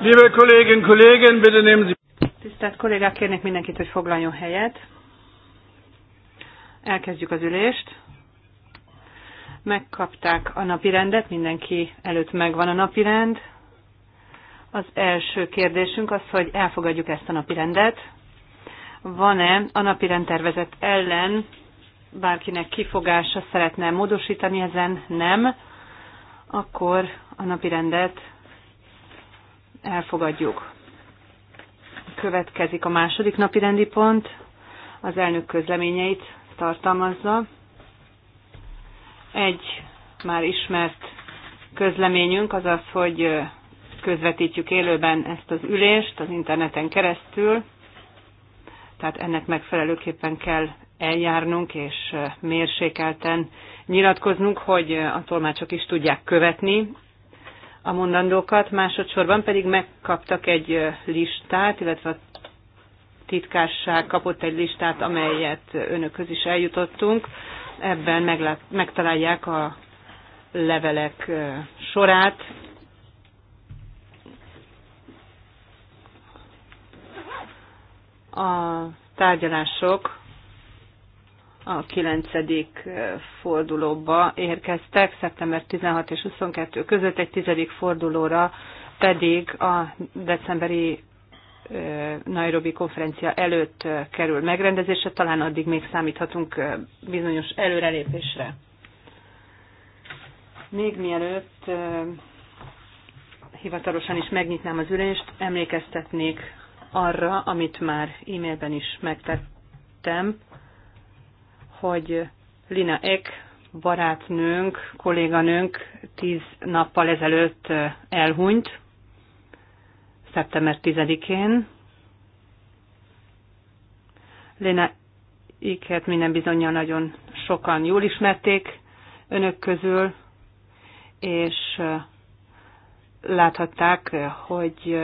Liebe Kolleginnen Kollegen, bitte nehmen Sie. Tisztelt kollégák, kérnék mindenkit, hogy foglaljon helyet. Elkezdjük az ülést. Megkapták a napirendet, mindenki előtt megvan a napirend. Az első kérdésünk az, hogy elfogadjuk ezt a napirendet. Van-e a napirend tervezet ellen bárkinek kifogása szeretne módosítani ezen? Nem akkor a napi rendet elfogadjuk. Következik a második napi rendi pont, az elnök közleményeit tartalmazza. Egy már ismert közleményünk az az, hogy közvetítjük élőben ezt az ülést az interneten keresztül, tehát ennek megfelelőképpen kell eljárnunk, és mérsékelten nyilatkoznunk, hogy a tolmácsok is tudják követni a mondandókat, másodszorban pedig megkaptak egy listát, illetve a titkárság kapott egy listát, amelyet önökhöz is eljutottunk. Ebben megtalálják a levelek sorát. A tárgyalások a 9. Eh, fordulóba érkeztek, szeptember 16 és 22 között, egy 10. fordulóra pedig a decemberi eh, Nairobi konferencia előtt eh, kerül megrendezésre, talán addig még számíthatunk bizonyos előrelépésre. Még mielőtt hivatalosan is megnyitnám az ülést, emlékeztetnék arra, amit már e-mailben is megtettem, hogy Lina Ek barátnőnk, kolléganőnk tíz nappal ezelőtt elhunyt, szeptember 10-én. Lina Eket minden bizonyal nagyon sokan jól ismerték önök közül, és láthatták, hogy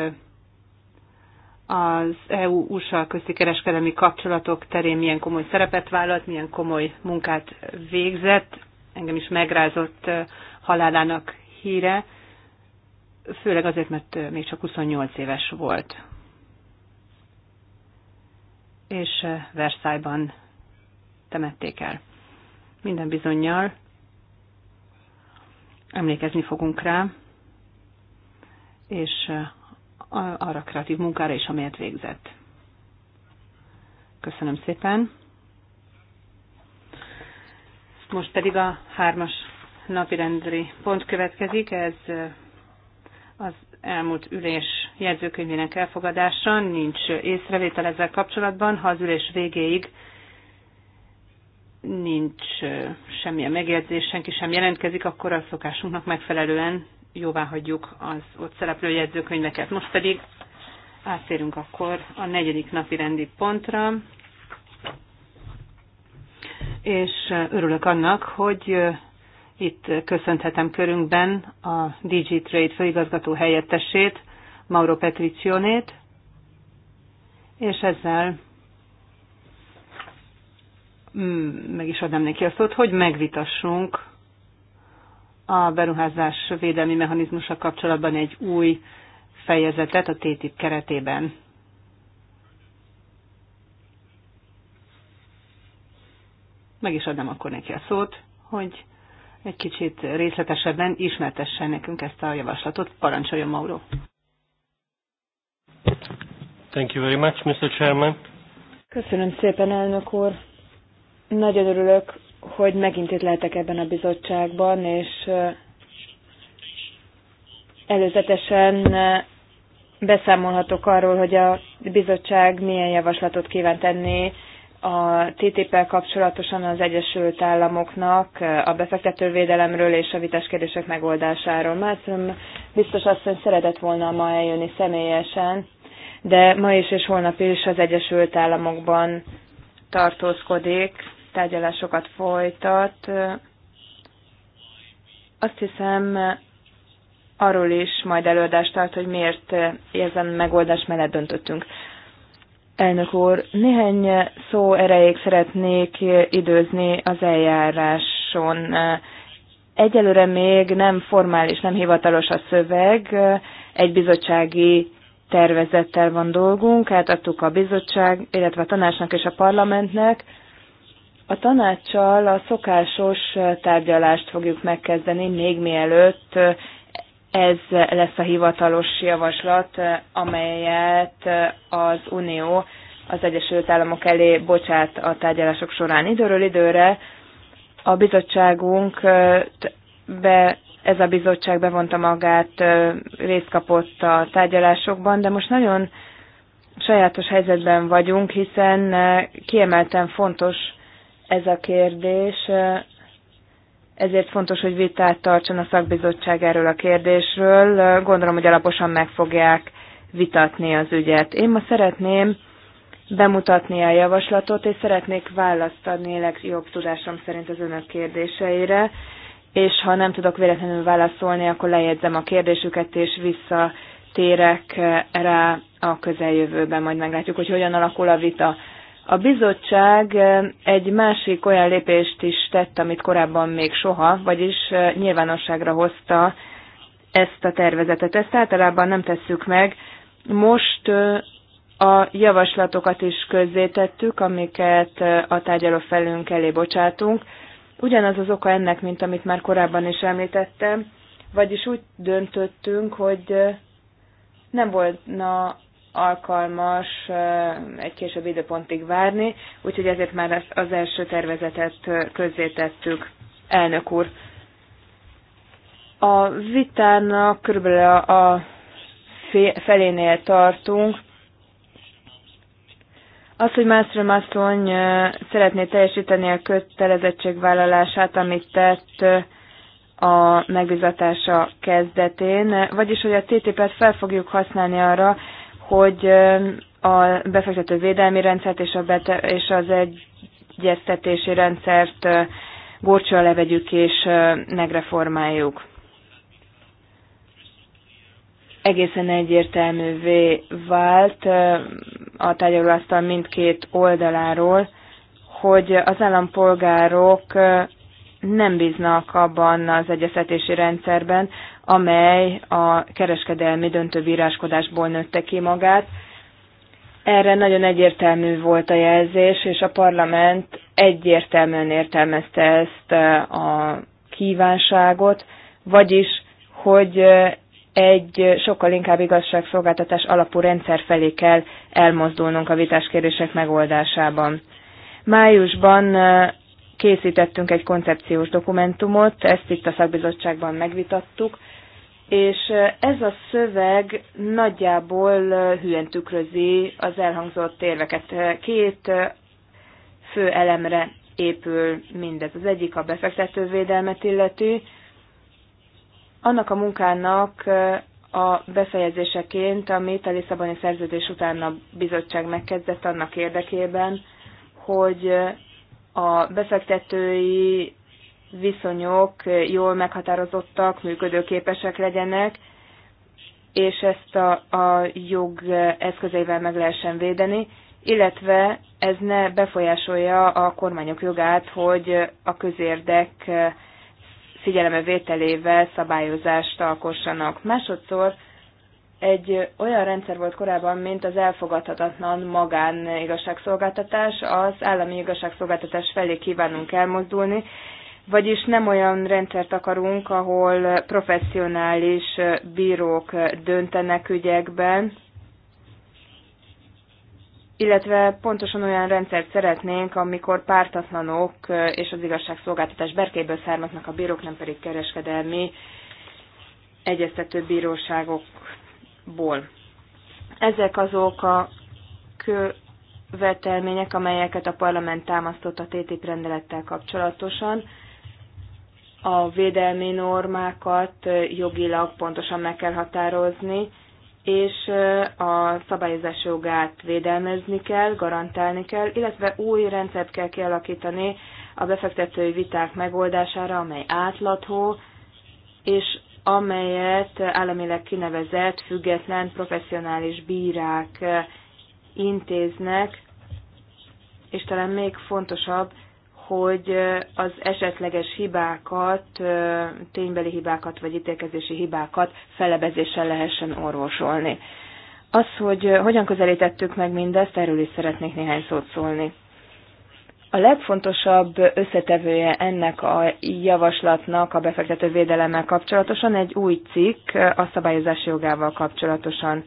az EU-USA közti kereskedelmi kapcsolatok terén milyen komoly szerepet vállalt, milyen komoly munkát végzett. Engem is megrázott halálának híre, főleg azért, mert még csak 28 éves volt. És Versailles-ban temették el. Minden bizonyal emlékezni fogunk rá, és arra kreatív munkára is, amelyet végzett. Köszönöm szépen. Most pedig a hármas napirendri pont következik, ez az elmúlt ülés jegyzőkönyvének elfogadása, nincs észrevétel ezzel kapcsolatban, ha az ülés végéig nincs semmilyen megjegyzés, senki sem jelentkezik, akkor a szokásunknak megfelelően jóvá hagyjuk az ott szereplő jegyzőkönyveket. Most pedig átérünk akkor a negyedik napi rendi pontra, és örülök annak, hogy itt köszönhetem körünkben a DG Trade főigazgató helyettesét, Mauro Petricionét, és ezzel mm, meg is adnám neki a szót, hogy megvitassunk a beruházás védelmi mechanizmusa kapcsolatban egy új fejezetet a TTIP keretében. Meg is adnám akkor neki a szót, hogy egy kicsit részletesebben ismertesse nekünk ezt a javaslatot. Parancsoljon, Mauro. Thank you very much, Mr. Chairman. Köszönöm szépen, elnök úr. Nagyon örülök hogy megint itt lehetek ebben a bizottságban, és előzetesen beszámolhatok arról, hogy a bizottság milyen javaslatot kíván tenni a ttp el kapcsolatosan az Egyesült Államoknak a befektetővédelemről és a vitáskérdések megoldásáról. Márcium biztos asszony szeretett volna ma eljönni személyesen, de ma is és holnap is az Egyesült Államokban tartózkodik tárgyalásokat folytat. Azt hiszem, arról is majd előadást tart, hogy miért ezen megoldás mellett döntöttünk. Elnök úr, néhány szó erejéig szeretnék időzni az eljáráson. Egyelőre még nem formális, nem hivatalos a szöveg, egy bizottsági tervezettel van dolgunk, átadtuk a bizottság, illetve a tanácsnak és a parlamentnek, a tanácssal a szokásos tárgyalást fogjuk megkezdeni, még mielőtt ez lesz a hivatalos javaslat, amelyet az Unió az Egyesült Államok elé bocsát a tárgyalások során. Időről időre a bizottságunk be, ez a bizottság bevonta magát, részt kapott a tárgyalásokban, de most nagyon sajátos helyzetben vagyunk, hiszen kiemelten fontos ez a kérdés, ezért fontos, hogy vitát tartson a szakbizottság erről a kérdésről. Gondolom, hogy alaposan meg fogják vitatni az ügyet. Én ma szeretném bemutatni a javaslatot, és szeretnék választ adni legjobb tudásom szerint az önök kérdéseire, és ha nem tudok véletlenül válaszolni, akkor lejegyzem a kérdésüket, és visszatérek rá a közeljövőben, majd meglátjuk, hogy hogyan alakul a vita. A bizottság eh, egy másik olyan lépést is tett, amit korábban még soha, vagyis eh, nyilvánosságra hozta ezt a tervezetet. Ezt általában nem tesszük meg. Most eh, a javaslatokat is közzétettük, amiket a tárgyaló felünk elé bocsátunk. Ugyanaz az oka ennek, mint amit már korábban is említettem, vagyis úgy döntöttünk, hogy nem volna alkalmas egy később időpontig várni, úgyhogy ezért már az első tervezetet közzétettük, elnök úr. A vitának körülbelül a felénél tartunk. Az, hogy Mászló Mászlóny szeretné teljesíteni a kötelezettségvállalását, amit tett a megbizatása kezdetén, vagyis hogy a ttp et fel fogjuk használni arra, hogy a befektető védelmi rendszert és, a bete- és az egyeztetési rendszert górcsal levegyük és megreformáljuk. Egészen egyértelművé vált a tárgyalóasztal mindkét oldaláról, hogy az állampolgárok nem bíznak abban az egyeztetési rendszerben, amely a kereskedelmi döntőbíráskodásból nőtte ki magát. Erre nagyon egyértelmű volt a jelzés, és a parlament egyértelműen értelmezte ezt eh, a kívánságot, vagyis, hogy eh, egy sokkal inkább igazságszolgáltatás alapú rendszer felé kell elmozdulnunk a vitáskérések megoldásában. Májusban eh, készítettünk egy koncepciós dokumentumot, ezt itt a szakbizottságban megvitattuk, és ez a szöveg nagyjából hülyen tükrözi az elhangzott érveket. Két fő elemre épül mindez. Az egyik a befektetővédelmet illeti. Annak a munkának a befejezéseként, amit a Lisszaboni szerződés után a bizottság megkezdett annak érdekében, hogy a befektetői viszonyok jól meghatározottak, működőképesek legyenek, és ezt a, a jog eszközeivel meg lehessen védeni, illetve ez ne befolyásolja a kormányok jogát, hogy a közérdek vételével szabályozást alkossanak. Másodszor egy olyan rendszer volt korábban, mint az elfogadhatatlan magán igazságszolgáltatás. Az állami igazságszolgáltatás felé kívánunk elmozdulni, vagyis nem olyan rendszert akarunk, ahol professzionális bírók döntenek ügyekben, illetve pontosan olyan rendszert szeretnénk, amikor pártatlanok és az igazságszolgáltatás berkéből származnak a bírók, nem pedig kereskedelmi egyeztető bíróságokból. Ezek azok a követelmények, amelyeket a parlament támasztott a TTIP rendelettel kapcsolatosan a védelmi normákat jogilag pontosan meg kell határozni, és a szabályozás jogát védelmezni kell, garantálni kell, illetve új rendszert kell kialakítani a befektetői viták megoldására, amely átlató, és amelyet államileg kinevezett független professzionális bírák intéznek, és talán még fontosabb, hogy az esetleges hibákat, ténybeli hibákat vagy ítélkezési hibákat felebezéssel lehessen orvosolni. Az, hogy hogyan közelítettük meg mindezt, erről is szeretnék néhány szót szólni. A legfontosabb összetevője ennek a javaslatnak a befektető védelemmel kapcsolatosan egy új cikk a szabályozási jogával kapcsolatosan.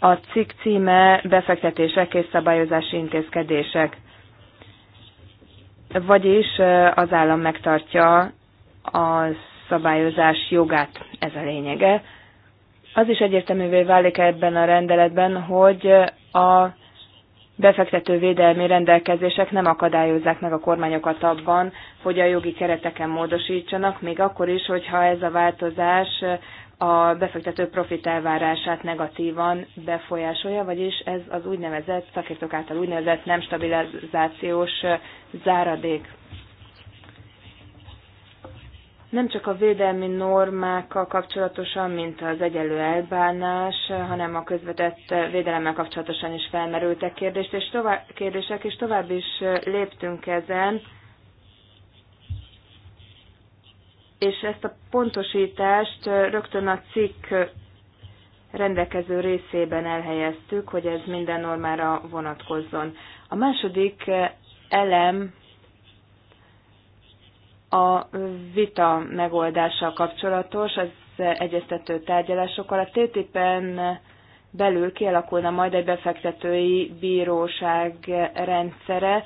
A cikk címe befektetések és szabályozási intézkedések. Vagyis az állam megtartja a szabályozás jogát, ez a lényege. Az is egyértelművé válik ebben a rendeletben, hogy a befektető védelmi rendelkezések nem akadályozzák meg a kormányokat abban, hogy a jogi kereteken módosítsanak, még akkor is, hogyha ez a változás a befektető profit elvárását negatívan befolyásolja, vagyis ez az úgynevezett, szakértők által úgynevezett nem stabilizációs záradék. Nem csak a védelmi normákkal kapcsolatosan, mint az egyenlő elbánás, hanem a közvetett védelemmel kapcsolatosan is felmerültek kérdést, és tovább, kérdések, és tovább is léptünk ezen és ezt a pontosítást rögtön a cikk rendelkező részében elhelyeztük, hogy ez minden normára vonatkozzon. A második elem a vita megoldással kapcsolatos, az egyeztető tárgyalásokkal. A TTIP-en belül kialakulna majd egy befektetői bíróság rendszere,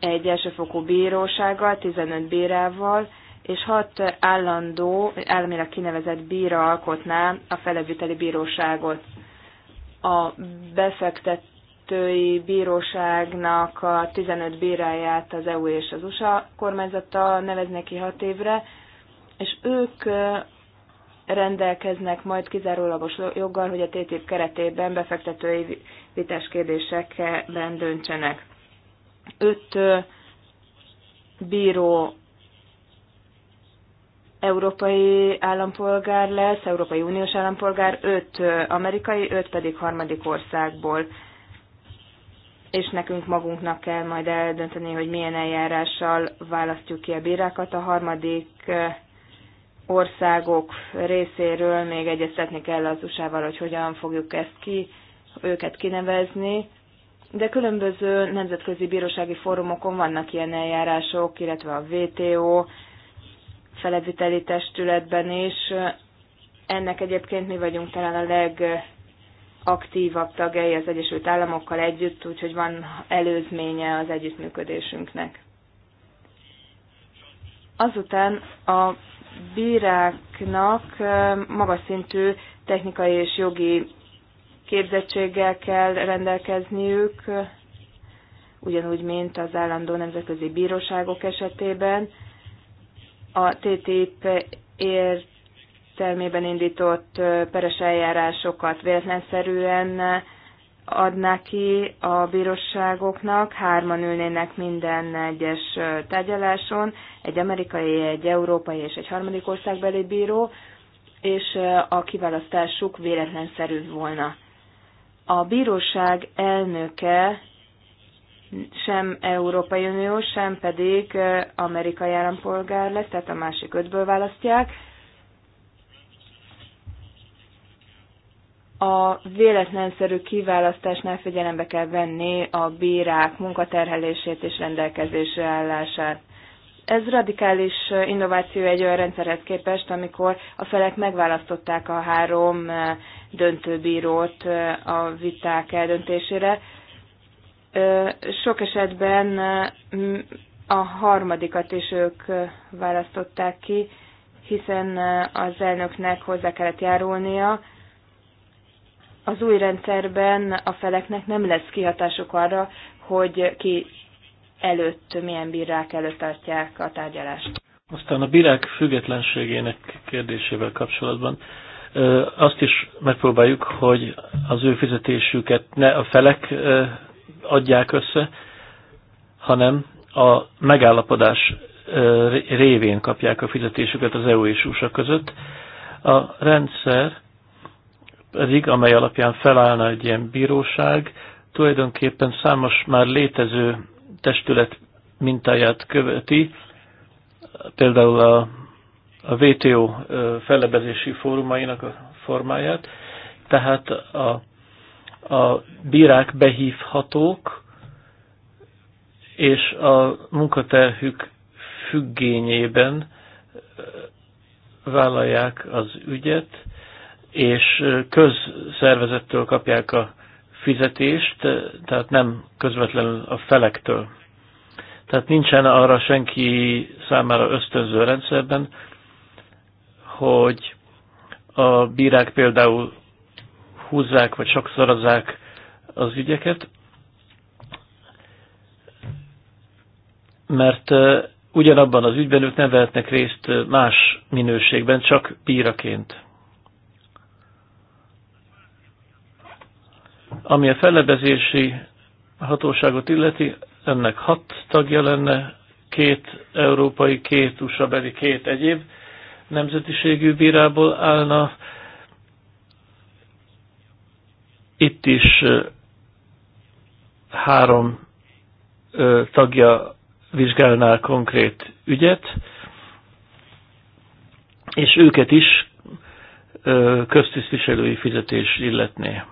egy elsőfokú bírósággal, 15 bírával, és hat állandó, államilag kinevezett bíra alkotná a feleviteli bíróságot. A befektetői bíróságnak a 15 bíráját az EU és az USA kormányzata neveznek ki hat évre, és ők rendelkeznek majd kizárólagos joggal, hogy a TTIP keretében befektetői vitás kérdésekben döntsenek. Öt bíró európai állampolgár lesz, Európai Uniós állampolgár, öt amerikai, öt pedig harmadik országból. És nekünk magunknak kell majd eldönteni, hogy milyen eljárással választjuk ki a bírákat. A harmadik országok részéről még egyeztetni kell az USA-val, hogy hogyan fogjuk ezt ki, őket kinevezni. De különböző nemzetközi bírósági fórumokon vannak ilyen eljárások, illetve a WTO, feleviteli testületben is. Ennek egyébként mi vagyunk talán a legaktívabb tagjai az Egyesült Államokkal együtt, úgyhogy van előzménye az együttműködésünknek. Azután a bíráknak magas szintű technikai és jogi képzettséggel kell rendelkezniük, ugyanúgy, mint az állandó nemzetközi bíróságok esetében a TTIP értelmében indított peres eljárásokat véletlenszerűen adná ki a bíróságoknak, hárman ülnének minden egyes tárgyaláson, egy amerikai, egy európai és egy harmadik országbeli bíró, és a kiválasztásuk véletlenszerű volna. A bíróság elnöke sem Európai Unió, sem pedig amerikai állampolgár lesz, tehát a másik ötből választják. A véletlenszerű kiválasztásnál figyelembe kell venni a bírák munkaterhelését és rendelkezésre állását. Ez radikális innováció egy olyan rendszerhez képest, amikor a felek megválasztották a három döntőbírót a viták eldöntésére, sok esetben a harmadikat is ők választották ki, hiszen az elnöknek hozzá kellett járulnia. Az új rendszerben a feleknek nem lesz kihatásuk arra, hogy ki előtt, milyen bírák előtt tartják a tárgyalást. Aztán a bírák függetlenségének kérdésével kapcsolatban azt is megpróbáljuk, hogy az ő fizetésüket ne a felek adják össze, hanem a megállapodás révén kapják a fizetésüket az EU és USA között. A rendszer pedig, amely alapján felállna egy ilyen bíróság, tulajdonképpen számos már létező testület mintáját követi, például a, a WTO fellebezési fórumainak a formáját, tehát a a bírák behívhatók, és a munkaterhük függényében vállalják az ügyet, és közszervezettől kapják a fizetést, tehát nem közvetlenül a felektől. Tehát nincsen arra senki számára ösztönző rendszerben, hogy a bírák például húzzák, vagy sokszorozzák az ügyeket, mert ugyanabban az ügyben ők nem vehetnek részt más minőségben, csak bíraként. Ami a fellebezési hatóságot illeti, ennek hat tagja lenne, két európai, két USA-beli, két egyéb nemzetiségű bírából állna itt is három tagja vizsgálná konkrét ügyet, és őket is köztisztviselői fizetés illetné.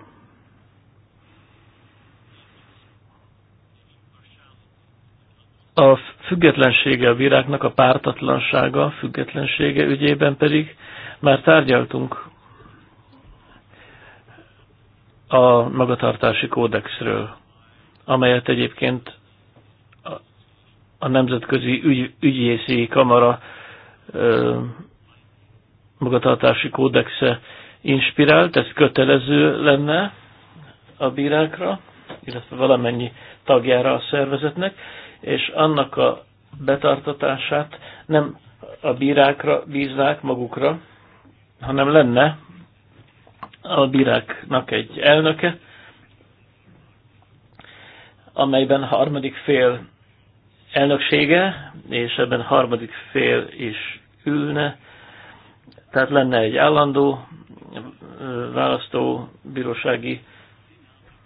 A függetlensége a viráknak, a pártatlansága, függetlensége ügyében pedig már tárgyaltunk a magatartási kódexről, amelyet egyébként a Nemzetközi Ügy, Ügyészi Kamara ö, magatartási kódexe inspirált, ez kötelező lenne a bírákra, illetve valamennyi tagjára a szervezetnek, és annak a betartatását nem a bírákra bíznák magukra, hanem lenne a bíráknak egy elnöke, amelyben harmadik fél elnöksége, és ebben harmadik fél is ülne, tehát lenne egy állandó választóbírósági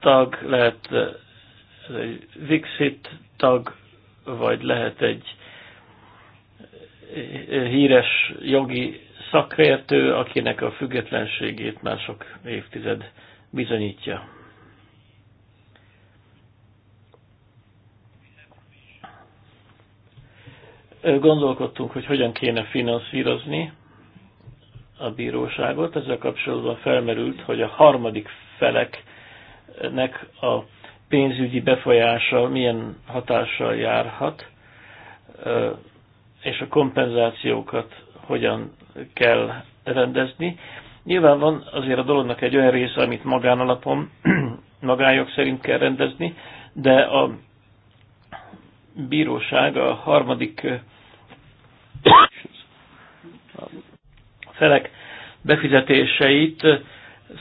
tag, lehet egy Vixit tag, vagy lehet egy híres jogi szakértő, akinek a függetlenségét már sok évtized bizonyítja. Gondolkodtunk, hogy hogyan kéne finanszírozni a bíróságot. Ezzel kapcsolatban felmerült, hogy a harmadik feleknek a pénzügyi befolyása milyen hatással járhat, és a kompenzációkat hogyan kell rendezni. Nyilván van azért a dolognak egy olyan része, amit magánalapon, magányok szerint kell rendezni, de a bíróság a harmadik felek befizetéseit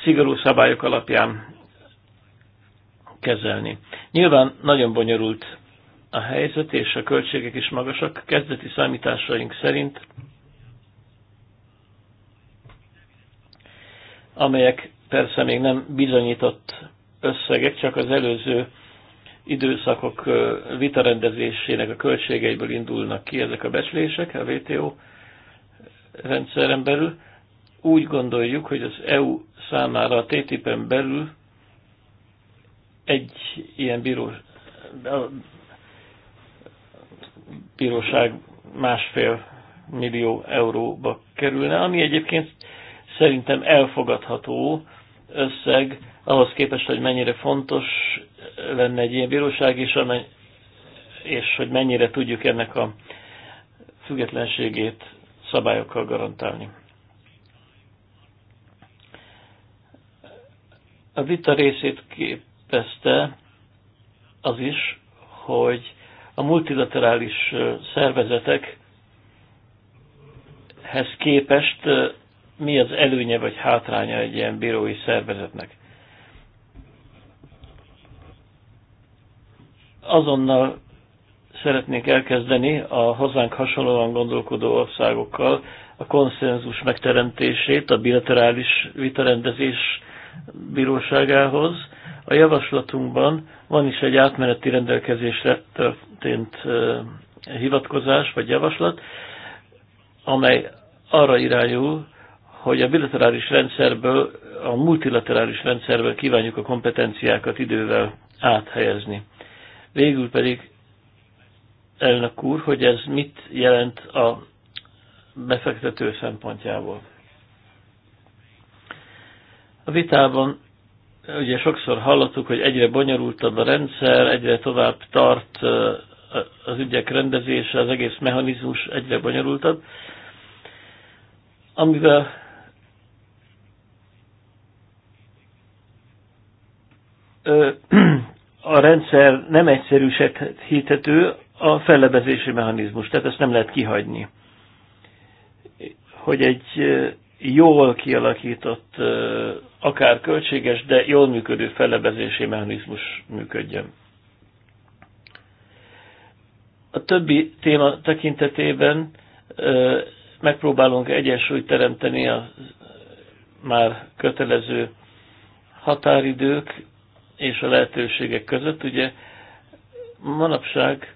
szigorú szabályok alapján kezelni. Nyilván nagyon bonyolult a helyzet, és a költségek is magasak. Kezdeti számításaink szerint amelyek persze még nem bizonyított összegek, csak az előző időszakok vitarendezésének a költségeiből indulnak ki ezek a becslések a WTO rendszeren belül. Úgy gondoljuk, hogy az EU számára a TTIP-en belül egy ilyen bíró, bíróság másfél millió euróba kerülne, ami egyébként szerintem elfogadható összeg ahhoz képest, hogy mennyire fontos lenne egy ilyen bíróság, és, amely, és hogy mennyire tudjuk ennek a függetlenségét szabályokkal garantálni. A vita részét képezte az is, hogy a multilaterális szervezetekhez képest mi az előnye vagy hátránya egy ilyen bírói szervezetnek. Azonnal szeretnénk elkezdeni a hozzánk hasonlóan gondolkodó országokkal a konszenzus megteremtését a bilaterális vitarendezés bíróságához. A javaslatunkban van is egy átmeneti rendelkezésre történt hivatkozás vagy javaslat, amely arra irányul, hogy a bilaterális rendszerből, a multilaterális rendszerből kívánjuk a kompetenciákat idővel áthelyezni. Végül pedig, elnök úr, hogy ez mit jelent a befektető szempontjából. A vitában ugye sokszor hallottuk, hogy egyre bonyolultabb a rendszer, egyre tovább tart az ügyek rendezése, az egész mechanizmus egyre bonyolultabb. Amivel a rendszer nem egyszerűsíthető a fellebezési mechanizmus, tehát ezt nem lehet kihagyni. Hogy egy jól kialakított, akár költséges, de jól működő fellebezési mechanizmus működjön. A többi téma tekintetében megpróbálunk egyensúlyt teremteni a már kötelező határidők és a lehetőségek között. Ugye manapság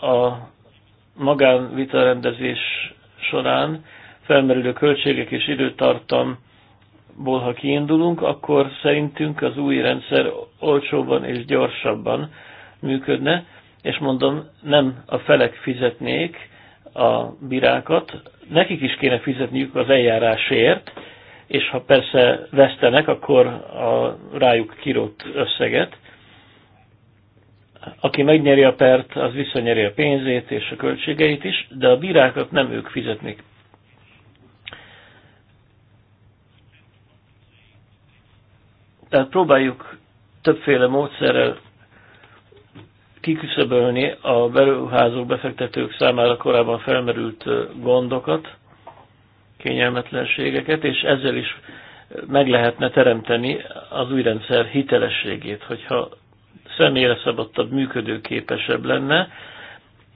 a magánvitarendezés során felmerülő költségek és időtartamból ha kiindulunk, akkor szerintünk az új rendszer olcsóbban és gyorsabban működne, és mondom, nem a felek fizetnék a birákat, nekik is kéne fizetniük az eljárásért, és ha persze vesztenek, akkor a rájuk kirott összeget. Aki megnyeri a pert, az visszanyeri a pénzét és a költségeit is, de a bírákat nem ők fizetnék. Tehát próbáljuk többféle módszerrel kiküszöbölni a beruházók, befektetők számára korábban felmerült gondokat, kényelmetlenségeket, és ezzel is meg lehetne teremteni az új rendszer hitelességét, hogyha személyre szabottabb, működőképesebb lenne,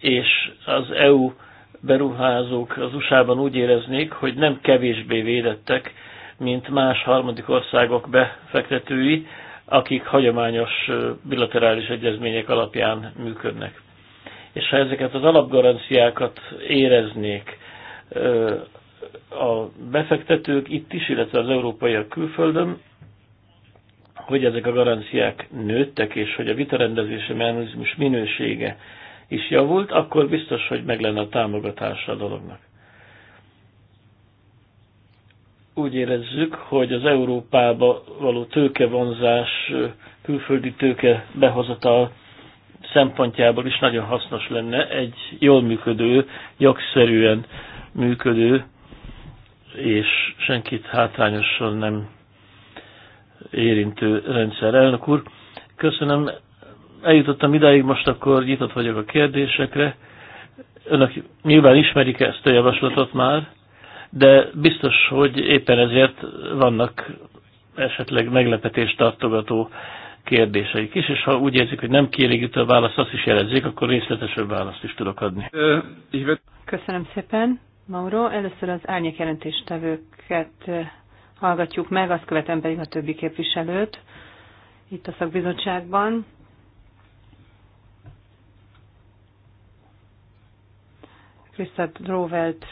és az EU beruházók az USA-ban úgy éreznék, hogy nem kevésbé védettek, mint más harmadik országok befektetői, akik hagyományos bilaterális egyezmények alapján működnek. És ha ezeket az alapgaranciákat éreznék, a befektetők itt is, illetve az európaiak külföldön, hogy ezek a garanciák nőttek, és hogy a vitarendezési mechanizmus minősége is javult, akkor biztos, hogy meg lenne a támogatása a dolognak. Úgy érezzük, hogy az Európába való tőkevonzás, külföldi tőke behozatal szempontjából is nagyon hasznos lenne egy jól működő, jogszerűen működő és senkit hátrányosan nem érintő rendszer. Elnök úr, köszönöm, eljutottam idáig, most akkor nyitott vagyok a kérdésekre. Önök nyilván ismerik ezt a javaslatot már, de biztos, hogy éppen ezért vannak esetleg meglepetést tartogató kérdéseik is, és ha úgy érzik, hogy nem kielégítő a válasz, azt is jelezzék, akkor részletesebb választ is tudok adni. Köszönöm szépen. Mauro. Először az árnyék jelentéstevőket hallgatjuk meg, azt követem pedig a többi képviselőt itt a szakbizottságban. Krisztát Drovelt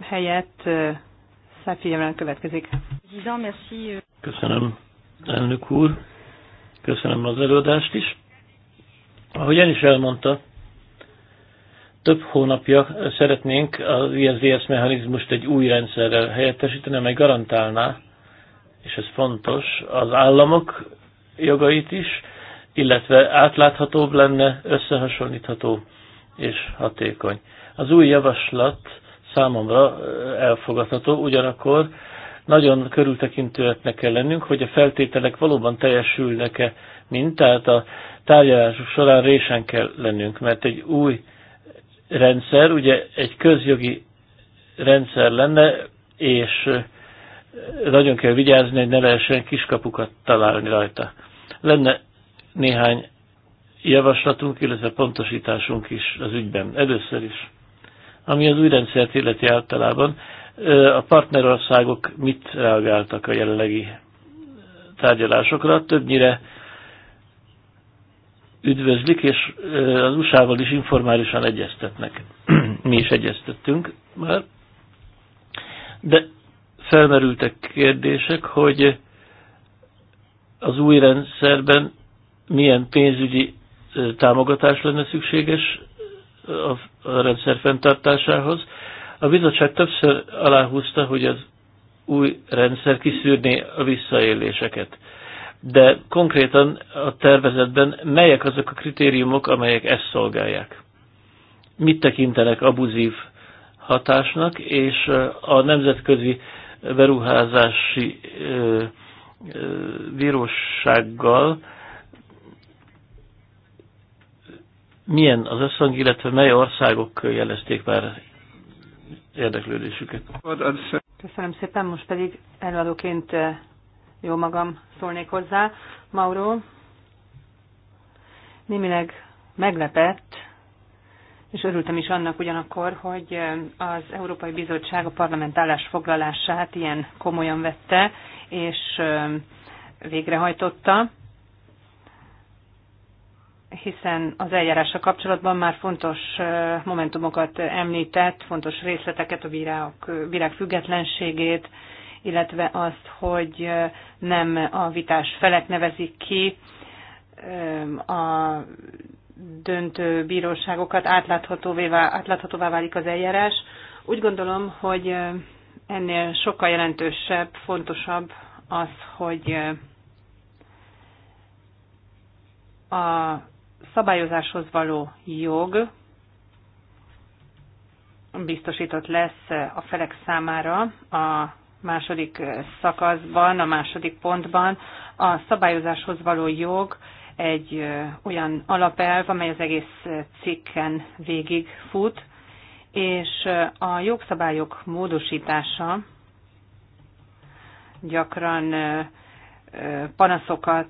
helyett Száfi következik. Euh. Köszönöm, elnök úr. Köszönöm az előadást is. Ahogy én is elmondta, több hónapja szeretnénk az ISDS mechanizmust egy új rendszerrel helyettesíteni, amely garantálná, és ez fontos, az államok jogait is, illetve átláthatóbb lenne, összehasonlítható és hatékony. Az új javaslat számomra eh, elfogadható, ugyanakkor nagyon körültekintőeknek kell lennünk, hogy a feltételek valóban teljesülnek-e, mint tehát a tárgyalások során résen kell lennünk, mert egy új rendszer, ugye egy közjogi rendszer lenne, és nagyon kell vigyázni, hogy ne lehessen kiskapukat találni rajta. Lenne néhány javaslatunk, illetve pontosításunk is az ügyben. Először is, ami az új rendszert illeti általában, a partnerországok mit reagáltak a jelenlegi tárgyalásokra? Többnyire üdvözlik, és az USA-val is informálisan egyeztetnek. Mi is egyeztettünk már. De felmerültek kérdések, hogy az új rendszerben milyen pénzügyi támogatás lenne szükséges a rendszer fenntartásához. A bizottság többször aláhúzta, hogy az új rendszer kiszűrné a visszaéléseket de konkrétan a tervezetben melyek azok a kritériumok, amelyek ezt szolgálják? Mit tekintenek abuzív hatásnak, és a nemzetközi beruházási bírósággal milyen az összhang, illetve mely országok jelezték már érdeklődésüket? Köszönöm szépen, most pedig előadóként jó magam szólnék hozzá. Mauro, némileg meglepett, és örültem is annak ugyanakkor, hogy az Európai Bizottság a parlament állásfoglalását ilyen komolyan vette, és végrehajtotta, hiszen az eljárása kapcsolatban már fontos momentumokat említett, fontos részleteket, a bírák, bírák függetlenségét, illetve azt, hogy nem a vitás felek nevezik ki a döntő bíróságokat, átláthatóvá, válik az eljárás. Úgy gondolom, hogy ennél sokkal jelentősebb, fontosabb az, hogy a szabályozáshoz való jog biztosított lesz a felek számára a második szakaszban, a második pontban a szabályozáshoz való jog egy olyan alapelv, amely az egész cikken végig fut, és a jogszabályok módosítása gyakran panaszokat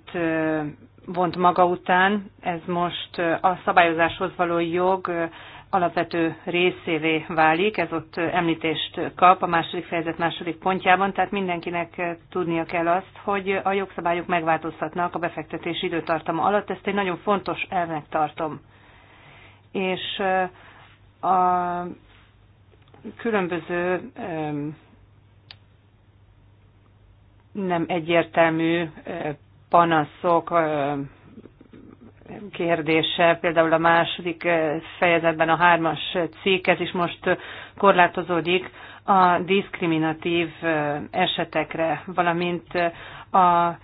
vont maga után. Ez most a szabályozáshoz való jog alapvető részévé válik, ez ott említést kap a második fejezet második pontjában, tehát mindenkinek tudnia kell azt, hogy a jogszabályok megváltozhatnak a befektetés időtartama alatt, ezt egy nagyon fontos elvnek tartom. És a különböző nem egyértelmű panaszok kérdése, például a második eh, fejezetben a hármas cikk, ez is most korlátozódik a diszkriminatív eh, esetekre, valamint eh, a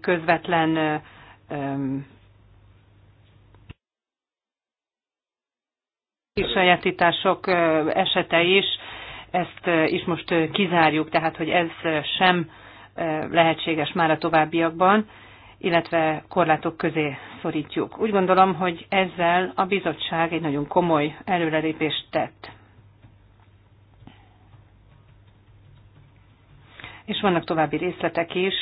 közvetlen kisajátítások esete is, ezt is most kizárjuk, tehát hogy ez sem lehetséges már a továbbiakban illetve korlátok közé szorítjuk. Úgy gondolom, hogy ezzel a bizottság egy nagyon komoly előrelépést tett. És vannak további részletek is,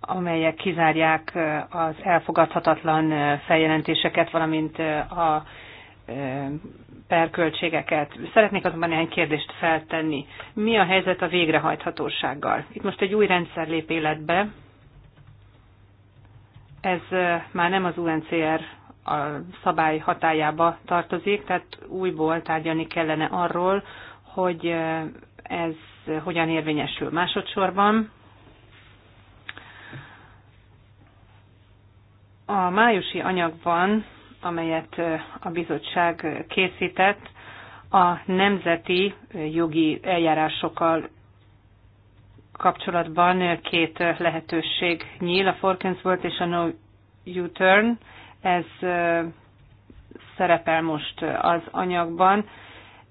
amelyek kizárják az elfogadhatatlan feljelentéseket, valamint a per költségeket. Szeretnék azonban néhány kérdést feltenni. Mi a helyzet a végrehajthatósággal? Itt most egy új rendszer lép életbe. Ez már nem az UNCR a szabály hatájába tartozik, tehát újból tárgyalni kellene arról, hogy ez hogyan érvényesül másodszorban. A májusi anyagban amelyet a bizottság készített, a nemzeti jogi eljárásokkal kapcsolatban két lehetőség nyíl, a forkens volt és a No U-turn. Ez szerepel most az anyagban.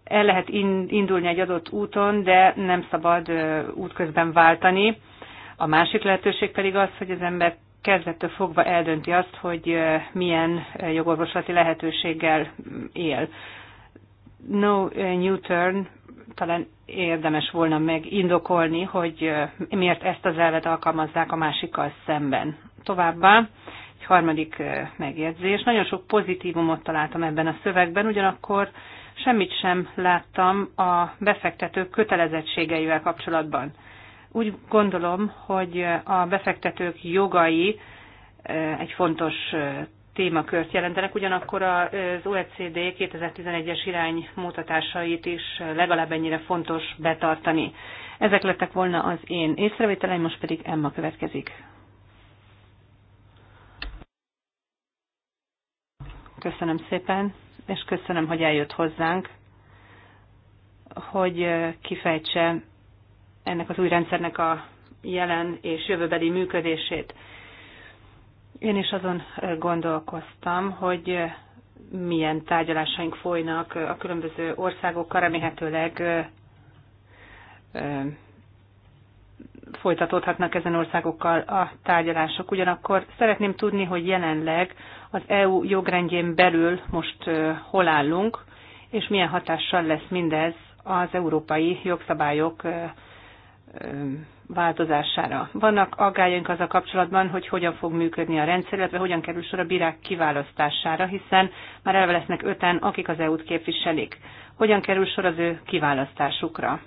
El lehet indulni egy adott úton, de nem szabad útközben váltani. A másik lehetőség pedig az, hogy az ember kezdettől fogva eldönti azt, hogy milyen jogorvoslati lehetőséggel mm, él. No New Turn talán érdemes volna megindokolni, hogy miért ezt az elvet alkalmazzák a másikkal szemben. Továbbá egy harmadik megjegyzés. Nagyon sok pozitívumot találtam ebben a szövegben, ugyanakkor semmit sem láttam a befektetők kötelezettségeivel kapcsolatban. Úgy gondolom, hogy a befektetők jogai egy fontos témakört jelentenek, ugyanakkor az OECD 2011-es iránymutatásait is legalább ennyire fontos betartani. Ezek lettek volna az én észrevételeim, most pedig Emma következik. Köszönöm szépen, és köszönöm, hogy eljött hozzánk, hogy kifejtse ennek az új rendszernek a jelen és jövőbeli működését. Én is azon gondolkoztam, hogy milyen tárgyalásaink folynak a különböző országokkal, remélhetőleg folytatódhatnak ezen országokkal a tárgyalások. Ugyanakkor szeretném tudni, hogy jelenleg az EU jogrendjén belül most hol állunk, és milyen hatással lesz mindez az európai jogszabályok változására. Vannak aggájaink az a kapcsolatban, hogy hogyan fog működni a rendszer, illetve hogyan kerül sor a bírák kiválasztására, hiszen már elve lesznek öten, akik az EU-t képviselik. Hogyan kerül sor az ő kiválasztásukra?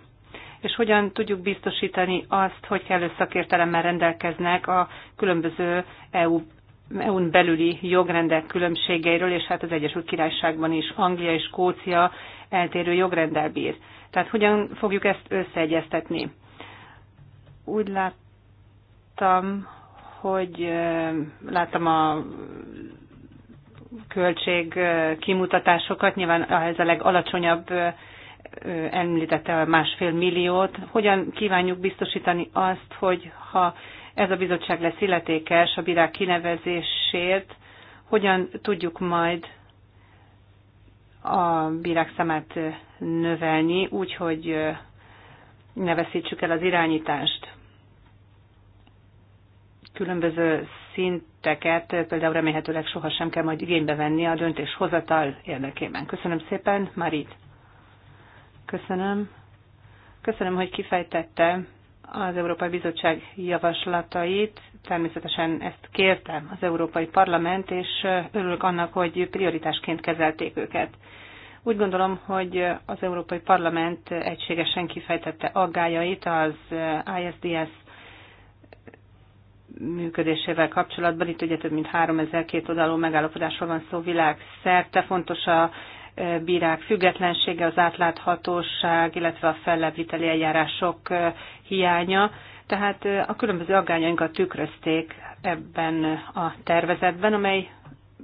És hogyan tudjuk biztosítani azt, hogy kellő szakértelemmel rendelkeznek a különböző EU EU-n belüli jogrendek különbségeiről, és hát az Egyesült Királyságban is Anglia és Skócia eltérő jogrendel bír. Tehát hogyan fogjuk ezt összeegyeztetni? Úgy láttam, hogy láttam a költség kimutatásokat, nyilván ez a legalacsonyabb említette a másfél milliót. Hogyan kívánjuk biztosítani azt, hogy ha ez a bizottság lesz illetékes a bírák kinevezésért, hogyan tudjuk majd a bírák számát növelni, úgy, hogy ne veszítsük el az irányítást. Különböző szinteket például remélhetőleg sohasem kell majd igénybe venni a döntéshozatal érdekében. Köszönöm szépen, Marit. Köszönöm. Köszönöm, hogy kifejtette az Európai Bizottság javaslatait. Természetesen ezt kértem az Európai Parlament, és örülök annak, hogy prioritásként kezelték őket. Úgy gondolom, hogy az Európai Parlament egységesen kifejtette aggájait az ISDS működésével kapcsolatban. Itt ugye több mint 3000 oldalú megállapodásról van szó világszerte. Fontos a e, bírák függetlensége, az átláthatóság, illetve a fellebbviteli eljárások e, hiánya. Tehát e, a különböző aggányainkat tükrözték ebben a tervezetben, amely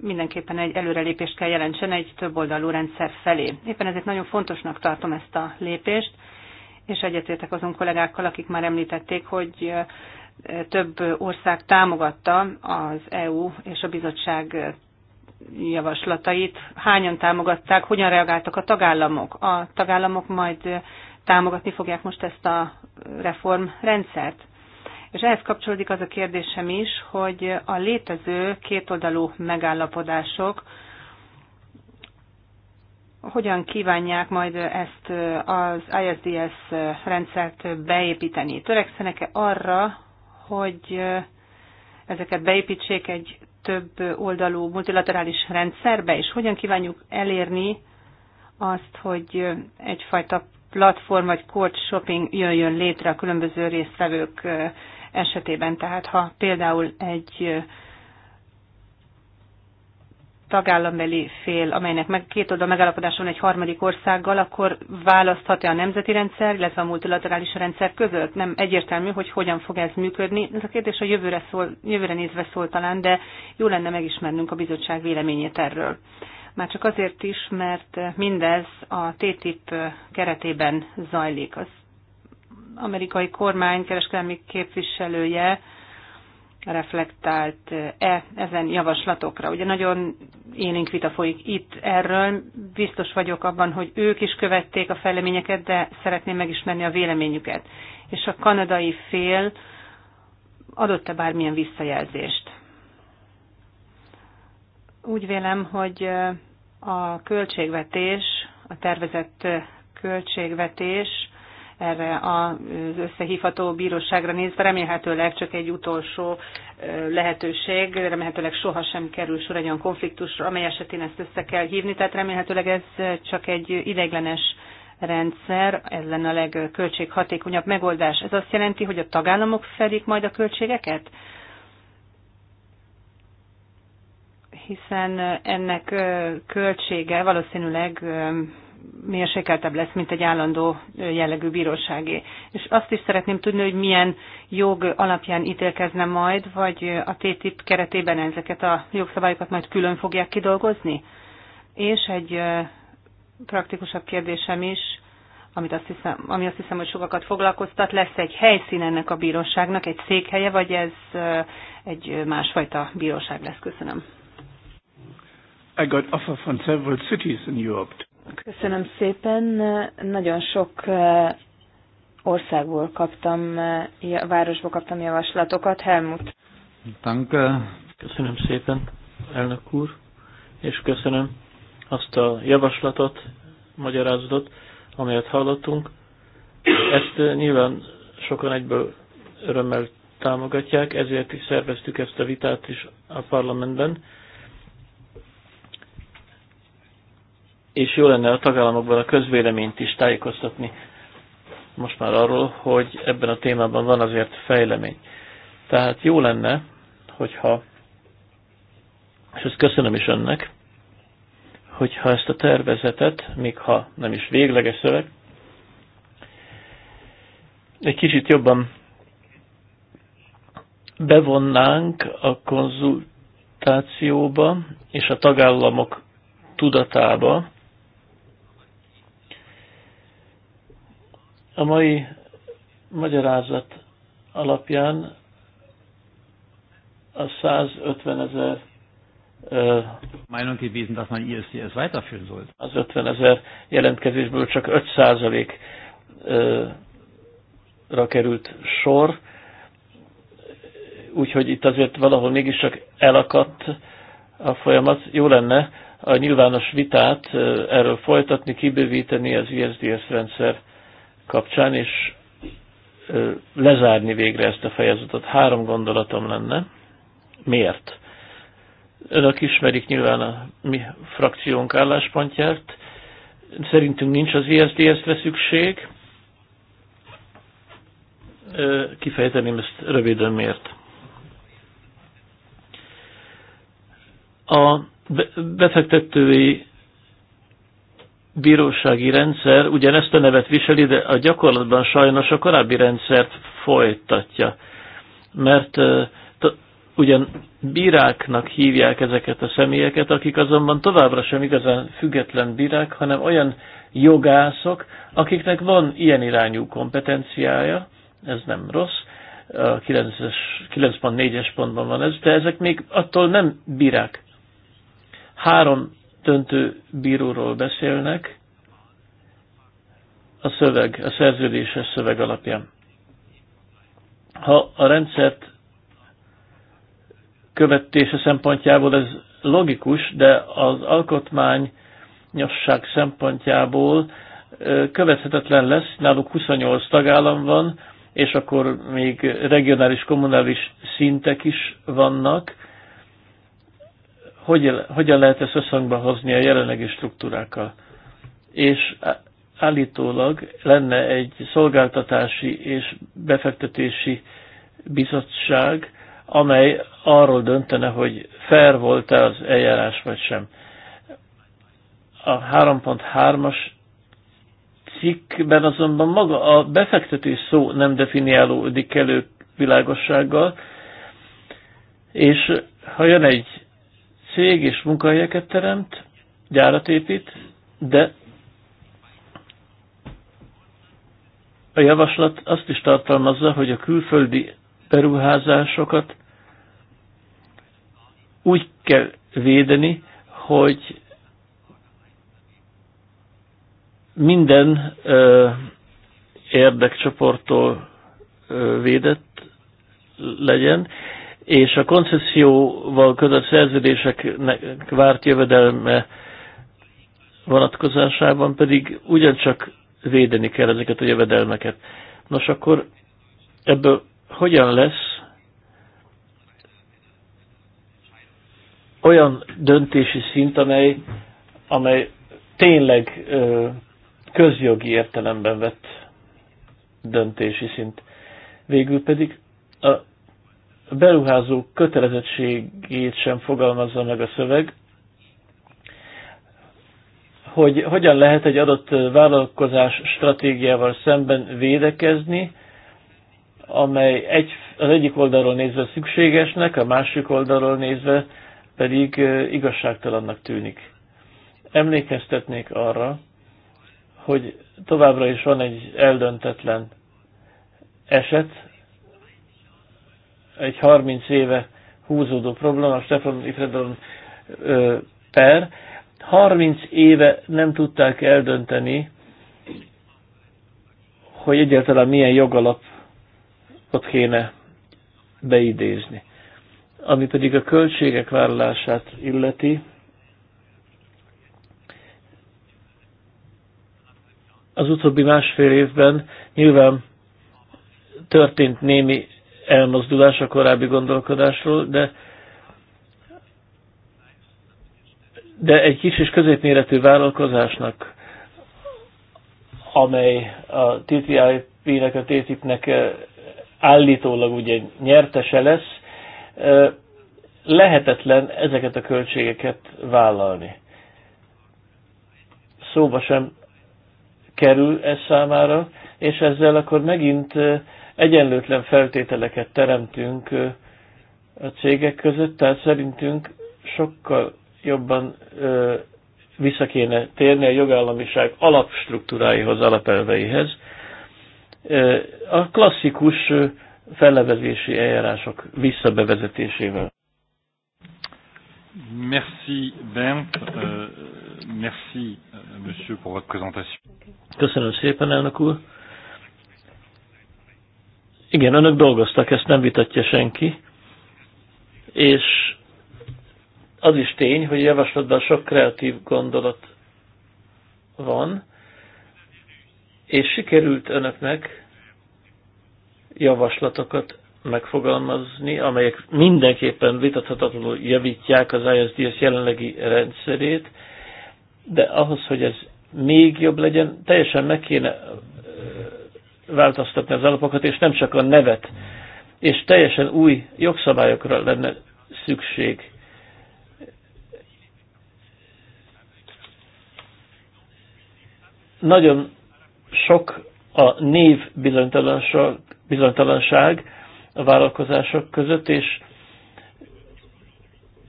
mindenképpen egy előrelépést kell jelentsen egy többoldalú rendszer felé. Éppen ezért nagyon fontosnak tartom ezt a lépést, és egyetértek azon kollégákkal, akik már említették, hogy több ország támogatta az EU és a bizottság javaslatait. Hányan támogatták, hogyan reagáltak a tagállamok? A tagállamok majd támogatni fogják most ezt a reformrendszert? És ehhez kapcsolódik az a kérdésem is, hogy a létező kétoldalú megállapodások hogyan kívánják majd ezt az ISDS rendszert beépíteni. Törekszenek-e arra, hogy ezeket beépítsék egy több oldalú multilaterális rendszerbe, és hogyan kívánjuk elérni azt, hogy egyfajta platform vagy court shopping jöjjön létre a különböző résztvevők esetében. Tehát ha például egy tagállambeli fél, amelynek meg két oldal megállapodás van egy harmadik országgal, akkor választhatja a nemzeti rendszer, illetve a multilaterális rendszer között? Nem egyértelmű, hogy hogyan fog ez működni. Ez a kérdés a jövőre, szól, jövőre nézve szól talán, de jó lenne megismernünk a bizottság véleményét erről. Már csak azért is, mert mindez a TTIP keretében zajlik. Az amerikai kormány kereskedelmi képviselője reflektált-e ezen javaslatokra. Ugye nagyon élénk vita folyik itt erről, biztos vagyok abban, hogy ők is követték a fejleményeket, de szeretném megismerni a véleményüket. És a kanadai fél adott-e bármilyen visszajelzést? Úgy vélem, hogy e, a költségvetés, a tervezett e, költségvetés erre az összehívható bíróságra nézve. Remélhetőleg csak egy utolsó lehetőség, remélhetőleg sohasem kerül sor egy olyan konfliktusra, amely esetén ezt össze kell hívni, tehát remélhetőleg ez csak egy ideiglenes rendszer, ez lenne a legköltséghatékonyabb megoldás. Ez azt jelenti, hogy a tagállamok fedik majd a költségeket? Hiszen ennek költsége valószínűleg mérsékeltebb lesz, mint egy állandó jellegű bíróságé. És azt is szeretném tudni, hogy milyen jog alapján ítélkezne majd, vagy a TTIP keretében ezeket a jogszabályokat majd külön fogják kidolgozni? És egy praktikusabb kérdésem is, amit azt hiszem, ami azt hiszem, hogy sokakat foglalkoztat, lesz egy helyszín ennek a bíróságnak, egy székhelye, vagy ez egy másfajta bíróság lesz? Köszönöm. I got offer from several cities in Europe. Köszönöm szépen. Nagyon sok eh, országból kaptam, eh, városból kaptam javaslatokat. Helmut. Danke. Köszönöm szépen, elnök úr, és köszönöm azt a javaslatot, magyarázatot, amelyet hallottunk. Ezt eh, nyilván sokan egyből örömmel támogatják, ezért is szerveztük ezt a vitát is a parlamentben és jó lenne a tagállamokban a közvéleményt is tájékoztatni most már arról, hogy ebben a témában van azért fejlemény. Tehát jó lenne, hogyha, és ezt köszönöm is önnek, hogyha ezt a tervezetet, még ha nem is végleges szöveg, egy kicsit jobban bevonnánk a konzultációba és a tagállamok tudatába, A mai magyarázat alapján a 150 ezer Meinung gewesen, dass man ISDS weiterführen soll. Az 50 ezer jelentkezésből csak 5 százalékra került sor, úgyhogy itt azért valahol mégiscsak csak elakadt a folyamat. Jó lenne a nyilvános vitát erről folytatni, kibővíteni az ISDS rendszer kapcsán, és lezárni végre ezt a fejezetet. Három gondolatom lenne. Miért? Önök ismerik nyilván a mi frakciónk álláspontját. Szerintünk nincs az ISDS-re szükség. Kifejteném ezt röviden miért. A befektetői bírósági rendszer ugyanezt a nevet viseli, de a gyakorlatban sajnos a korábbi rendszert folytatja. Mert ugyan bíráknak hívják ezeket a személyeket, akik azonban továbbra sem igazán független bírák, hanem olyan jogászok, akiknek van ilyen irányú kompetenciája, ez nem rossz, a 9.4-es pontban van ez, de ezek még attól nem bírák. Három döntő bíróról beszélnek a szöveg, a szerződéses szöveg alapján. Ha a rendszert követése szempontjából ez logikus, de az alkotmány nyosság szempontjából követhetetlen lesz, náluk 28 tagállam van, és akkor még regionális, kommunális szintek is vannak, hogy, hogyan lehet ezt összhangba hozni a jelenlegi struktúrákkal. És állítólag lenne egy szolgáltatási és befektetési bizottság, amely arról döntene, hogy fair volt-e az eljárás vagy sem. A 3.3-as cikkben azonban maga a befektetés szó nem definiálódik elő világossággal, és ha jön egy cég és munkahelyeket teremt, gyárat épít, de a javaslat azt is tartalmazza, hogy a külföldi beruházásokat úgy kell védeni, hogy minden ö, érdekcsoporttól ö, védett legyen, és a koncesszióval kötött szerződéseknek várt jövedelme vonatkozásában pedig ugyancsak védeni kell ezeket a jövedelmeket. Nos, akkor ebből hogyan lesz olyan döntési szint, amely, amely tényleg ö, közjogi értelemben vett döntési szint. Végül pedig a beruházó kötelezettségét sem fogalmazza meg a szöveg, hogy hogyan lehet egy adott vállalkozás stratégiával szemben védekezni, amely egy, az egyik oldalról nézve szükségesnek, a másik oldalról nézve pedig igazságtalannak tűnik. Emlékeztetnék arra, hogy továbbra is van egy eldöntetlen eset, egy 30 éve húzódó probléma, a Stefan Ifredon per, 30 éve nem tudták eldönteni, hogy egyáltalán milyen jogalapot kéne beidézni. Ami pedig a költségek vállalását illeti, az utóbbi másfél évben nyilván történt némi elmozdulás a korábbi gondolkodásról, de de egy kis és középméretű vállalkozásnak, amely a TTIP-nek, a TTIP-nek eh, állítólag ugye nyertese lesz, eh, lehetetlen ezeket a költségeket vállalni. Szóba sem kerül ez számára, és ezzel akkor megint eh, egyenlőtlen feltételeket teremtünk a cégek között, tehát szerintünk sokkal jobban vissza kéne térni a jogállamiság alapstruktúráihoz, alapelveihez. A klasszikus fellevezési eljárások visszabevezetésével. Merci uh, merci euh, monsieur pour votre présentation. Köszönöm szépen, elnök úr. Igen, önök dolgoztak, ezt nem vitatja senki. És az is tény, hogy javaslatban sok kreatív gondolat van, és sikerült önöknek javaslatokat megfogalmazni, amelyek mindenképpen vitathatatlanul javítják az ISDS jelenlegi rendszerét, de ahhoz, hogy ez még jobb legyen, teljesen meg kéne változtatni az alapokat, és nem csak a nevet. És teljesen új jogszabályokra lenne szükség. Nagyon sok a név bizonytalanság, a vállalkozások között, és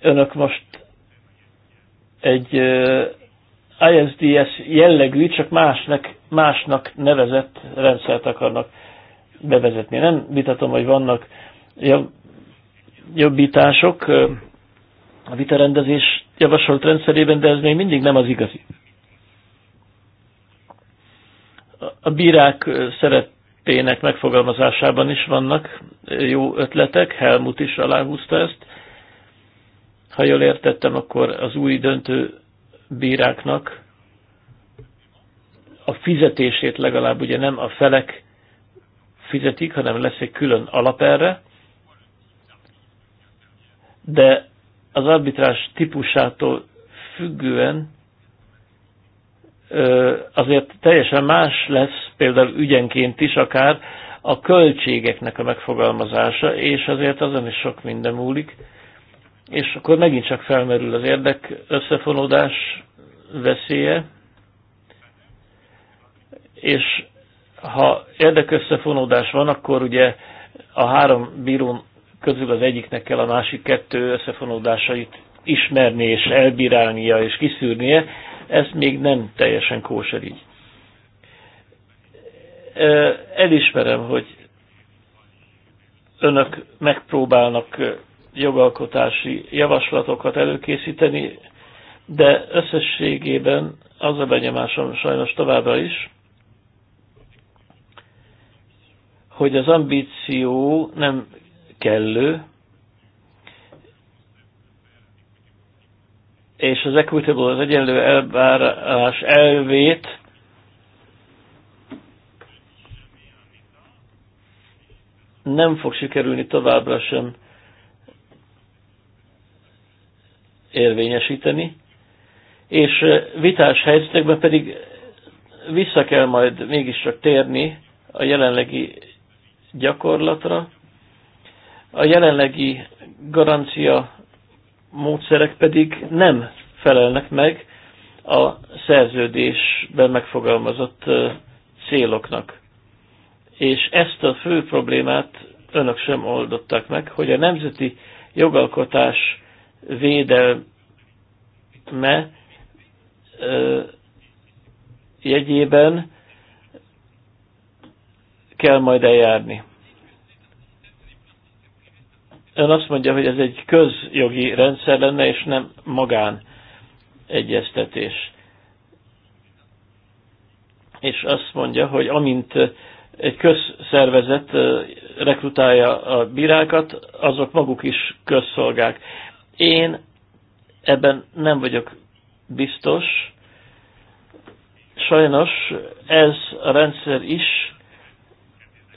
önök most egy ISDS jellegű, csak másnak másnak nevezett rendszert akarnak bevezetni. Nem vitatom, hogy vannak jobbítások a vitarendezés javasolt rendszerében, de ez még mindig nem az igazi. A bírák szerepének megfogalmazásában is vannak jó ötletek, Helmut is aláhúzta ezt. Ha jól értettem, akkor az új döntő bíráknak a fizetését legalább ugye nem a felek fizetik, hanem lesz egy külön alap erre, de az arbitrás típusától függően azért teljesen más lesz, például ügyenként is akár, a költségeknek a megfogalmazása, és azért azon is sok minden múlik, és akkor megint csak felmerül az érdek összefonódás veszélye, és ha érdekösszefonódás van, akkor ugye a három bíró közül az egyiknek kell a másik kettő összefonódásait ismerni és elbírálnia és kiszűrnie, ez még nem teljesen kóser így. Elismerem, hogy önök megpróbálnak jogalkotási javaslatokat előkészíteni, de összességében az a benyomásom sajnos továbbra is, hogy az ambíció nem kellő, és az equitable, az egyenlő elvárás elvét nem fog sikerülni továbbra sem érvényesíteni, és vitás helyzetekben pedig vissza kell majd mégiscsak térni a jelenlegi gyakorlatra. A jelenlegi garancia módszerek pedig nem felelnek meg a szerződésben megfogalmazott céloknak. És ezt a fő problémát önök sem oldották meg, hogy a nemzeti jogalkotás védelme jegyében kell majd eljárni. Ön azt mondja, hogy ez egy közjogi rendszer lenne, és nem magán egyeztetés. És azt mondja, hogy amint egy közszervezet rekrutálja a bírákat, azok maguk is közszolgák. Én ebben nem vagyok biztos. Sajnos ez a rendszer is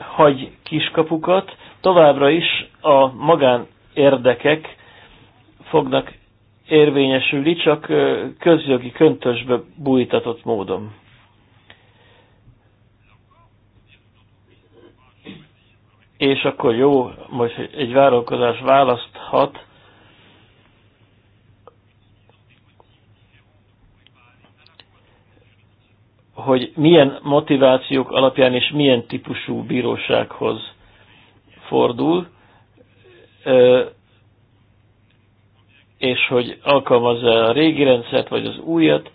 hagy kiskapukat, továbbra is a magán érdekek fognak érvényesülni, csak közjogi köntösbe bújtatott módon. És akkor jó, most egy vállalkozás választhat hogy milyen motivációk alapján és milyen típusú bírósághoz fordul, és hogy alkalmazza a régi rendszert vagy az újat.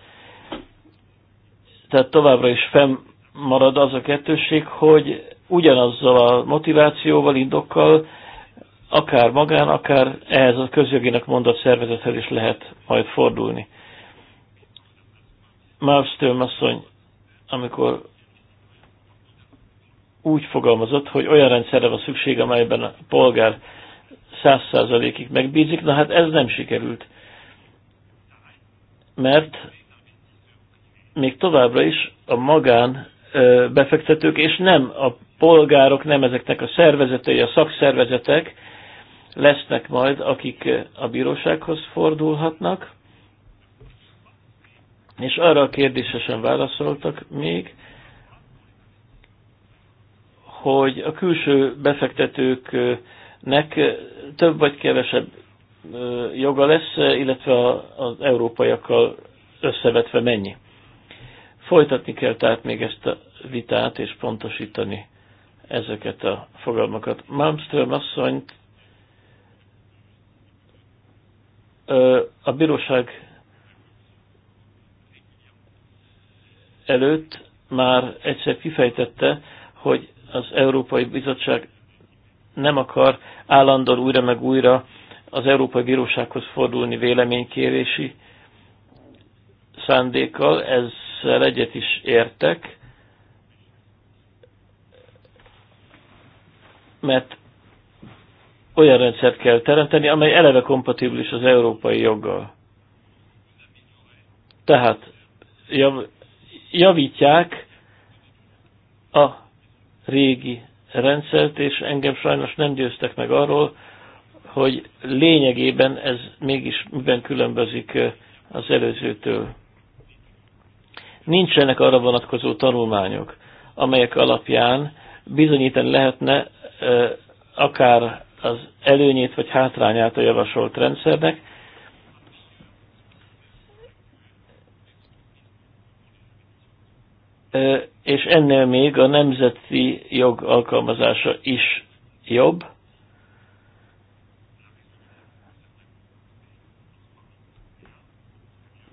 Tehát továbbra is fennmarad az a kettősség, hogy ugyanazzal a motivációval, indokkal, akár magán, akár ehhez a közjoginak mondott szervezethez is lehet majd fordulni. Malmström asszony amikor úgy fogalmazott, hogy olyan rendszerre van szükség, amelyben a polgár száz százalékig megbízik, na hát ez nem sikerült. Mert még továbbra is a magán befektetők, és nem a polgárok, nem ezeknek a szervezetei, a szakszervezetek lesznek majd, akik a bírósághoz fordulhatnak, és arra a kérdésre sem válaszoltak még, hogy a külső befektetőknek több vagy kevesebb joga lesz, illetve az európaiakkal összevetve mennyi. Folytatni kell tehát még ezt a vitát és pontosítani ezeket a fogalmakat. Malmström asszonyt a bíróság előtt már egyszer kifejtette, hogy az Európai Bizottság nem akar állandóan újra meg újra az Európai Bírósághoz fordulni véleménykérési szándékkal, ezzel egyet is értek, mert olyan rendszert kell teremteni, amely eleve kompatibilis az európai joggal. Tehát jav, javítják a régi rendszert, és engem sajnos nem győztek meg arról, hogy lényegében ez mégis miben különbözik az előzőtől. Nincsenek arra vonatkozó tanulmányok, amelyek alapján bizonyítani lehetne akár az előnyét vagy hátrányát a javasolt rendszernek, és ennél még a nemzeti jog alkalmazása is jobb.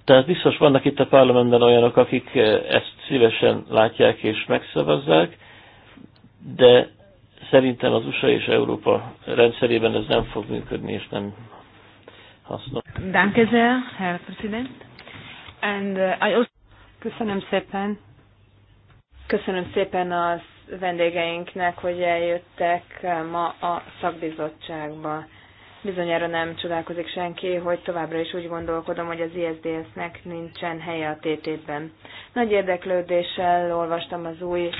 Tehát biztos vannak itt a parlamentben olyanok, akik ezt szívesen látják és megszavazzák, de szerintem az USA és Európa rendszerében ez nem fog működni, és nem hasznos. Danke sehr, Herr Präsident. And, uh, I also... Köszönöm szépen. Köszönöm szépen az vendégeinknek, hogy eljöttek ma a szakbizottságba. Bizonyára nem csodálkozik senki, hogy továbbra is úgy gondolkodom, hogy az ISDS-nek nincsen helye a TT-ben. Nagy érdeklődéssel olvastam az új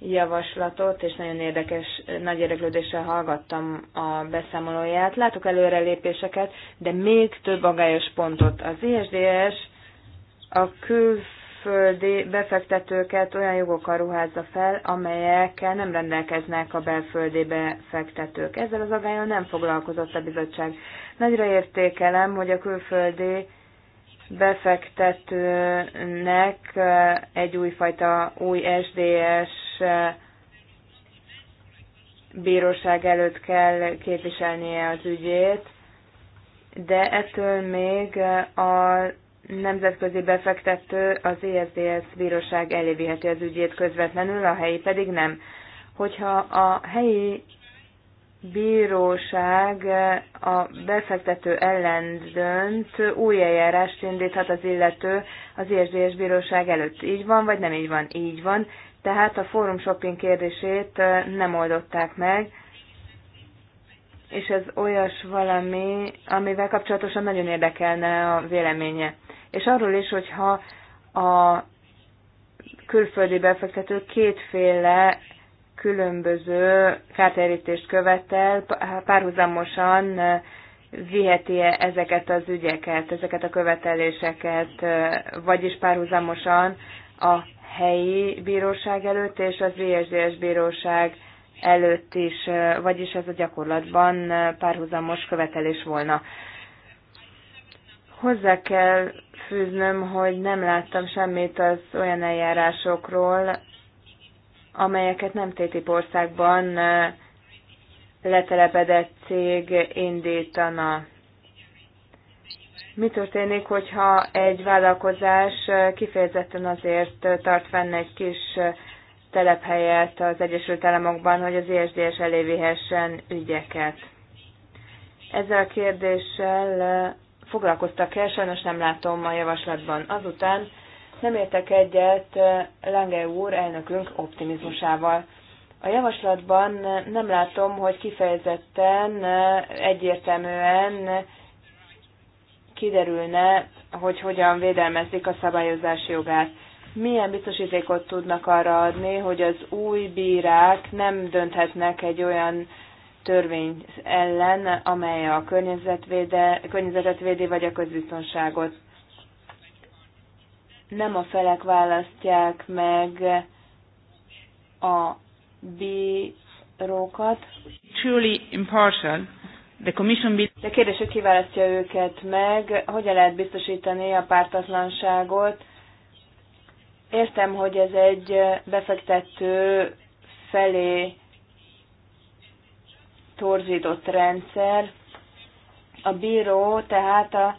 javaslatot, és nagyon érdekes, nagy érdeklődéssel hallgattam a beszámolóját. Látok előrelépéseket, de még több agályos pontot. Az ISDS a külf külföldi befektetőket olyan jogokkal ruházza fel, amelyekkel nem rendelkeznek a belföldi befektetők. Ezzel az agályon nem foglalkozott a bizottság. Nagyra értékelem, hogy a külföldi befektetőnek eh, egy újfajta új SDS eh, bíróság előtt kell képviselnie az ügyét, de ettől még eh, a nemzetközi befektető az ISDS e bíróság elé az ügyét közvetlenül, a helyi pedig nem. Hogyha a helyi bíróság a befektető ellen dönt, új eljárást indíthat az illető az ISDS e bíróság előtt. Így van, vagy nem így van? Így van. Tehát a fórum shopping kérdését nem oldották meg, és ez olyas valami, amivel kapcsolatosan nagyon érdekelne a véleménye és arról is, hogyha a külföldi befektető kétféle különböző kártérítést követel, párhuzamosan viheti -e ezeket az ügyeket, ezeket a követeléseket, vagyis párhuzamosan a helyi bíróság előtt és az VSDS bíróság előtt is, vagyis ez a gyakorlatban párhuzamos követelés volna. Hozzá kell fűznöm, hogy nem láttam semmit az olyan eljárásokról, amelyeket nem Tétip országban letelepedett cég indítana. Mi történik, hogyha egy vállalkozás kifejezetten azért tart fenn egy kis telephelyet az Egyesült Államokban, hogy az ISDS elévihessen ügyeket? Ezzel a kérdéssel foglalkoztak-e, sajnos nem látom a javaslatban. Azután nem értek egyet eh, Lange úr elnökünk optimizmusával. A javaslatban nem látom, hogy kifejezetten, eh, egyértelműen kiderülne, hogy hogyan védelmezik a szabályozási jogát. Milyen biztosítékot tudnak arra adni, hogy az új bírák nem dönthetnek egy olyan törvény ellen, amely a környezetet védi, vagy a közbiztonságot. Nem a felek választják meg a bírókat. Truly impartial. The commission De kérdés, hogy kiválasztja őket meg, hogyan lehet biztosítani a pártatlanságot. Értem, hogy ez egy befektető felé torzított rendszer. A bíró tehát a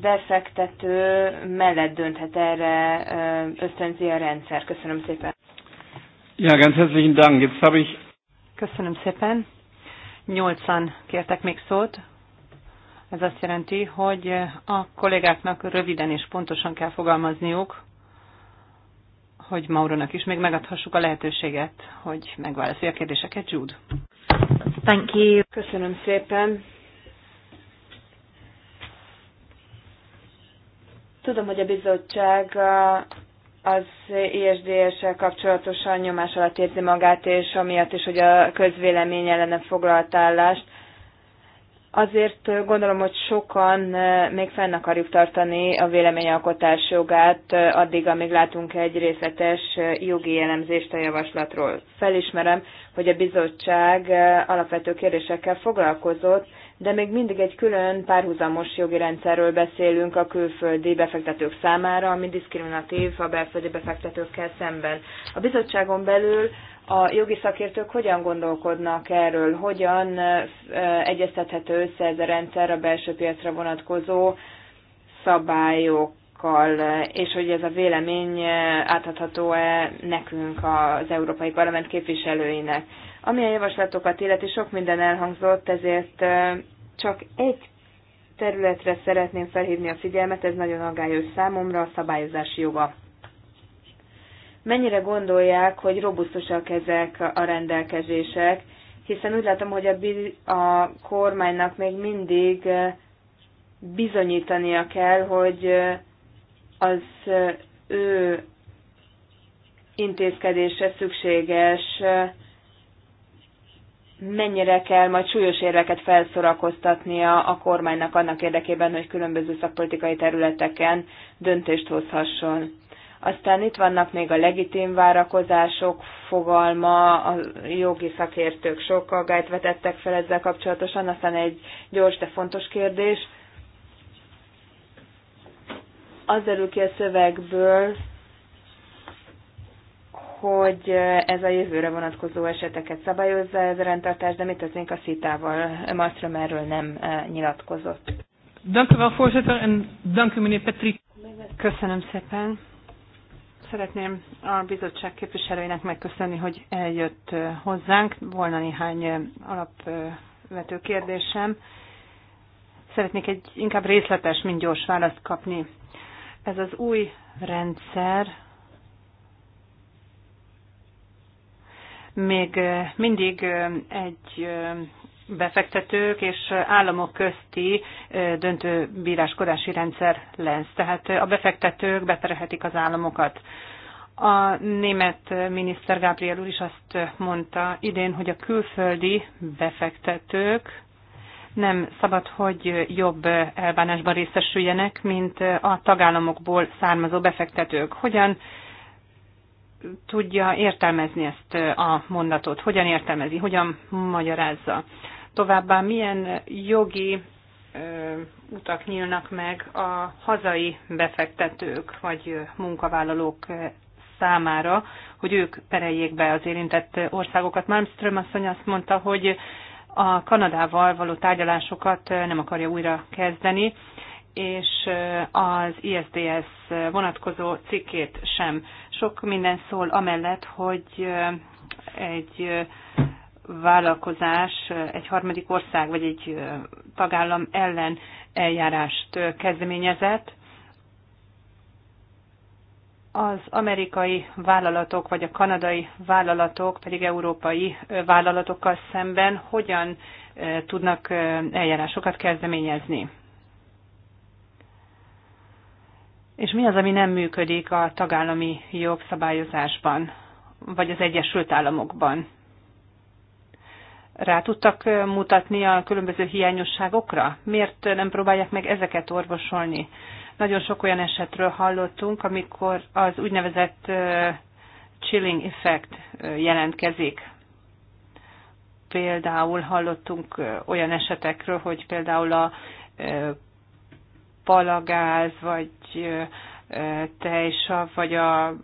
befektető mellett dönthet erre, ösztönzi a rendszer. Köszönöm szépen. Ja, ganz herzlichen Dank. Jetzt habe ich... Köszönöm szépen. Nyolcan kértek még szót. Ez azt jelenti, hogy a kollégáknak röviden és pontosan kell fogalmazniuk, hogy Mauronak is még megadhassuk a lehetőséget, hogy megválaszolja a kérdéseket. Jude. Thank you. Köszönöm szépen. Tudom, hogy a bizottság az ISDS-sel e kapcsolatosan nyomás alatt érzi magát, és amiatt is, hogy a közvélemény ellene foglalt állást Azért gondolom, hogy sokan még fenn akarjuk tartani a véleményalkotás jogát addig, amíg látunk egy részletes jogi jellemzést a javaslatról. Felismerem, hogy a bizottság alapvető kérdésekkel foglalkozott, de még mindig egy külön párhuzamos jogi rendszerről beszélünk a külföldi befektetők számára, ami diszkriminatív a belföldi befektetőkkel szemben. A bizottságon belül a jogi szakértők hogyan gondolkodnak erről, hogyan egyeztethető össze ez a rendszer a belső piacra vonatkozó szabályokkal, és hogy ez a vélemény átadható-e nekünk az Európai Parlament képviselőinek. Ami a javaslatokat illeti, sok minden elhangzott, ezért csak egy területre szeretném felhívni a figyelmet, ez nagyon aggályos számomra, a szabályozási joga mennyire gondolják, hogy robusztusak ezek a rendelkezések, hiszen úgy látom, hogy a, a kormánynak még mindig bizonyítania kell, hogy az ő intézkedése szükséges, mennyire kell majd súlyos érveket felszorakoztatnia a kormánynak annak érdekében, hogy különböző szakpolitikai területeken döntést hozhasson. Aztán itt vannak még a legitim várakozások fogalma, a jogi szakértők sok aggályt vetettek fel ezzel kapcsolatosan, aztán egy gyors, de fontos kérdés. Az derül ki a szövegből, hogy ez a jövőre vonatkozó eseteket szabályozza ez a rendtartás, de mit teszünk a szitával? Malmström erről nem eh, nyilatkozott. Köszönöm szépen. Szeretném a bizottság képviselőinek megköszönni, hogy eljött hozzánk. Volna néhány alapvető kérdésem. Szeretnék egy inkább részletes, mint gyors választ kapni. Ez az új rendszer még mindig egy befektetők és államok közti döntő bíráskodási rendszer lesz. Tehát a befektetők beperhetik az államokat. A német miniszter Gabriel úr is azt mondta idén, hogy a külföldi befektetők nem szabad, hogy jobb elbánásban részesüljenek, mint a tagállamokból származó befektetők. Hogyan tudja értelmezni ezt a mondatot? Hogyan értelmezi? Hogyan magyarázza? Továbbá milyen jogi utak nyílnak meg a hazai befektetők vagy munkavállalók számára, hogy ők pereljék be az érintett országokat. Malmström asszony azt mondta, hogy a Kanadával való tárgyalásokat nem akarja újra kezdeni, és az ISDS vonatkozó cikkét sem. Sok minden szól amellett, hogy egy vállalkozás egy harmadik ország vagy egy tagállam ellen eljárást kezdeményezett, az amerikai vállalatok vagy a kanadai vállalatok pedig európai vállalatokkal szemben hogyan tudnak eljárásokat kezdeményezni? És mi az, ami nem működik a tagállami jogszabályozásban, vagy az Egyesült Államokban? rá tudtak mutatni a különböző hiányosságokra? Miért nem próbálják meg ezeket orvosolni? Nagyon sok olyan esetről hallottunk, amikor az úgynevezett chilling effect jelentkezik. Például hallottunk olyan esetekről, hogy például a palagáz vagy tejsav vagy az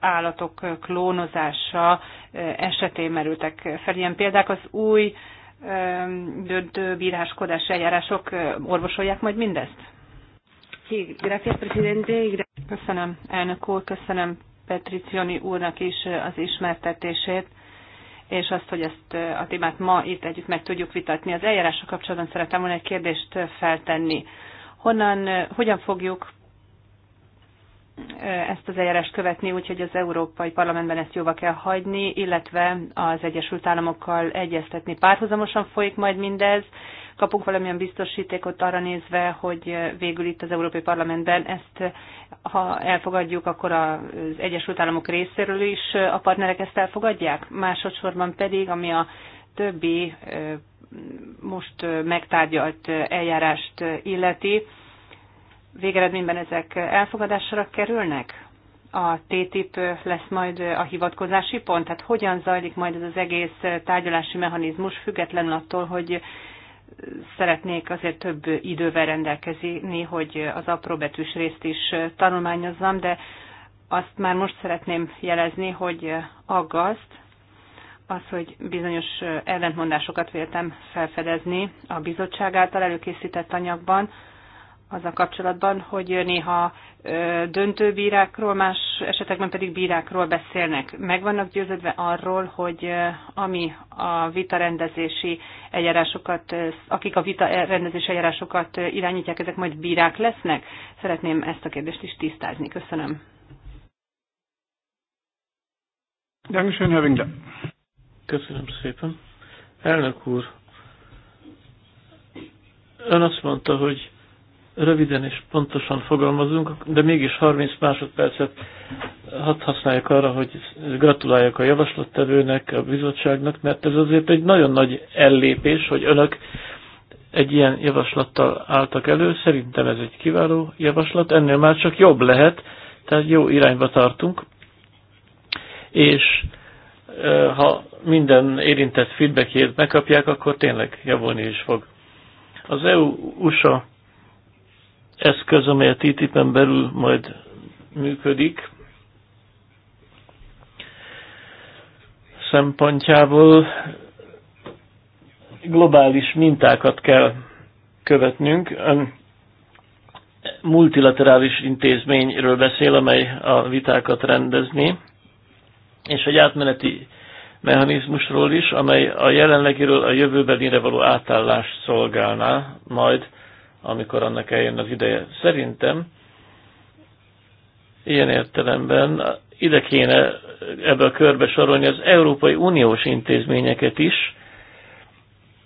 állatok klónozása esetén merültek fel ilyen példák. Az új döntőbíráskodási eljárások orvosolják majd mindezt? Köszönöm, elnök úr, köszönöm Petricioni úrnak is az ismertetését, és azt, hogy ezt eh, a témát ma itt együtt meg tudjuk vitatni. Az eljárásra kapcsolatban szeretem volna egy kérdést feltenni. Honnan, eh, hogyan fogjuk ezt az eljárást követni, úgyhogy az Európai Parlamentben ezt jóva kell hagyni, illetve az Egyesült Államokkal egyeztetni. Párhuzamosan folyik majd mindez, kapunk valamilyen biztosítékot arra nézve, hogy végül itt az Európai Parlamentben ezt, ha elfogadjuk, akkor az Egyesült Államok részéről is a partnerek ezt elfogadják. Másodszorban pedig, ami a többi most megtárgyalt eljárást illeti, végeredményben ezek elfogadásra kerülnek? A TTIP lesz majd a hivatkozási pont? Tehát hogyan zajlik majd ez az egész tárgyalási mechanizmus, függetlenül attól, hogy szeretnék azért több idővel rendelkezni, hogy az apró betűs részt is tanulmányozzam, de azt már most szeretném jelezni, hogy aggaszt az, hogy bizonyos ellentmondásokat véltem felfedezni a bizottság által előkészített anyagban, azzal kapcsolatban, hogy néha döntőbírákról, más esetekben pedig bírákról beszélnek. Meg vannak győződve arról, hogy ami a vita rendezési eljárásokat, akik a vita rendezési eljárásokat irányítják, ezek majd bírák lesznek? Szeretném ezt a kérdést is tisztázni. Köszönöm. Köszönöm szépen. Elnök úr, ön azt mondta, hogy röviden és pontosan fogalmazunk, de mégis 30 másodpercet hadd használjak arra, hogy gratuláljak a javaslattevőnek, a bizottságnak, mert ez azért egy nagyon nagy ellépés, hogy önök egy ilyen javaslattal álltak elő. Szerintem ez egy kiváló javaslat, ennél már csak jobb lehet, tehát jó irányba tartunk. És ha minden érintett feedbackjét megkapják, akkor tényleg javulni is fog. Az EU-USA eszköz, amely a TTIP-en belül majd működik, szempontjából globális mintákat kell követnünk. Multilaterális intézményről beszél, amely a vitákat rendezni, és egy átmeneti mechanizmusról is, amely a jelenlegiről a jövőbenire való átállást szolgálná majd amikor annak eljön az ideje. Szerintem ilyen értelemben ide kéne ebbe a körbe sorolni az Európai Uniós intézményeket is,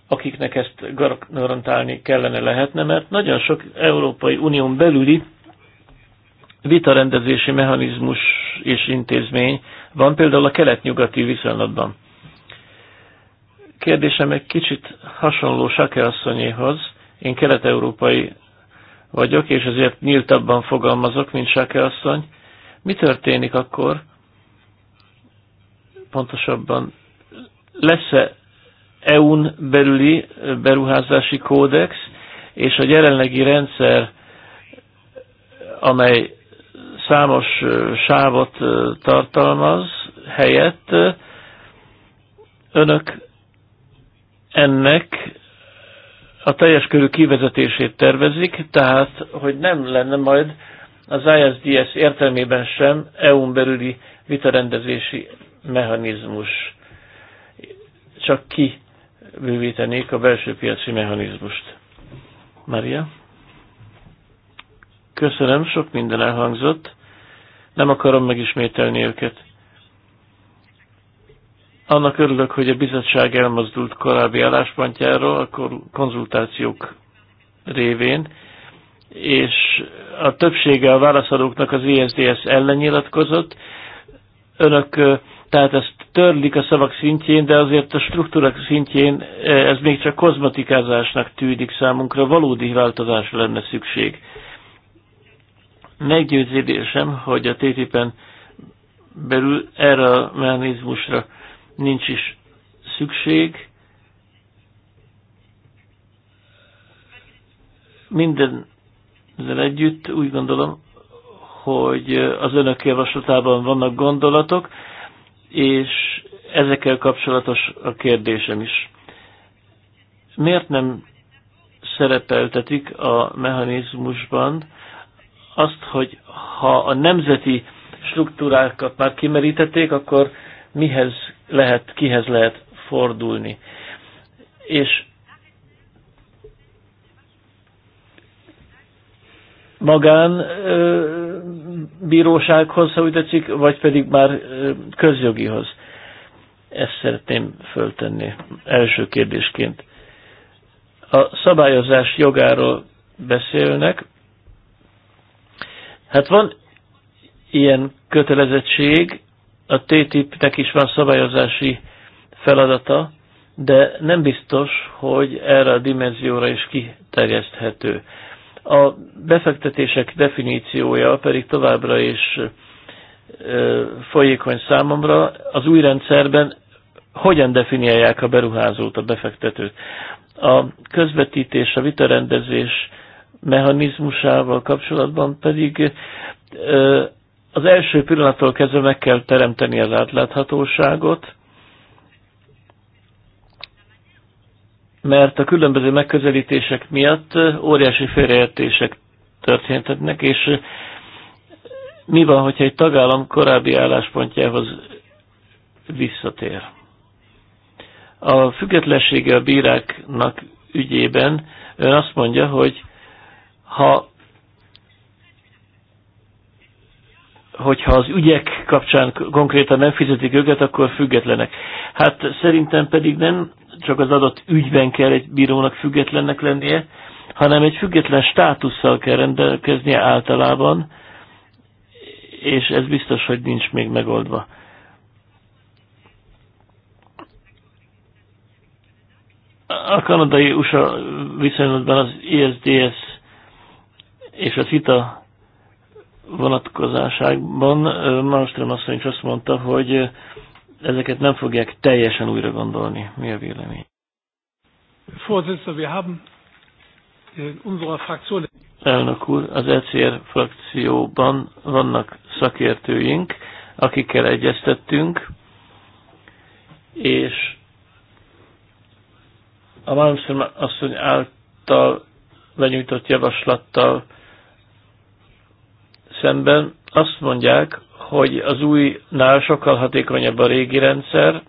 akiknek ezt garantálni kellene lehetne, mert nagyon sok Európai Unión belüli vitarendezési mechanizmus és intézmény van például a kelet-nyugati viszonylatban. Kérdésem egy kicsit hasonló Sake asszonyéhoz. Én kelet-európai vagyok, és ezért nyíltabban fogalmazok, mint Sáke asszony. Mi történik akkor? Pontosabban lesz-e EU-n belüli beruházási kódex, és a jelenlegi rendszer, amely számos sávot tartalmaz, helyett önök ennek a teljes körű kivezetését tervezik, tehát hogy nem lenne majd az ISDS értelmében sem EU-n belüli vitarendezési mechanizmus. Csak ki bővítenék a belső piaci mechanizmust. Maria? Köszönöm, sok minden elhangzott. Nem akarom megismételni őket. Annak örülök, hogy a bizottság elmozdult korábbi álláspontjáról a konzultációk révén, és a többsége a válaszadóknak az ISDS ellen nyilatkozott. Önök tehát ezt törlik a szavak szintjén, de azért a struktúra szintjén ez még csak kozmatikázásnak tűnik számunkra, valódi változás lenne szükség. Meggyőződésem, hogy a TTIP-en belül erre a mechanizmusra nincs is szükség. Minden ezzel együtt úgy gondolom, hogy az önök javaslatában vannak gondolatok, és ezekkel kapcsolatos a kérdésem is. Miért nem szerepeltetik a mechanizmusban azt, hogy ha a nemzeti struktúrákat már kimerítették, akkor mihez lehet, kihez lehet fordulni. És magán bírósághoz, ha úgy tetszik, vagy pedig már közjogihoz. Ezt szeretném föltenni első kérdésként. A szabályozás jogáról beszélnek. Hát van ilyen kötelezettség, a TTIP-nek is van szabályozási feladata, de nem biztos, hogy erre a dimenzióra is kiterjeszthető. A befektetések definíciója pedig továbbra is folyékony számomra. Az új rendszerben hogyan definiálják a beruházót, a befektetőt? A közvetítés, a vitarendezés mechanizmusával kapcsolatban pedig az első pillanattól kezdve meg kell teremteni az átláthatóságot, mert a különböző megközelítések miatt óriási félreértések történhetnek, és mi van, hogyha egy tagállam korábbi álláspontjához visszatér? A függetlensége a bíráknak ügyében ön azt mondja, hogy ha hogyha az ügyek kapcsán konkrétan nem fizetik őket, akkor függetlenek. Hát szerintem pedig nem csak az adott ügyben kell egy bírónak függetlennek lennie, hanem egy független státusszal kell rendelkeznie általában, és ez biztos, hogy nincs még megoldva. A kanadai USA viszonylatban az ISDS és a CITA vonatkozásában Malmström asszony is azt mondta, hogy ezeket nem fogják teljesen újra gondolni. Mi a vélemény? Äh, Elnök úr, az ECR frakcióban vannak szakértőink, akikkel egyeztettünk, és a Malmström asszony által lenyújtott javaslattal szemben azt mondják, hogy az újnál sokkal hatékonyabb a régi rendszer,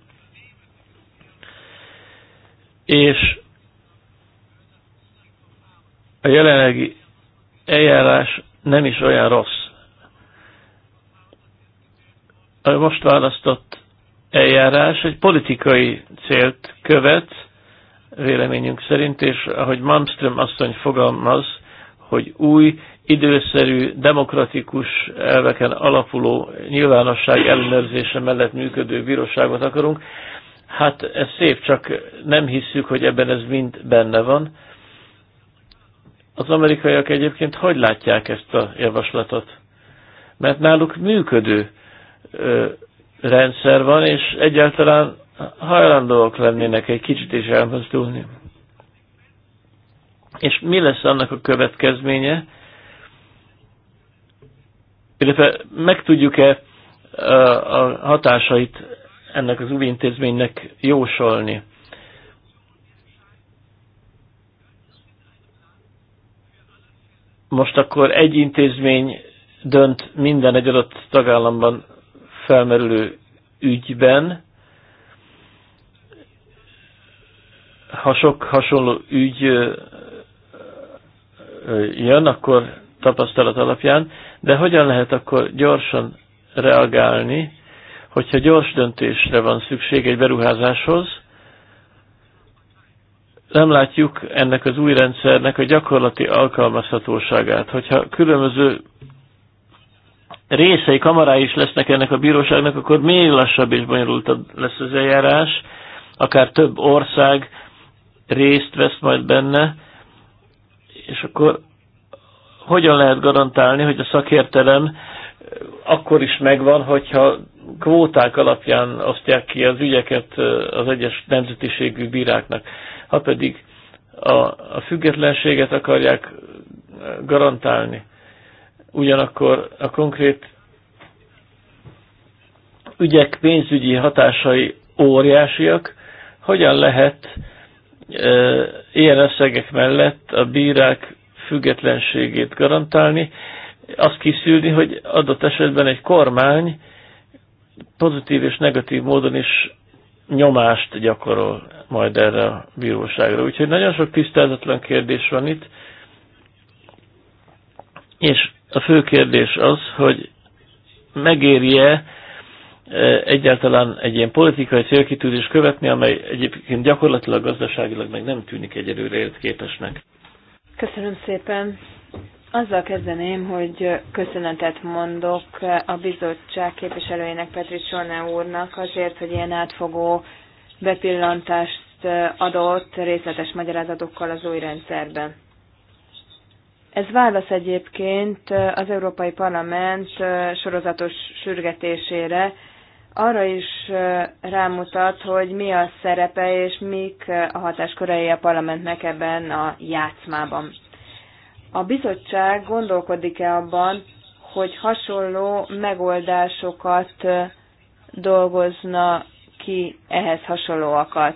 és a jelenlegi eljárás nem is olyan rossz. A most választott eljárás egy politikai célt követ, véleményünk szerint, és ahogy Malmström asszony fogalmaz, hogy új időszerű, demokratikus elveken alapuló nyilvánosság ellenőrzése mellett működő bíróságot akarunk. Hát ez szép, csak nem hisszük, hogy ebben ez mind benne van. Az amerikaiak egyébként hogy látják ezt a javaslatot? Mert náluk működő ö, rendszer van, és egyáltalán hajlandóak lennének egy kicsit is elmozdulni. És mi lesz annak a következménye, illetve meg tudjuk-e a hatásait ennek az új intézménynek jósolni. Most akkor egy intézmény dönt minden egy adott tagállamban felmerülő ügyben, ha sok hasonló ügy jön, akkor tapasztalat alapján de hogyan lehet akkor gyorsan reagálni, hogyha gyors döntésre van szükség egy beruházáshoz, nem látjuk ennek az új rendszernek a gyakorlati alkalmazhatóságát. Hogyha különböző részei, kamarái is lesznek ennek a bíróságnak, akkor még lassabb és bonyolultabb lesz az eljárás, akár több ország részt vesz majd benne, és akkor hogyan lehet garantálni, hogy a szakértelem akkor is megvan, hogyha kvóták alapján osztják ki az ügyeket az egyes nemzetiségű bíráknak. Ha pedig a, a függetlenséget akarják garantálni, ugyanakkor a konkrét ügyek pénzügyi hatásai óriásiak, hogyan lehet e, ilyen összegek mellett a bírák függetlenségét garantálni, azt kiszűrni, hogy adott esetben egy kormány pozitív és negatív módon is nyomást gyakorol majd erre a bíróságra. Úgyhogy nagyon sok tisztázatlan kérdés van itt, és a fő kérdés az, hogy megéri-e e, egyáltalán egy ilyen politikai célkitűzés követni, amely egyébként gyakorlatilag gazdaságilag meg nem tűnik egyelőre életképesnek. Köszönöm szépen. Azzal kezdeném, hogy köszönetet mondok a bizottság képviselőjének Petri Csorne úrnak azért, hogy ilyen átfogó bepillantást adott részletes magyarázatokkal az új rendszerben. Ez válasz egyébként az Európai Parlament sorozatos sürgetésére, arra is rámutat, hogy mi a szerepe és mik a hatáskörei a parlamentnek ebben a játszmában. A bizottság gondolkodik-e abban, hogy hasonló megoldásokat dolgozna ki ehhez hasonlóakat?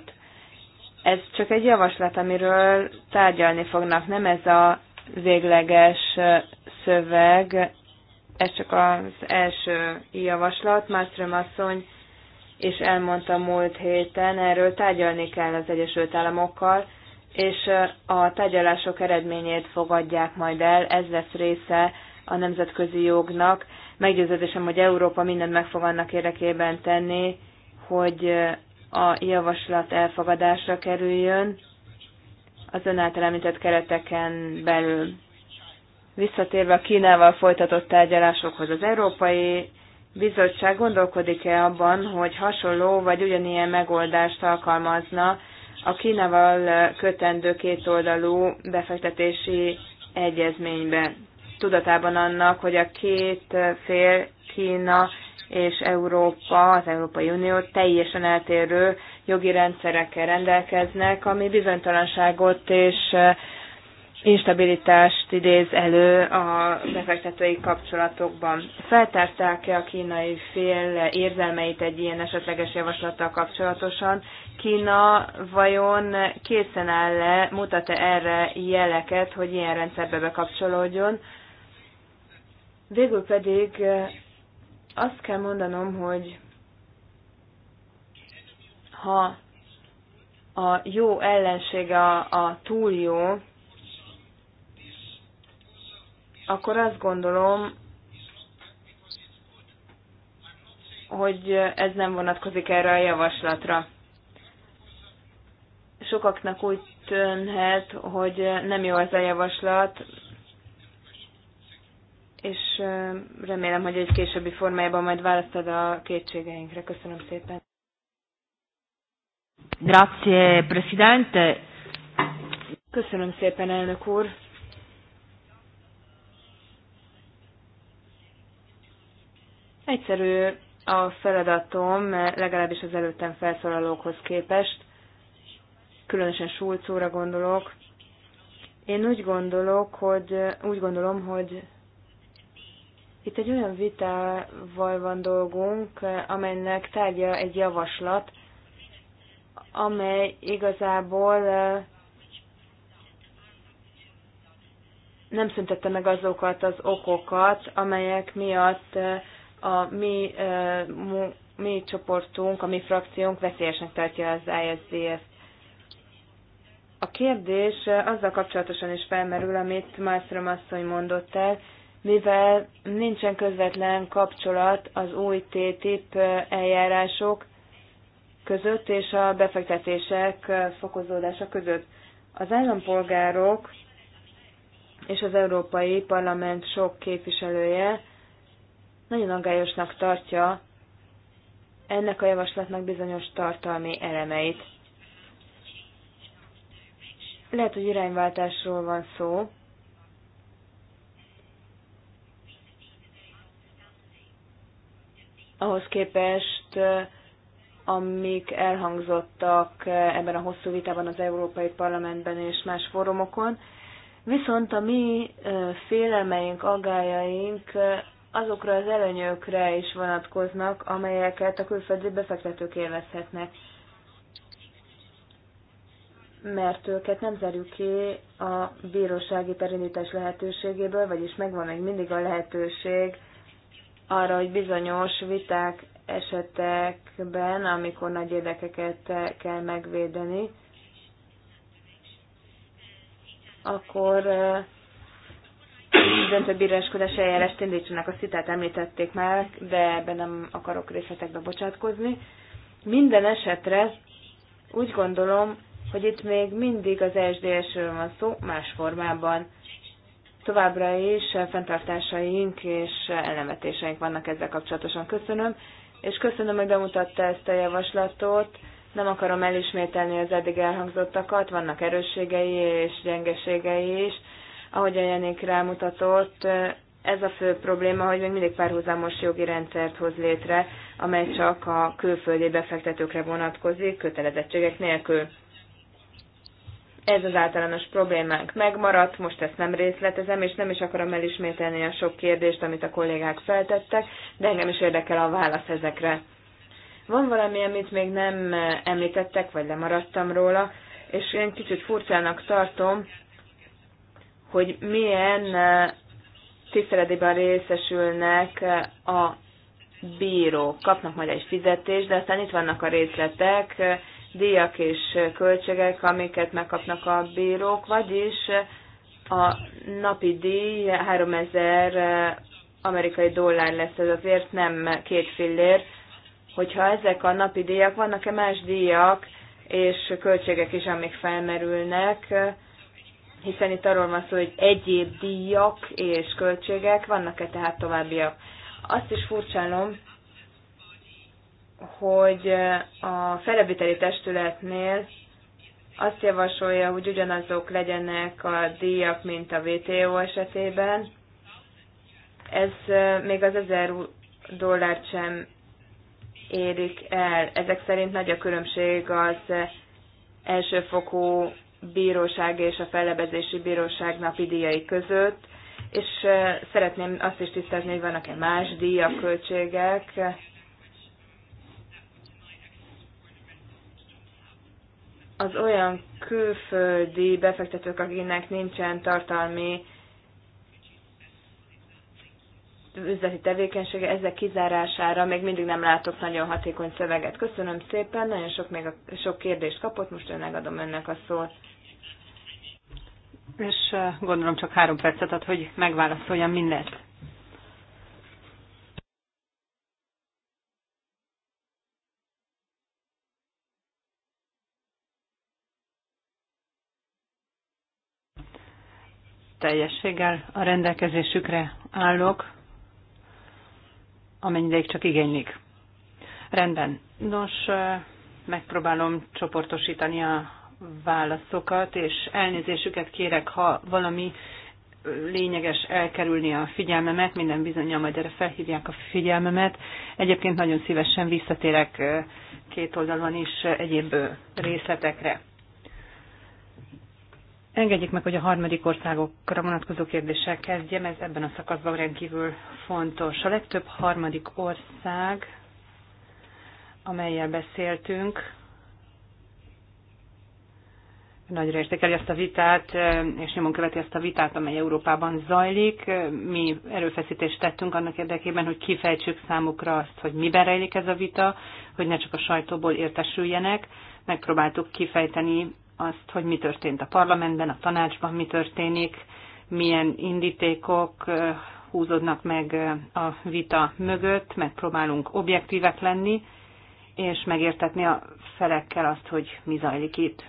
Ez csak egy javaslat, amiről tárgyalni fognak, nem ez a végleges szöveg, ez csak az első javaslat. Mástrom asszony és elmondta múlt héten, erről tárgyalni kell az Egyesült Államokkal, és a tárgyalások eredményét fogadják majd el, ez lesz része a nemzetközi jognak. Meggyőződésem, hogy Európa mindent meg fog annak érdekében tenni, hogy a javaslat elfogadásra kerüljön az ön által említett kereteken belül. Visszatérve a Kínával folytatott tárgyalásokhoz, az Európai Bizottság gondolkodik-e abban, hogy hasonló vagy ugyanilyen megoldást alkalmazna a Kínával kötendő kétoldalú befektetési egyezménybe, tudatában annak, hogy a két fél, Kína és Európa, az Európai Unió teljesen eltérő jogi rendszerekkel rendelkeznek, ami bizonytalanságot és instabilitást idéz elő a befektetői kapcsolatokban. Feltárták-e a kínai fél érzelmeit egy ilyen esetleges javaslattal kapcsolatosan? Kína vajon készen áll-e, mutat-e erre jeleket, hogy ilyen rendszerbe bekapcsolódjon? Végül pedig azt kell mondanom, hogy ha a jó ellensége a, a túl jó, akkor azt gondolom, hogy ez nem vonatkozik erre a javaslatra. Sokaknak úgy tűnhet, hogy nem jó ez a javaslat, és remélem, hogy egy későbbi formájában majd választod a kétségeinkre. Köszönöm szépen. Grazie, Presidente. Köszönöm szépen, elnök úr. Egyszerű a feladatom, legalábbis az előttem felszólalókhoz képest, különösen Schulz gondolok. Én úgy gondolok, hogy úgy gondolom, hogy itt egy olyan vitával van dolgunk, amelynek tárgya egy javaslat, amely igazából nem szüntette meg azokat az okokat, amelyek miatt a mi, mi csoportunk, a mi frakciónk veszélyesnek tartja az ISDF. A kérdés azzal kapcsolatosan is felmerül, amit Malmström asszony mondott el, mivel nincsen közvetlen kapcsolat az új TTIP eljárások között és a befektetések fokozódása között. Az állampolgárok és az Európai Parlament sok képviselője nagyon aggályosnak tartja ennek a javaslatnak bizonyos tartalmi elemeit. Lehet, hogy irányváltásról van szó, ahhoz képest, amik elhangzottak ebben a hosszú vitában az Európai Parlamentben és más fórumokon. Viszont a mi félelmeink, aggájaink azokra az előnyökre is vonatkoznak, amelyeket a külföldi befektetők élvezhetnek. Mert őket nem zárjuk ki a bírósági perindítás lehetőségéből, vagyis megvan még mindig a lehetőség arra, hogy bizonyos viták esetekben, amikor nagy érdekeket kell megvédeni, akkor eh, döntőbíráskodási eljárást indítsanak, a szitát említették már, de ebben nem akarok részletekbe bocsátkozni. Minden esetre úgy gondolom, hogy itt még mindig az sds ről van szó, más formában. Továbbra is fenntartásaink és elemetéseink vannak ezzel kapcsolatosan. Köszönöm, és köszönöm, hogy bemutatta ezt a javaslatot. Nem akarom elismételni az eddig elhangzottakat, vannak erősségei és gyengeségei is, ahogy a Jenék rámutatott, ez a fő probléma, hogy még mindig párhuzamos jogi rendszert hoz létre, amely csak a külföldi befektetőkre vonatkozik, kötelezettségek nélkül. Ez az általános problémánk megmaradt, most ezt nem részletezem, és nem is akarom elismételni a sok kérdést, amit a kollégák feltettek, de engem is érdekel a válasz ezekre. Van valami, amit még nem említettek, vagy lemaradtam róla, és én kicsit furcsának tartom, hogy milyen tiszteletében részesülnek a bírók. Kapnak majd egy fizetést, de aztán itt vannak a részletek, díjak és költségek, amiket megkapnak a bírók, vagyis a napi díj 3000 amerikai dollár lesz, ez azért nem két fillér. Hogyha ezek a napi díjak, vannak-e más díjak és költségek is, amik felmerülnek, hiszen itt arról van szó, hogy egyéb díjak és költségek, vannak-e tehát továbbiak. Azt is furcsálom, hogy a felebíteli testületnél azt javasolja, hogy ugyanazok legyenek a díjak, mint a VTO esetében. Ez még az 1000 dollárt sem érik el. Ezek szerint nagy a különbség az elsőfokú bíróság és a fellebezési bíróság napi díjai között, és szeretném azt is tisztázni, hogy vannak-e más díjak, költségek. Az olyan külföldi befektetők, akinek nincsen tartalmi üzleti tevékenysége, ezek kizárására még mindig nem látok nagyon hatékony szöveget. Köszönöm szépen, nagyon sok, még a, sok kérdést kapott, most önnek adom önnek a szót és gondolom csak három percet ad, hogy megválaszoljam mindet. Teljességgel a rendelkezésükre állok, amennyideig csak igénylik. Rendben. Nos, megpróbálom csoportosítani a válaszokat, és elnézésüket kérek, ha valami lényeges elkerülni a figyelmemet, minden bizonyal majd erre felhívják a figyelmemet. Egyébként nagyon szívesen visszatérek két oldalon is egyéb részletekre. Engedjék meg, hogy a harmadik országokra vonatkozó kérdéssel kezdjem, ez ebben a szakaszban rendkívül fontos. A legtöbb harmadik ország, amelyel beszéltünk, nagyra értékeli ezt a vitát, és nyomon követi ezt a vitát, amely Európában zajlik. Mi erőfeszítést tettünk annak érdekében, hogy kifejtsük számukra azt, hogy miben rejlik ez a vita, hogy ne csak a sajtóból értesüljenek. Megpróbáltuk kifejteni azt, hogy mi történt a parlamentben, a tanácsban, mi történik, milyen indítékok húzódnak meg a vita mögött, megpróbálunk objektívek lenni, és megértetni a felekkel azt, hogy mi zajlik itt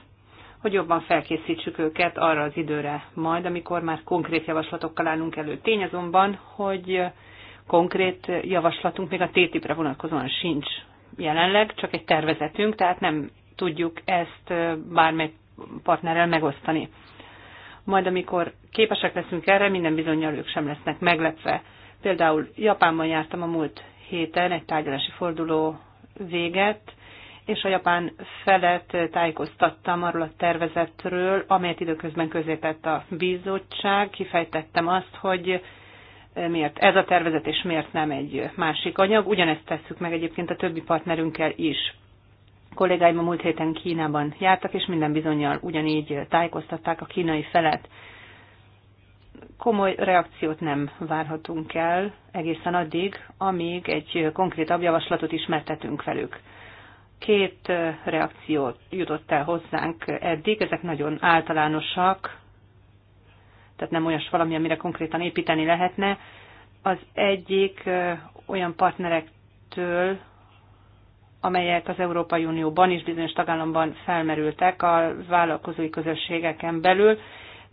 hogy jobban felkészítsük őket arra az időre majd, amikor már konkrét javaslatokkal állunk elő. Tény azonban, hogy konkrét javaslatunk még a TTIP-re vonatkozóan sincs jelenleg, csak egy tervezetünk, tehát nem tudjuk ezt bármely partnerrel megosztani. Majd amikor képesek leszünk erre, minden bizonyal ők sem lesznek meglepve. Például Japánban jártam a múlt héten egy tárgyalási forduló véget, és a japán felet tájékoztattam arról a tervezetről, amelyet időközben középett a bizottság. Kifejtettem azt, hogy miért ez a tervezet, és miért nem egy másik anyag. Ugyanezt tesszük meg egyébként a többi partnerünkkel is. A kollégáim a múlt héten Kínában jártak, és minden bizonyal ugyanígy tájékoztatták a kínai felet. Komoly reakciót nem várhatunk el egészen addig, amíg egy konkrétabb javaslatot ismertetünk velük két reakció jutott el hozzánk eddig, ezek nagyon általánosak, tehát nem olyas valami, amire konkrétan építeni lehetne. Az egyik olyan partnerektől, amelyek az Európai Unióban is bizonyos tagállamban felmerültek a vállalkozói közösségeken belül,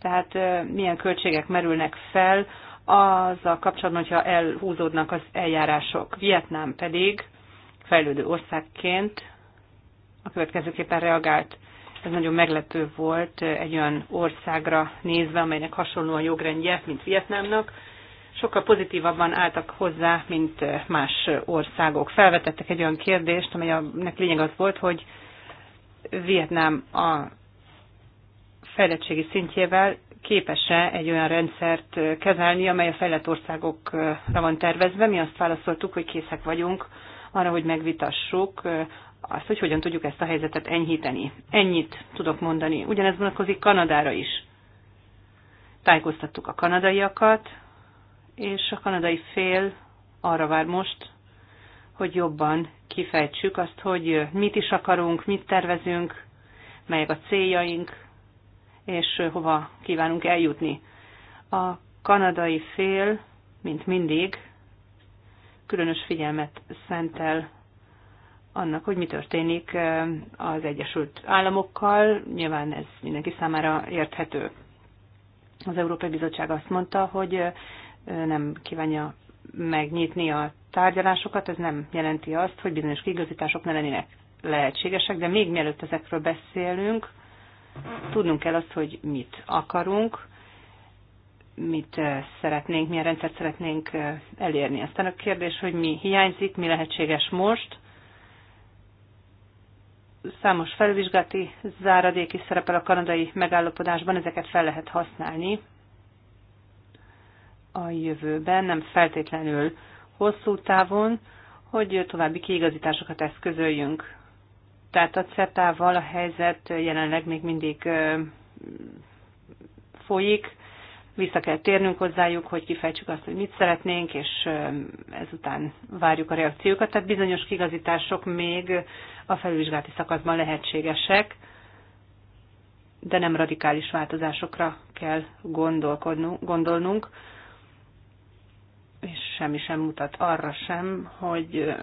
tehát milyen költségek merülnek fel azzal kapcsolatban, hogyha elhúzódnak az eljárások. Vietnám pedig fejlődő országként a következőképpen reagált. Ez nagyon meglepő volt egy olyan országra nézve, amelynek hasonló a jogrendje, mint Vietnámnak. Sokkal pozitívabban álltak hozzá, mint más országok. Felvetettek egy olyan kérdést, amelynek lényeg az volt, hogy Vietnám a fejlettségi szintjével képes-e egy olyan rendszert kezelni, amely a fejlett országokra van tervezve. Mi azt válaszoltuk, hogy készek vagyunk arra, hogy megvitassuk azt, hogy hogyan tudjuk ezt a helyzetet enyhíteni. Ennyit tudok mondani. Ugyanez vonatkozik Kanadára is. Tájékoztattuk a kanadaiakat, és a kanadai fél arra vár most, hogy jobban kifejtsük azt, hogy mit is akarunk, mit tervezünk, melyek a céljaink, és hova kívánunk eljutni. A kanadai fél, mint mindig, különös figyelmet szentel annak, hogy mi történik az Egyesült Államokkal. Nyilván ez mindenki számára érthető. Az Európai Bizottság azt mondta, hogy nem kívánja megnyitni a tárgyalásokat, ez nem jelenti azt, hogy bizonyos kiigazítások ne lennének lehetségesek, de még mielőtt ezekről beszélünk, tudnunk kell azt, hogy mit akarunk, mit szeretnénk, milyen rendszert szeretnénk elérni. Aztán a kérdés, hogy mi hiányzik, mi lehetséges most, számos felvizsgálati záradék is szerepel a kanadai megállapodásban, ezeket fel lehet használni a jövőben, nem feltétlenül hosszú távon, hogy további kiigazításokat eszközöljünk. Tehát a CETA-val a helyzet jelenleg még mindig folyik, vissza kell térnünk hozzájuk, hogy kifejtsük azt, hogy mit szeretnénk, és ezután várjuk a reakciókat. Tehát bizonyos kigazítások még a felvizsgálati szakaszban lehetségesek, de nem radikális változásokra kell gondolnunk, és semmi sem mutat arra sem, hogy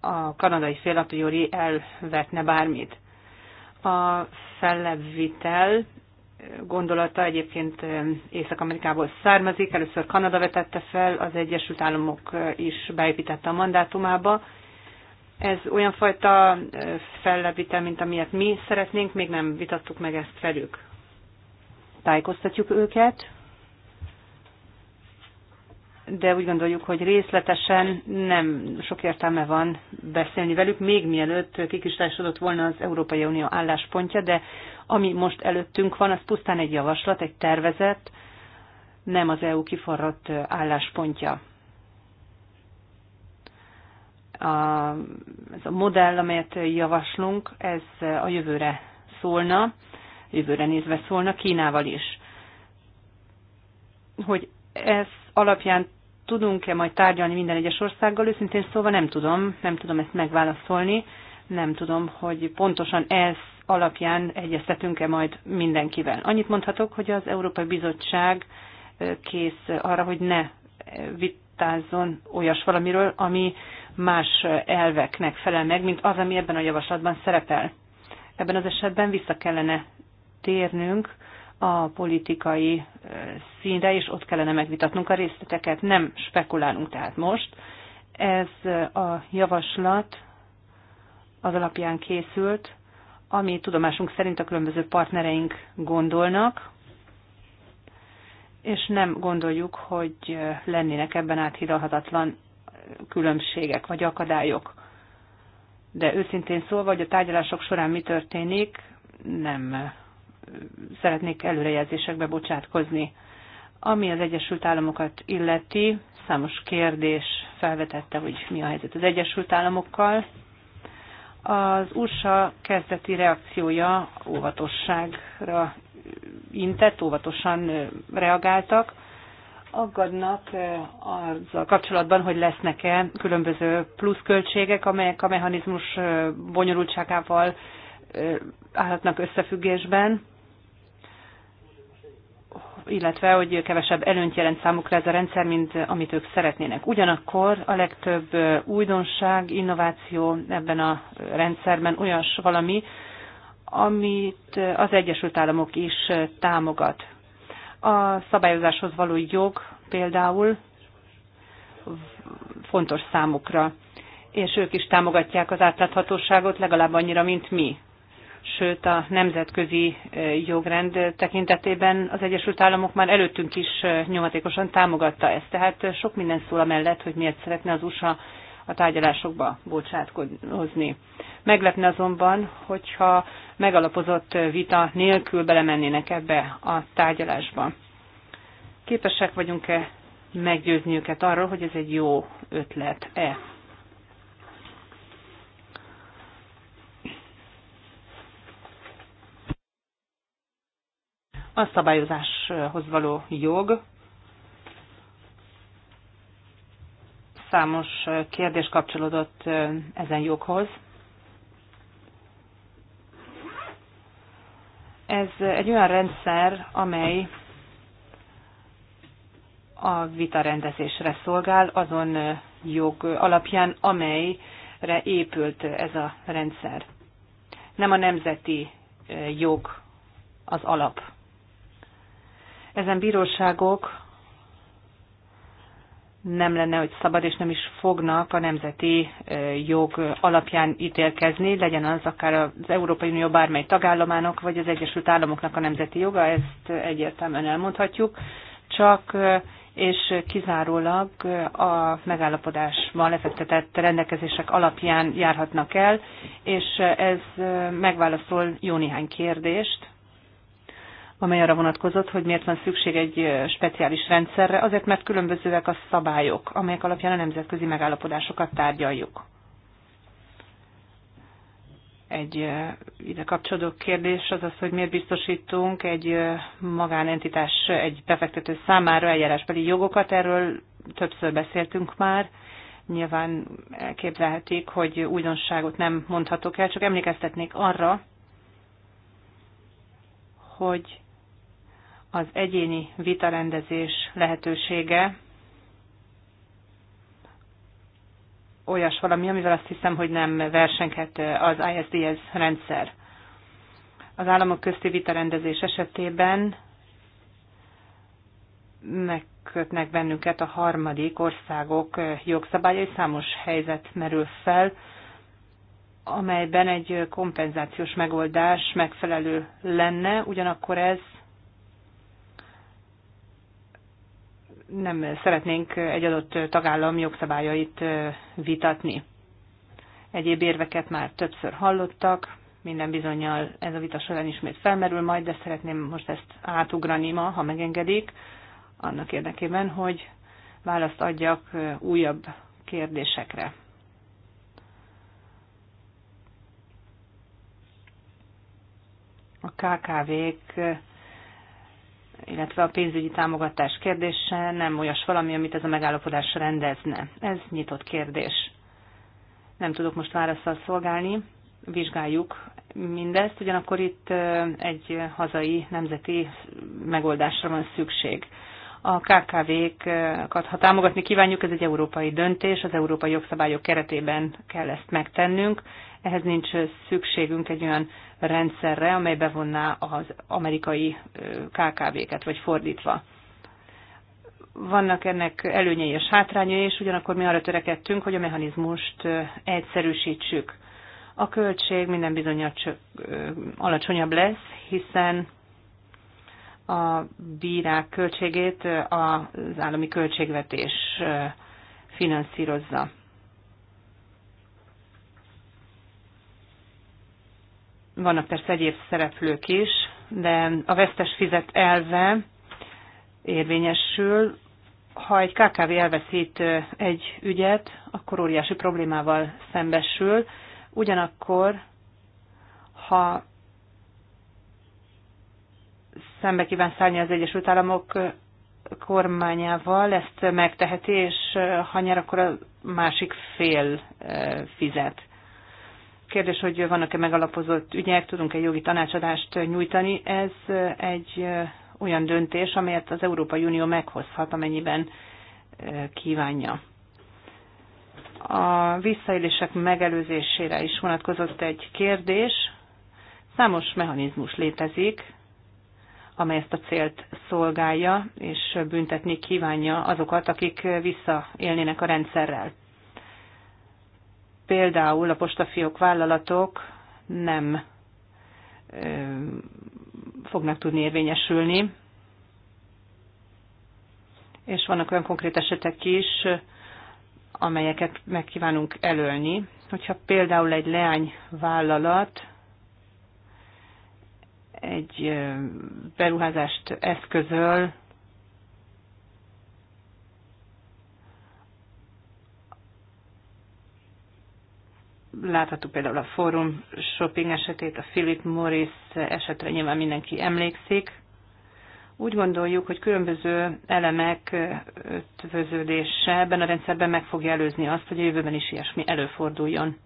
a kanadai fél a priori elvetne bármit. A fellevitel gondolata egyébként Észak-Amerikából származik. Először Kanada vetette fel, az Egyesült Államok is beépítette a mandátumába. Ez olyan fajta fellevitel, mint amilyet mi szeretnénk, még nem vitattuk meg ezt velük. Tájékoztatjuk őket, de úgy gondoljuk, hogy részletesen nem sok értelme van beszélni velük, még mielőtt kikristályosodott volna az Európai Unió álláspontja, de ami most előttünk van, az pusztán egy javaslat, egy tervezet, nem az EU kiforrott álláspontja. A, ez a modell, amelyet javaslunk, ez a jövőre szólna, jövőre nézve szólna Kínával is. Hogy ez alapján tudunk-e majd tárgyalni minden egyes országgal, őszintén szóval nem tudom, nem tudom ezt megválaszolni, nem tudom, hogy pontosan ez alapján egyeztetünk-e majd mindenkivel. Annyit mondhatok, hogy az Európai Bizottság kész arra, hogy ne vitázzon olyas valamiről, ami más elveknek felel meg, mint az, ami ebben a javaslatban szerepel. Ebben az esetben vissza kellene térnünk a politikai színre, és ott kellene megvitatnunk a részleteket. Nem spekulálunk tehát most. Ez a javaslat az alapján készült, ami tudomásunk szerint a különböző partnereink gondolnak, és nem gondoljuk, hogy lennének ebben áthidalhatatlan különbségek vagy akadályok. De őszintén szólva, hogy a tárgyalások során mi történik, nem szeretnék előrejelzésekbe bocsátkozni. Ami az Egyesült Államokat illeti, számos kérdés felvetette, hogy mi a helyzet az Egyesült Államokkal. Az USA kezdeti reakciója óvatosságra intett, óvatosan reagáltak. Aggadnak azzal kapcsolatban, hogy lesznek-e különböző pluszköltségek, amelyek a mechanizmus bonyolultságával állhatnak összefüggésben illetve hogy kevesebb előnyt jelent számukra ez a rendszer, mint amit ők szeretnének. Ugyanakkor a legtöbb újdonság, innováció ebben a rendszerben olyas valami, amit az Egyesült Államok is támogat. A szabályozáshoz való jog például fontos számukra, és ők is támogatják az átláthatóságot legalább annyira, mint mi sőt a nemzetközi jogrend tekintetében az Egyesült Államok már előttünk is nyomatékosan támogatta ezt. Tehát sok minden szól mellett, hogy miért szeretne az USA a tárgyalásokba bocsátkozni. Meglepne azonban, hogyha megalapozott vita nélkül belemennének ebbe a tárgyalásba. Képesek vagyunk-e meggyőzni őket arról, hogy ez egy jó ötlet-e? a szabályozáshoz való jog. Számos kérdés kapcsolódott ezen joghoz. Ez egy olyan rendszer, amely a vitarendezésre szolgál azon jog alapján, amelyre épült ez a rendszer. Nem a nemzeti jog az alap. Ezen bíróságok nem lenne, hogy szabad, és nem is fognak a nemzeti jog alapján ítélkezni, legyen az akár az Európai Unió bármely tagállamának, vagy az Egyesült Államoknak a nemzeti joga, ezt egyértelműen elmondhatjuk, csak és kizárólag a megállapodásban lefektetett rendelkezések alapján járhatnak el, és ez megválaszol jó néhány kérdést, amely arra vonatkozott, hogy miért van szükség egy speciális rendszerre, azért mert különbözőek a szabályok, amelyek alapján a nemzetközi megállapodásokat tárgyaljuk. Egy ide kapcsolódó kérdés az az, hogy miért biztosítunk egy magánentitás, egy befektető számára eljárásbeli jogokat, erről többször beszéltünk már, nyilván elképzelhetik, hogy újdonságot nem mondhatok el, csak emlékeztetnék arra, hogy az egyéni vitarendezés lehetősége olyas valami, amivel azt hiszem, hogy nem versenket az ISDS rendszer. Az államok közti vitarendezés esetében megkötnek bennünket a harmadik országok jogszabályai, számos helyzet merül fel, amelyben egy kompenzációs megoldás megfelelő lenne, ugyanakkor ez nem szeretnénk egy adott tagállam jogszabályait vitatni. Egyéb érveket már többször hallottak, minden bizonyal ez a vita során ismét felmerül majd, de szeretném most ezt átugrani ma, ha megengedik, annak érdekében, hogy választ adjak újabb kérdésekre. A KKV-k illetve a pénzügyi támogatás kérdése nem olyas valami, amit ez a megállapodás rendezne. Ez nyitott kérdés. Nem tudok most válaszsal szolgálni, vizsgáljuk mindezt, ugyanakkor itt egy hazai nemzeti megoldásra van szükség. A KKV-kat, ha támogatni kívánjuk, ez egy európai döntés, az európai jogszabályok keretében kell ezt megtennünk, ehhez nincs szükségünk egy olyan rendszerre, amely bevonná az amerikai KKV-ket, vagy fordítva. Vannak ennek előnyei és hátrányai, és ugyanakkor mi arra törekedtünk, hogy a mechanizmust egyszerűsítsük. A költség minden bizonyal csak alacsonyabb lesz, hiszen a bírák költségét az állami költségvetés finanszírozza. Vannak persze egyéb szereplők is, de a vesztes fizet elve érvényesül. Ha egy KKV elveszít egy ügyet, akkor óriási problémával szembesül. Ugyanakkor, ha szembe kíván szállni az Egyesült Államok kormányával, ezt megteheti, és ha nyer, akkor a másik fél fizet. Kérdés, hogy vannak-e megalapozott ügyek, tudunk-e jogi tanácsadást nyújtani. Ez egy olyan döntés, amelyet az Európai Unió meghozhat, amennyiben kívánja. A visszaélések megelőzésére is vonatkozott egy kérdés. Számos mechanizmus létezik, amely ezt a célt szolgálja, és büntetni kívánja azokat, akik visszaélnének a rendszerrel például a postafiók vállalatok nem fognak tudni érvényesülni. És vannak olyan konkrét esetek is, amelyeket megkívánunk elölni. Hogyha például egy vállalat egy beruházást eszközöl Láthattuk például a Forum Shopping esetét, a Philip Morris esetre nyilván mindenki emlékszik. Úgy gondoljuk, hogy különböző elemek ötvöződése ebben a rendszerben meg fogja előzni azt, hogy a jövőben is ilyesmi előforduljon.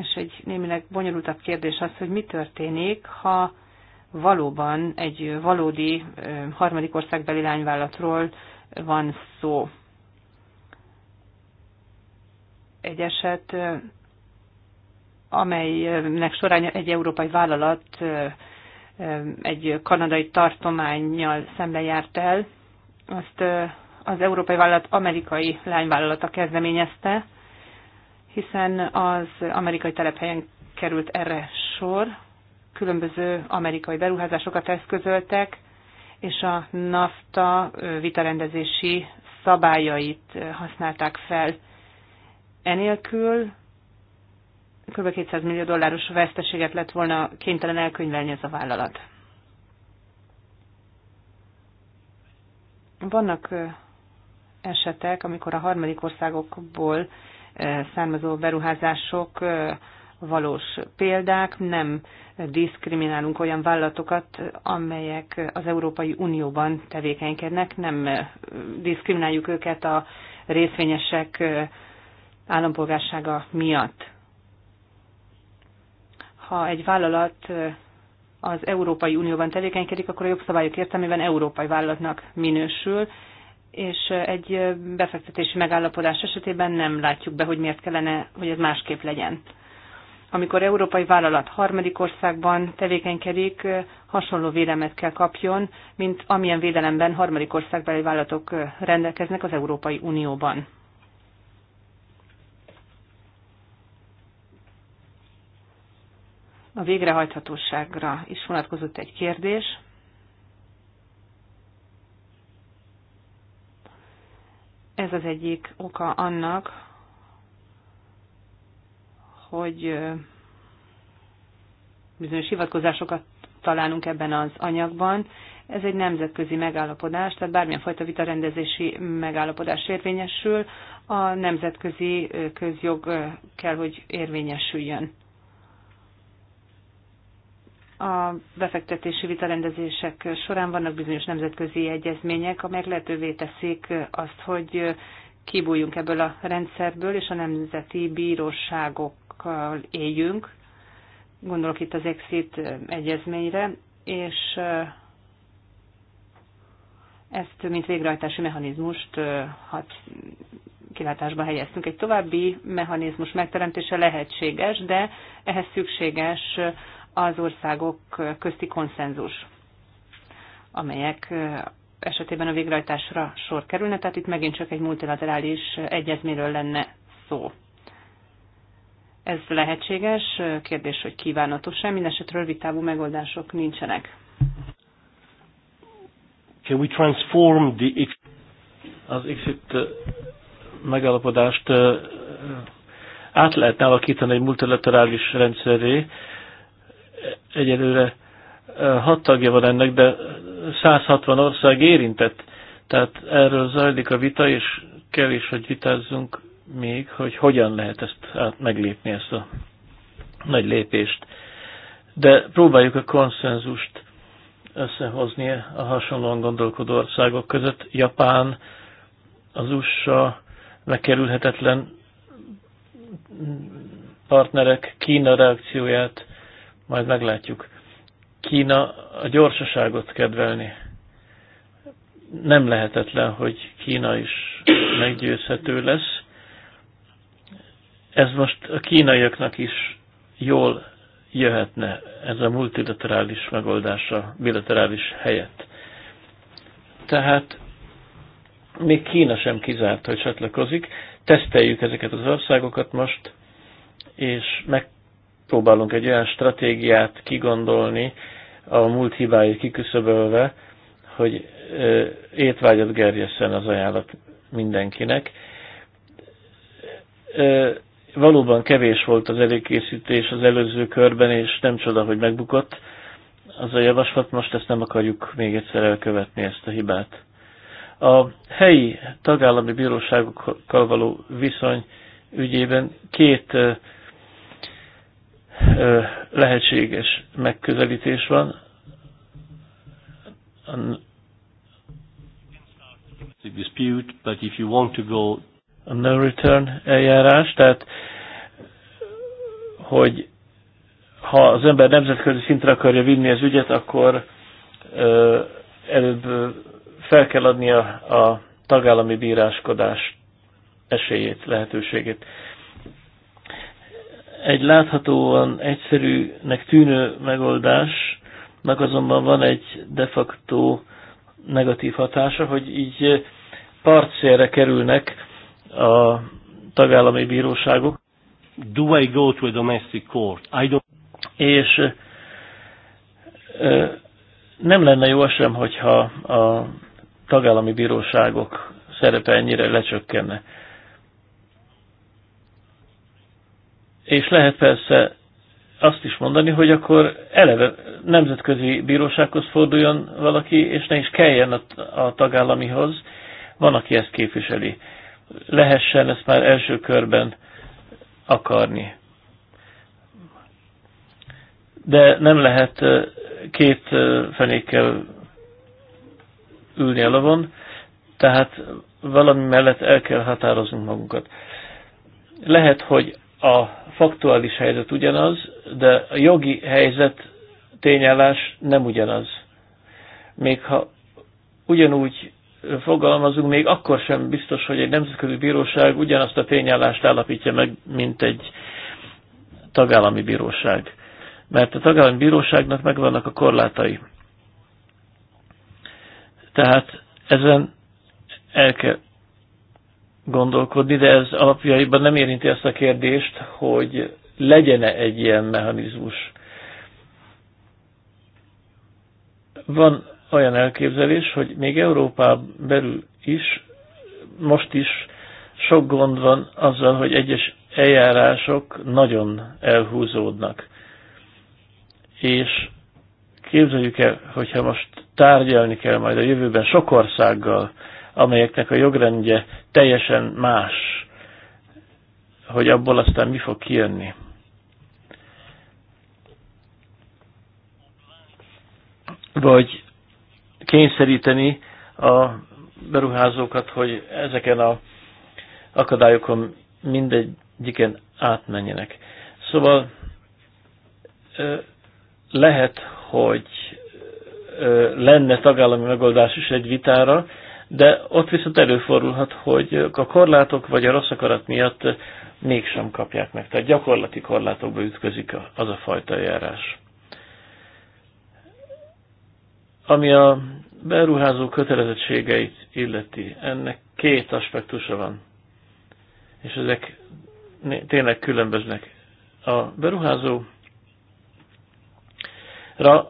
És egy némileg bonyolultabb kérdés az, hogy mi történik, ha valóban egy valódi harmadik országbeli lányvállatról van szó egy eset, amelynek során egy európai vállalat egy kanadai tartományjal szembe járt el. Azt az európai vállalat amerikai lányvállalata kezdeményezte, hiszen az amerikai telephelyen került erre sor, különböző amerikai beruházásokat eszközöltek, és a NAFTA vitarendezési szabályait használták fel Enélkül kb. 200 millió dolláros veszteséget lett volna kénytelen elkönyvelni ez a vállalat. Vannak esetek, amikor a harmadik országokból származó beruházások valós példák, nem diszkriminálunk olyan vállalatokat, amelyek az Európai Unióban tevékenykednek, nem diszkrimináljuk őket a részvényesek állampolgársága miatt. Ha egy vállalat az Európai Unióban tevékenykedik, akkor a jobb szabályok értelmében európai vállalatnak minősül, és egy befektetési megállapodás esetében nem látjuk be, hogy miért kellene, hogy ez másképp legyen. Amikor európai vállalat harmadik országban tevékenykedik, hasonló védelmet kell kapjon, mint amilyen védelemben harmadik országbeli vállalatok rendelkeznek az Európai Unióban. A végrehajthatóságra is vonatkozott egy kérdés. Ez az egyik oka annak, hogy bizonyos hivatkozásokat találunk ebben az anyagban. Ez egy nemzetközi megállapodás, tehát bármilyen fajta vitarendezési megállapodás érvényesül, a nemzetközi közjog kell, hogy érvényesüljön a befektetési vitarendezések során vannak bizonyos nemzetközi egyezmények, amelyek lehetővé teszik azt, hogy kibújjunk ebből a rendszerből, és a nemzeti bíróságokkal éljünk. Gondolok itt az exit egyezményre, és ezt, mint végrehajtási mechanizmust hat, kilátásba helyeztünk. Egy további mechanizmus megteremtése lehetséges, de ehhez szükséges az országok közti konszenzus, amelyek esetében a végrehajtásra sor kerülne, tehát itt megint csak egy multilaterális egyezményről lenne szó. Ez lehetséges, kérdés, hogy kívánatos-e, mindeset rövid távú megoldások nincsenek. Can we transform the ex- az exit megállapodást át lehetne alakítani egy multilaterális rendszerré, egyelőre hat tagja van ennek, de 160 ország érintett. Tehát erről zajlik a vita, és kell is, hogy vitázzunk még, hogy hogyan lehet ezt át, meglépni, ezt a nagy lépést. De próbáljuk a konszenzust összehozni a hasonlóan gondolkodó országok között. Japán, az USA megkerülhetetlen partnerek Kína reakcióját majd meglátjuk. Kína a gyorsaságot kedvelni. Nem lehetetlen, hogy Kína is meggyőzhető lesz. Ez most a kínaiaknak is jól jöhetne ez a multilaterális megoldása bilaterális helyett. Tehát még Kína sem kizárt, hogy csatlakozik. Teszteljük ezeket az országokat most, és meg próbálunk egy olyan stratégiát kigondolni, a múlt hibáit kiküszöbölve, hogy étvágyat gerjesszen az ajánlat mindenkinek. Valóban kevés volt az előkészítés az előző körben, és nem csoda, hogy megbukott az a javaslat, most ezt nem akarjuk még egyszer elkövetni, ezt a hibát. A helyi tagállami bíróságokkal való viszony ügyében két lehetséges megközelítés van. A no return eljárás, tehát hogy ha az ember nemzetközi szintre akarja vinni az ügyet, akkor előbb fel kell adnia a tagállami bíráskodás esélyét, lehetőségét. Egy láthatóan egyszerűnek tűnő megoldásnak azonban van egy de facto negatív hatása, hogy így partszélre kerülnek a tagállami bíróságok. Do I go to a domestic court? I don't... És nem lenne jó sem, hogyha a tagállami bíróságok szerepe ennyire lecsökkenne. És lehet persze azt is mondani, hogy akkor eleve nemzetközi bírósághoz forduljon valaki, és ne is kelljen a, a tagállamihoz. Van, aki ezt képviseli. Lehessen ezt már első körben akarni. De nem lehet két fenékkel ülni a lovon, tehát valami mellett el kell határoznunk magunkat. Lehet, hogy a faktuális helyzet ugyanaz, de a jogi helyzet tényállás nem ugyanaz. Még ha ugyanúgy fogalmazunk, még akkor sem biztos, hogy egy nemzetközi bíróság ugyanazt a tényállást állapítja meg, mint egy tagállami bíróság. Mert a tagállami bíróságnak megvannak a korlátai. Tehát ezen el kell gondolkodni, de ez alapjaiban nem érinti ezt a kérdést, hogy legyen-e egy ilyen mechanizmus. Van olyan elképzelés, hogy még Európában belül is, most is sok gond van azzal, hogy egyes eljárások nagyon elhúzódnak. És képzeljük el, hogyha most tárgyalni kell majd a jövőben sok országgal, amelyeknek a jogrendje teljesen más, hogy abból aztán mi fog kijönni. Vagy kényszeríteni a beruházókat, hogy ezeken a akadályokon mindegyiken átmenjenek. Szóval lehet, hogy lenne tagállami megoldás is egy vitára, de ott viszont előfordulhat, hogy a korlátok vagy a rossz akarat miatt mégsem kapják meg. Tehát gyakorlati korlátokba ütközik az a fajta járás. Ami a beruházó kötelezettségeit illeti, ennek két aspektusa van, és ezek tényleg különböznek. A beruházó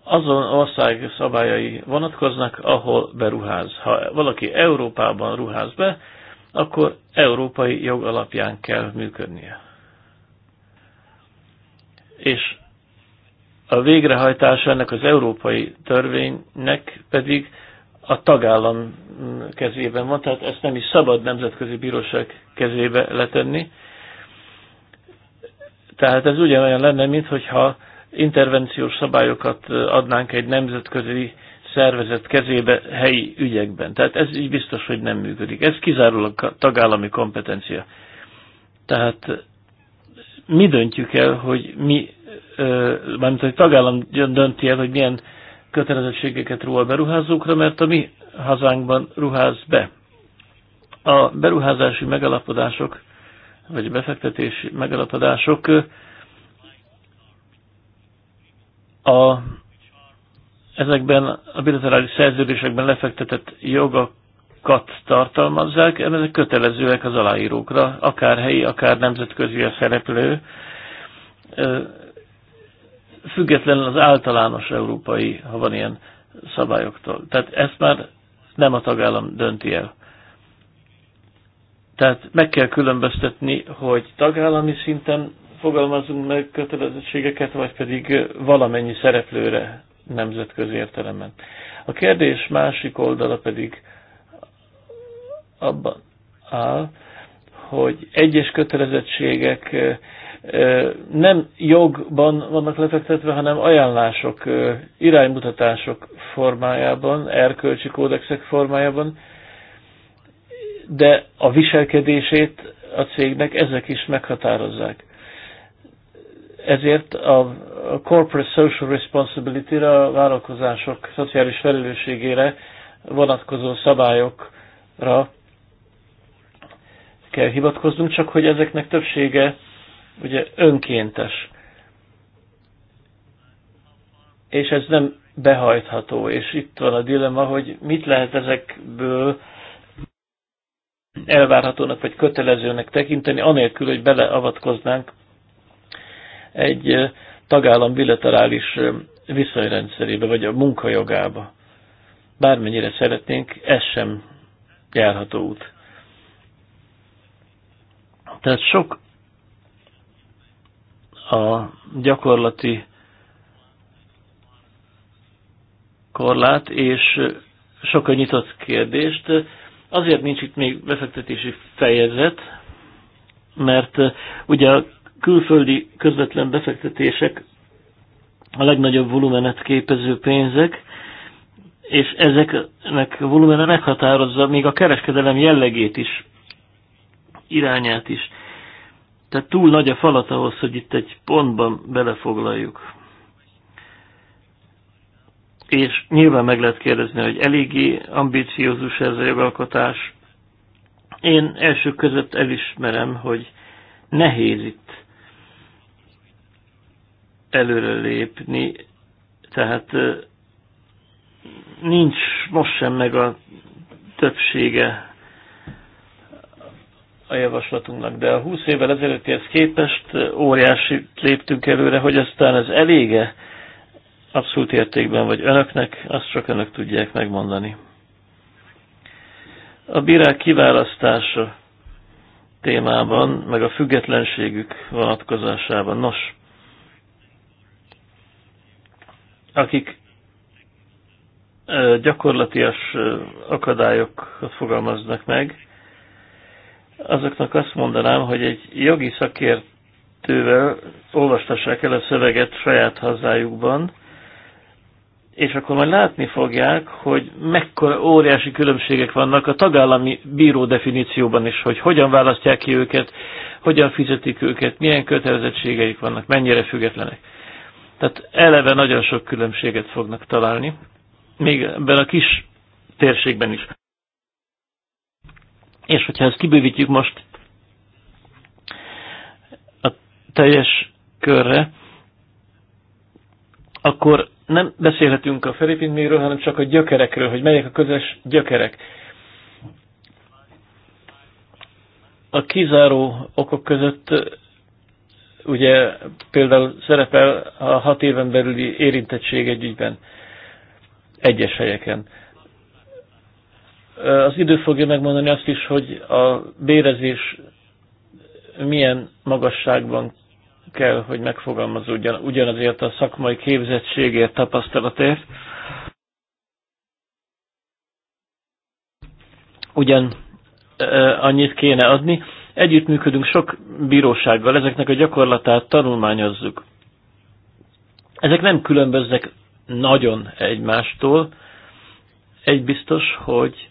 azon ország szabályai vonatkoznak, ahol beruház. Ha valaki Európában ruház be, akkor európai jog alapján kell működnie. És a végrehajtása ennek az európai törvénynek pedig a tagállam kezében van, tehát ezt nem is szabad nemzetközi bíróság kezébe letenni. Tehát ez ugyanolyan lenne, mintha intervenciós szabályokat adnánk egy nemzetközi szervezet kezébe helyi ügyekben. Tehát ez így biztos, hogy nem működik. Ez kizárólag a tagállami kompetencia. Tehát mi döntjük el, hogy mi, mármint hogy tagállam dönti el, hogy milyen kötelezettségeket ró a beruházókra, mert a mi hazánkban ruház be. A beruházási megalapodások, vagy befektetési megalapodások a, ezekben a bilaterális szerződésekben lefektetett jogokat tartalmazzák, ezek kötelezőek az aláírókra, akár helyi, akár nemzetközi a szereplő, függetlenül az általános európai, ha van ilyen szabályoktól. Tehát ezt már nem a tagállam dönti el. Tehát meg kell különböztetni, hogy tagállami szinten fogalmazunk meg kötelezettségeket, vagy pedig valamennyi szereplőre nemzetközi értelemben. A kérdés másik oldala pedig abban áll, hogy egyes kötelezettségek nem jogban vannak lefektetve, hanem ajánlások, iránymutatások formájában, erkölcsi kódexek formájában, de a viselkedését a cégnek ezek is meghatározzák. Ezért a corporate social responsibility-ra, a vállalkozások szociális felelősségére vonatkozó szabályokra kell hivatkoznunk, csak hogy ezeknek többsége ugye önkéntes. És ez nem behajtható, és itt van a dilemma, hogy mit lehet ezekből elvárhatónak vagy kötelezőnek tekinteni, anélkül, hogy beleavatkoznánk egy tagállam bilaterális viszonyrendszerébe, vagy a munkajogába. Bármennyire szeretnénk, ez sem járható út. Tehát sok a gyakorlati korlát, és sok a nyitott kérdést. Azért nincs itt még befektetési fejezet, mert ugye a külföldi közvetlen befektetések a legnagyobb volumenet képező pénzek, és ezeknek a volumene meghatározza még a kereskedelem jellegét is, irányát is. Tehát túl nagy a falat ahhoz, hogy itt egy pontban belefoglaljuk. És nyilván meg lehet kérdezni, hogy eléggé ambíciózus ez a jogalkotás. Én első között elismerem, hogy nehéz itt előre lépni, tehát nincs most sem meg a többsége a javaslatunknak, de a 20 évvel ezelőttihez képest óriási léptünk előre, hogy aztán ez elége abszolút értékben vagy önöknek, azt csak önök tudják megmondani. A bírák kiválasztása témában, meg a függetlenségük vonatkozásában. Nos, akik gyakorlatias akadályokat fogalmaznak meg, azoknak azt mondanám, hogy egy jogi szakértővel olvastassák el a szöveget saját hazájukban, és akkor majd látni fogják, hogy mekkora óriási különbségek vannak a tagállami bíró definícióban is, hogy hogyan választják ki őket, hogyan fizetik őket, milyen kötelezettségeik vannak, mennyire függetlenek. Tehát eleve nagyon sok különbséget fognak találni, még ebben a kis térségben is. És hogyha ezt kibővítjük most a teljes körre, akkor nem beszélhetünk a felépítményről, hanem csak a gyökerekről, hogy melyek a közös gyökerek. A kizáró okok között ugye például szerepel a hat éven belüli érintettség egy ügyben, egyes helyeken. Az idő fogja megmondani azt is, hogy a bérezés milyen magasságban kell, hogy megfogalmazódjon ugyanazért a szakmai képzettségért, tapasztalatért. Ugyan annyit kéne adni, Együttműködünk sok bírósággal, ezeknek a gyakorlatát tanulmányozzuk. Ezek nem különböznek nagyon egymástól. Egy biztos, hogy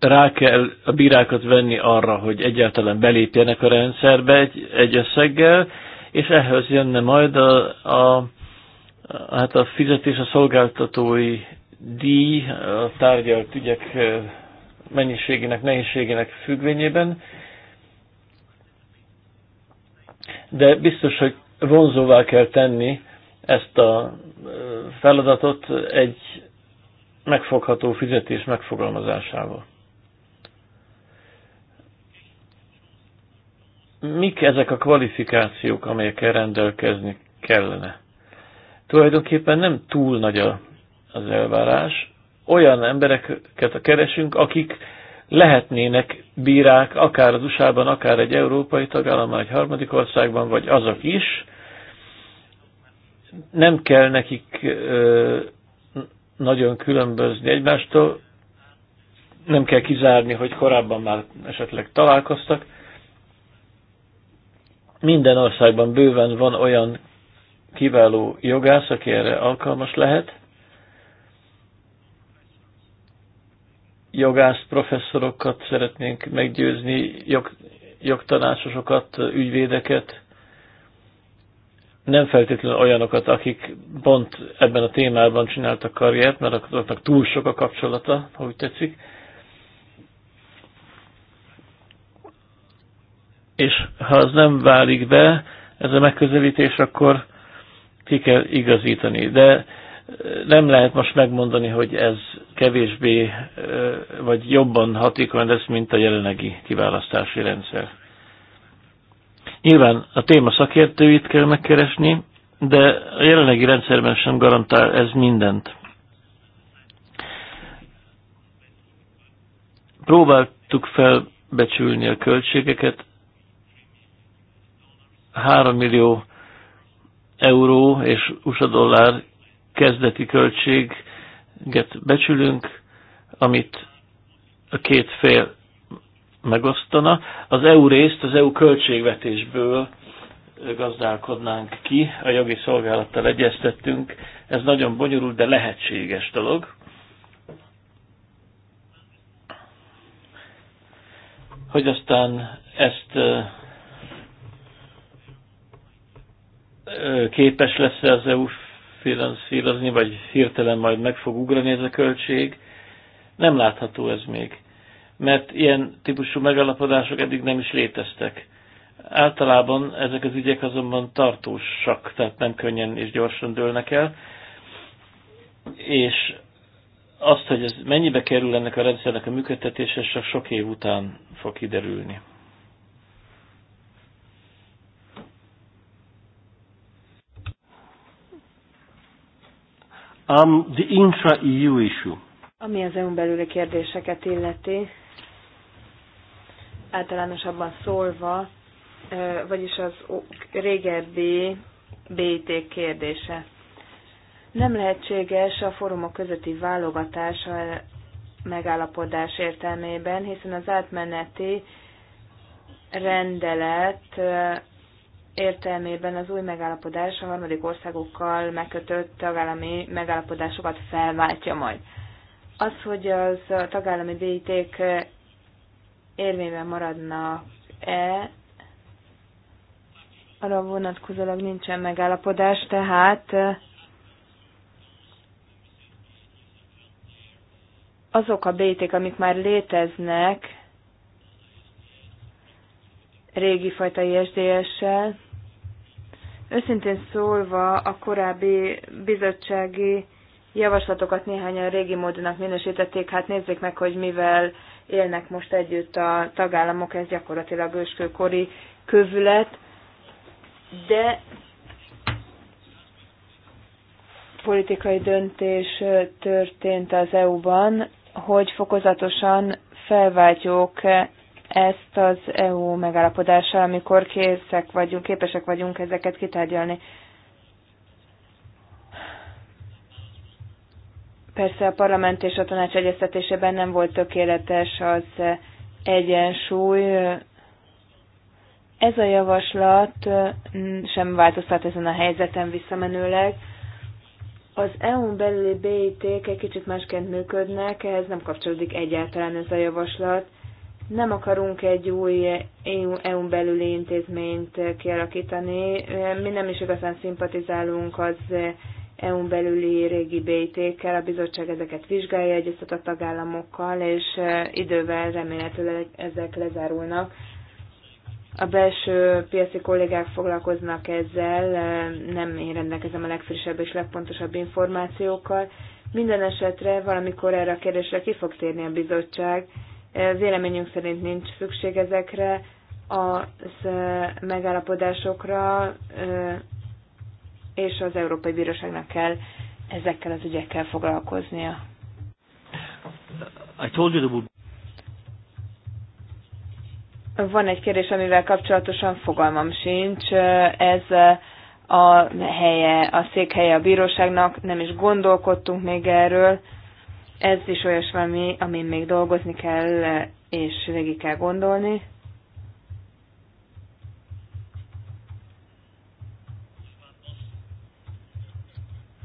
rá kell a bírákat venni arra, hogy egyáltalán belépjenek a rendszerbe egy, egy összeggel, és ehhez jönne majd a, a, hát a fizetés a szolgáltatói díj a tárgyalt ügyek mennyiségének, nehézségének függvényében, de biztos, hogy vonzóvá kell tenni ezt a feladatot egy megfogható fizetés megfogalmazásával. Mik ezek a kvalifikációk, amelyekkel rendelkezni kellene? Tulajdonképpen nem túl nagy a az elvárás. Olyan embereket keresünk, akik lehetnének bírák, akár az USA-ban, akár egy európai tagállamban, egy harmadik országban, vagy azok is. Nem kell nekik nagyon különbözni egymástól, nem kell kizárni, hogy korábban már esetleg találkoztak. Minden országban bőven van olyan kiváló jogász, aki erre alkalmas lehet, jogász professzorokat szeretnénk meggyőzni, jog, jogtanácsosokat, ügyvédeket, nem feltétlenül olyanokat, akik pont ebben a témában csináltak karriert, mert azoknak túl sok a kapcsolata, ha úgy tetszik. És ha az nem válik be, ez a megközelítés, akkor ki kell igazítani. De nem lehet most megmondani, hogy ez kevésbé vagy jobban hatékony lesz, mint a jelenlegi kiválasztási rendszer. Nyilván a téma szakértőit kell megkeresni, de a jelenlegi rendszerben sem garantál ez mindent. Próbáltuk felbecsülni a költségeket, 3 millió euró és USA dollár kezdeti költséget becsülünk, amit a két fél megosztana. Az EU részt az EU költségvetésből gazdálkodnánk ki, a jogi szolgálattal egyeztettünk. Ez nagyon bonyolult, de lehetséges dolog. Hogy aztán ezt képes lesz az EU finanszírozni, vagy hirtelen majd meg fog ugrani ez a költség. Nem látható ez még, mert ilyen típusú megalapodások eddig nem is léteztek. Általában ezek az ügyek azonban tartósak, tehát nem könnyen és gyorsan dőlnek el, és azt, hogy ez mennyibe kerül ennek a rendszernek a működtetése, csak sok év után fog kiderülni. Um, the intra-EU issue. Ami az eu belüli kérdéseket illeti, általánosabban szólva, vagyis az régebbi BIT kérdése. Nem lehetséges a fórumok közötti válogatás a megállapodás értelmében, hiszen az átmeneti rendelet értelmében az új megállapodás a harmadik országokkal megkötött tagállami megállapodásokat felváltja majd. Az, hogy az tagállami díjték érvényben maradnak-e, arra vonatkozólag nincsen megállapodás, tehát azok a béték, amik már léteznek, régi fajta ISDS-sel. Őszintén szólva a korábbi bizottsági javaslatokat néhányan régi módonak minősítették, hát nézzék meg, hogy mivel élnek most együtt a tagállamok, ez gyakorlatilag őskőkori kövület, de politikai döntés történt az EU-ban, hogy fokozatosan felváltjuk ezt az EU megállapodással, amikor készek vagyunk, képesek vagyunk ezeket kitárgyalni. Persze a parlament és a tanács egyeztetésében nem volt tökéletes az egyensúly. Ez a javaslat mm, sem változtat ezen a helyzeten visszamenőleg. Az EU-n belüli BIT-k egy kicsit másként működnek, ehhez nem kapcsolódik egyáltalán ez a javaslat nem akarunk egy új EU-n belüli intézményt kialakítani. Mi nem is igazán szimpatizálunk az EU-n belüli régi BT-kkel, a bizottság ezeket vizsgálja egyeztet a tagállamokkal, és e, idővel remélhetőleg ezek lezárulnak. A belső piaci kollégák foglalkoznak ezzel, e, nem én rendelkezem a legfrissebb és legpontosabb információkkal. Minden esetre valamikor erre a kérdésre ki fog térni a bizottság, Véleményünk szerint nincs szükség ezekre az megállapodásokra, és az Európai Bíróságnak kell ezekkel az ügyekkel foglalkoznia. I told you that van egy kérdés, amivel kapcsolatosan fogalmam sincs. Ez a helye, a székhelye a bíróságnak, nem is gondolkodtunk még erről. Ez is olyasmi, amin még dolgozni kell, és végig kell gondolni.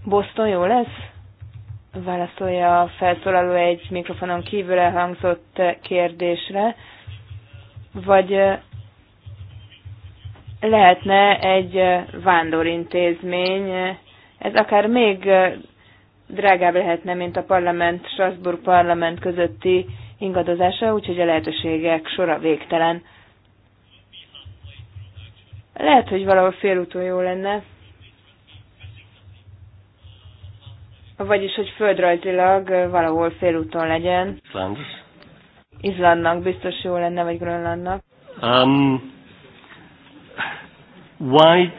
Boston jó lesz? Válaszolja a felszólaló egy mikrofonon kívül elhangzott kérdésre. Vagy lehetne egy vándorintézmény, ez akár még drágább lehetne, mint a parlament, Strasbourg parlament közötti ingadozása, úgyhogy a lehetőségek sora végtelen. Lehet, hogy valahol félúton jó lenne, vagyis, hogy földrajtilag valahol félúton legyen. Island. Izlandnak biztos jó lenne, vagy Grönlandnak. Um, why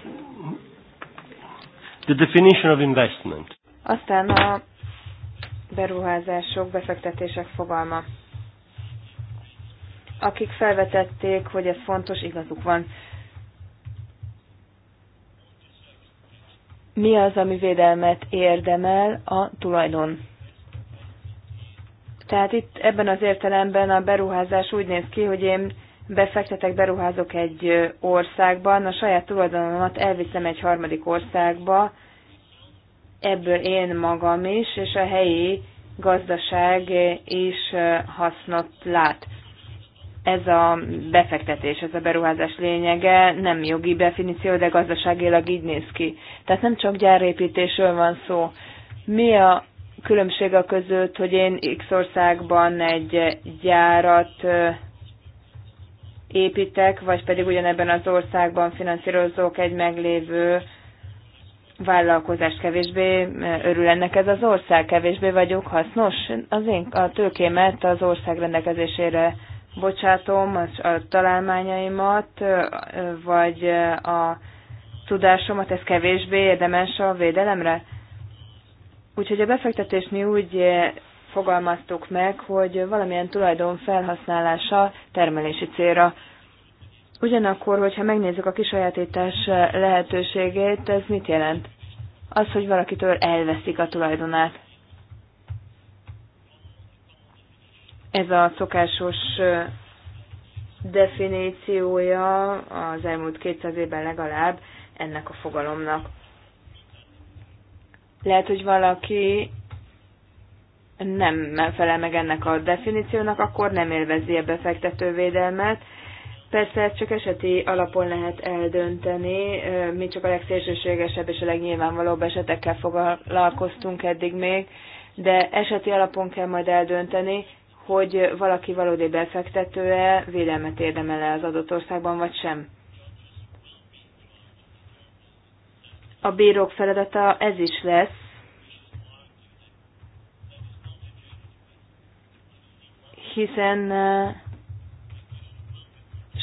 the definition of investment? Aztán a beruházások, befektetések fogalma. Akik felvetették, hogy ez fontos, igazuk van. Mi az, ami védelmet érdemel a tulajdon? Tehát itt ebben az értelemben a beruházás úgy néz ki, hogy én befektetek, beruházok egy országban, a saját tulajdonomat elviszem egy harmadik országba, ebből én magam is, és a helyi gazdaság is hasznot lát. Ez a befektetés, ez a beruházás lényege nem jogi definíció, de gazdaságilag így néz ki. Tehát nem csak gyárépítésről van szó. Mi a különbség a között, hogy én X országban egy gyárat építek, vagy pedig ugyanebben az országban finanszírozok egy meglévő vállalkozás kevésbé eh, örül ennek ez az ország, kevésbé vagyok hasznos. Az én a tőkémet az ország rendelkezésére bocsátom, a találmányaimat, eh, vagy eh, a tudásomat, ez kevésbé érdemes a védelemre. Úgyhogy a befektetést mi úgy fogalmaztuk meg, hogy valamilyen tulajdon felhasználása termelési célra Ugyanakkor, hogyha megnézzük a kisajátítás eh, lehetőségét, ez mit jelent? Az, hogy valakitől elveszik a tulajdonát. Ez a szokásos eh, definíciója az elmúlt 200 évben legalább ennek a fogalomnak. Lehet, hogy valaki nem felel meg ennek a definíciónak, akkor nem élvezi a befektetővédelmet, Persze ezt csak eseti alapon lehet eldönteni, mi csak a legszélsőségesebb és a legnyilvánvalóbb esetekkel foglalkoztunk eddig még, de eseti alapon kell majd eldönteni, hogy valaki valódi befektetője védelmet érdemel-e az adott országban, vagy sem. A bírók feladata ez is lesz, hiszen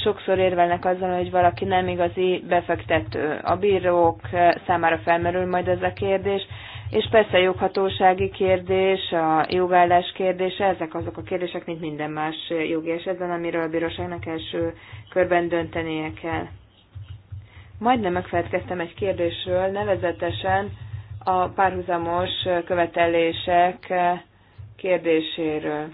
sokszor érvelnek azzal, hogy valaki nem igazi befektető. A bírók számára felmerül majd ez a kérdés, és persze a joghatósági kérdés, a jogállás kérdése, ezek azok a kérdések, mint minden más jogi esetben, amiről a bíróságnak első körben döntenie kell. Majdnem megfelelkeztem egy kérdésről, nevezetesen a párhuzamos követelések kérdéséről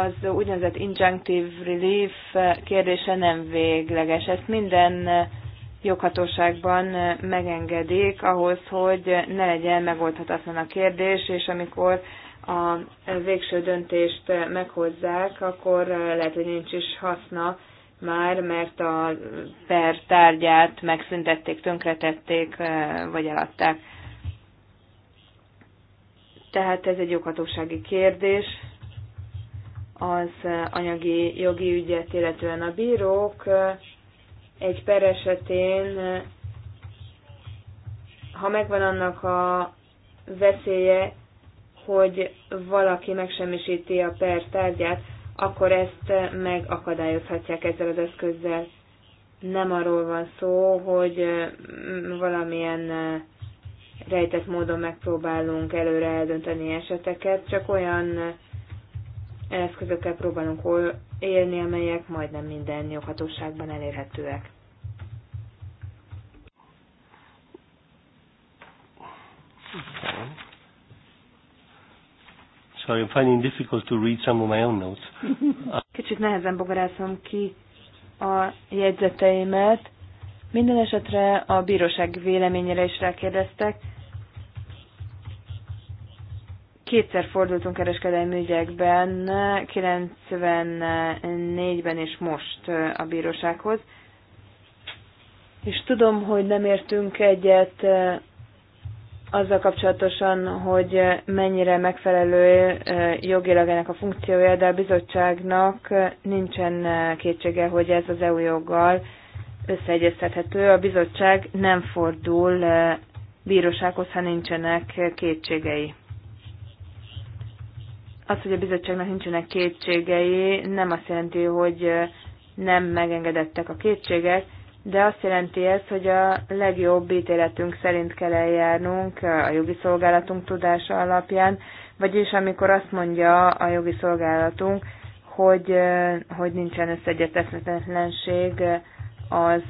az úgynevezett injunctive relief kérdése nem végleges. Ezt minden joghatóságban megengedik ahhoz, hogy ne legyen megoldhatatlan a kérdés, és amikor a végső döntést meghozzák, akkor lehet, hogy nincs is haszna már, mert a per tárgyát megszüntették, tönkretették, vagy eladták. Tehát ez egy joghatósági kérdés az anyagi jogi ügyet, illetően a bírók egy per esetén, ha megvan annak a veszélye, hogy valaki megsemmisíti a per tárgyát, akkor ezt megakadályozhatják ezzel az eszközzel. Nem arról van szó, hogy mm, valamilyen e, rejtett módon megpróbálunk előre eldönteni eseteket, csak olyan e, eszközökkel próbálunk élni, amelyek majdnem minden joghatóságban elérhetőek. Okay. Sorry, I'm finding difficult to read some of my own notes. Kicsit nehezen bogarászom ki a jegyzeteimet. Minden esetre a bíróság véleményére is rákérdeztek. Kétszer fordultunk kereskedelmi ügyekben, 94-ben és most a bírósághoz. És tudom, hogy nem értünk egyet azzal kapcsolatosan, hogy mennyire megfelelő jogilag ennek a funkciója, de a bizottságnak nincsen kétsége, hogy ez az EU joggal összeegyeztethető. A bizottság nem fordul bírósághoz, ha nincsenek kétségei. Az, hogy a bizottságnak nincsenek kétségei, nem azt jelenti, hogy nem megengedettek a kétségek, de azt jelenti ez, hogy a legjobb ítéletünk szerint kell eljárnunk a jogi szolgálatunk tudása alapján, vagyis amikor azt mondja a jogi szolgálatunk, hogy, hogy nincsen összeegyetetlenség az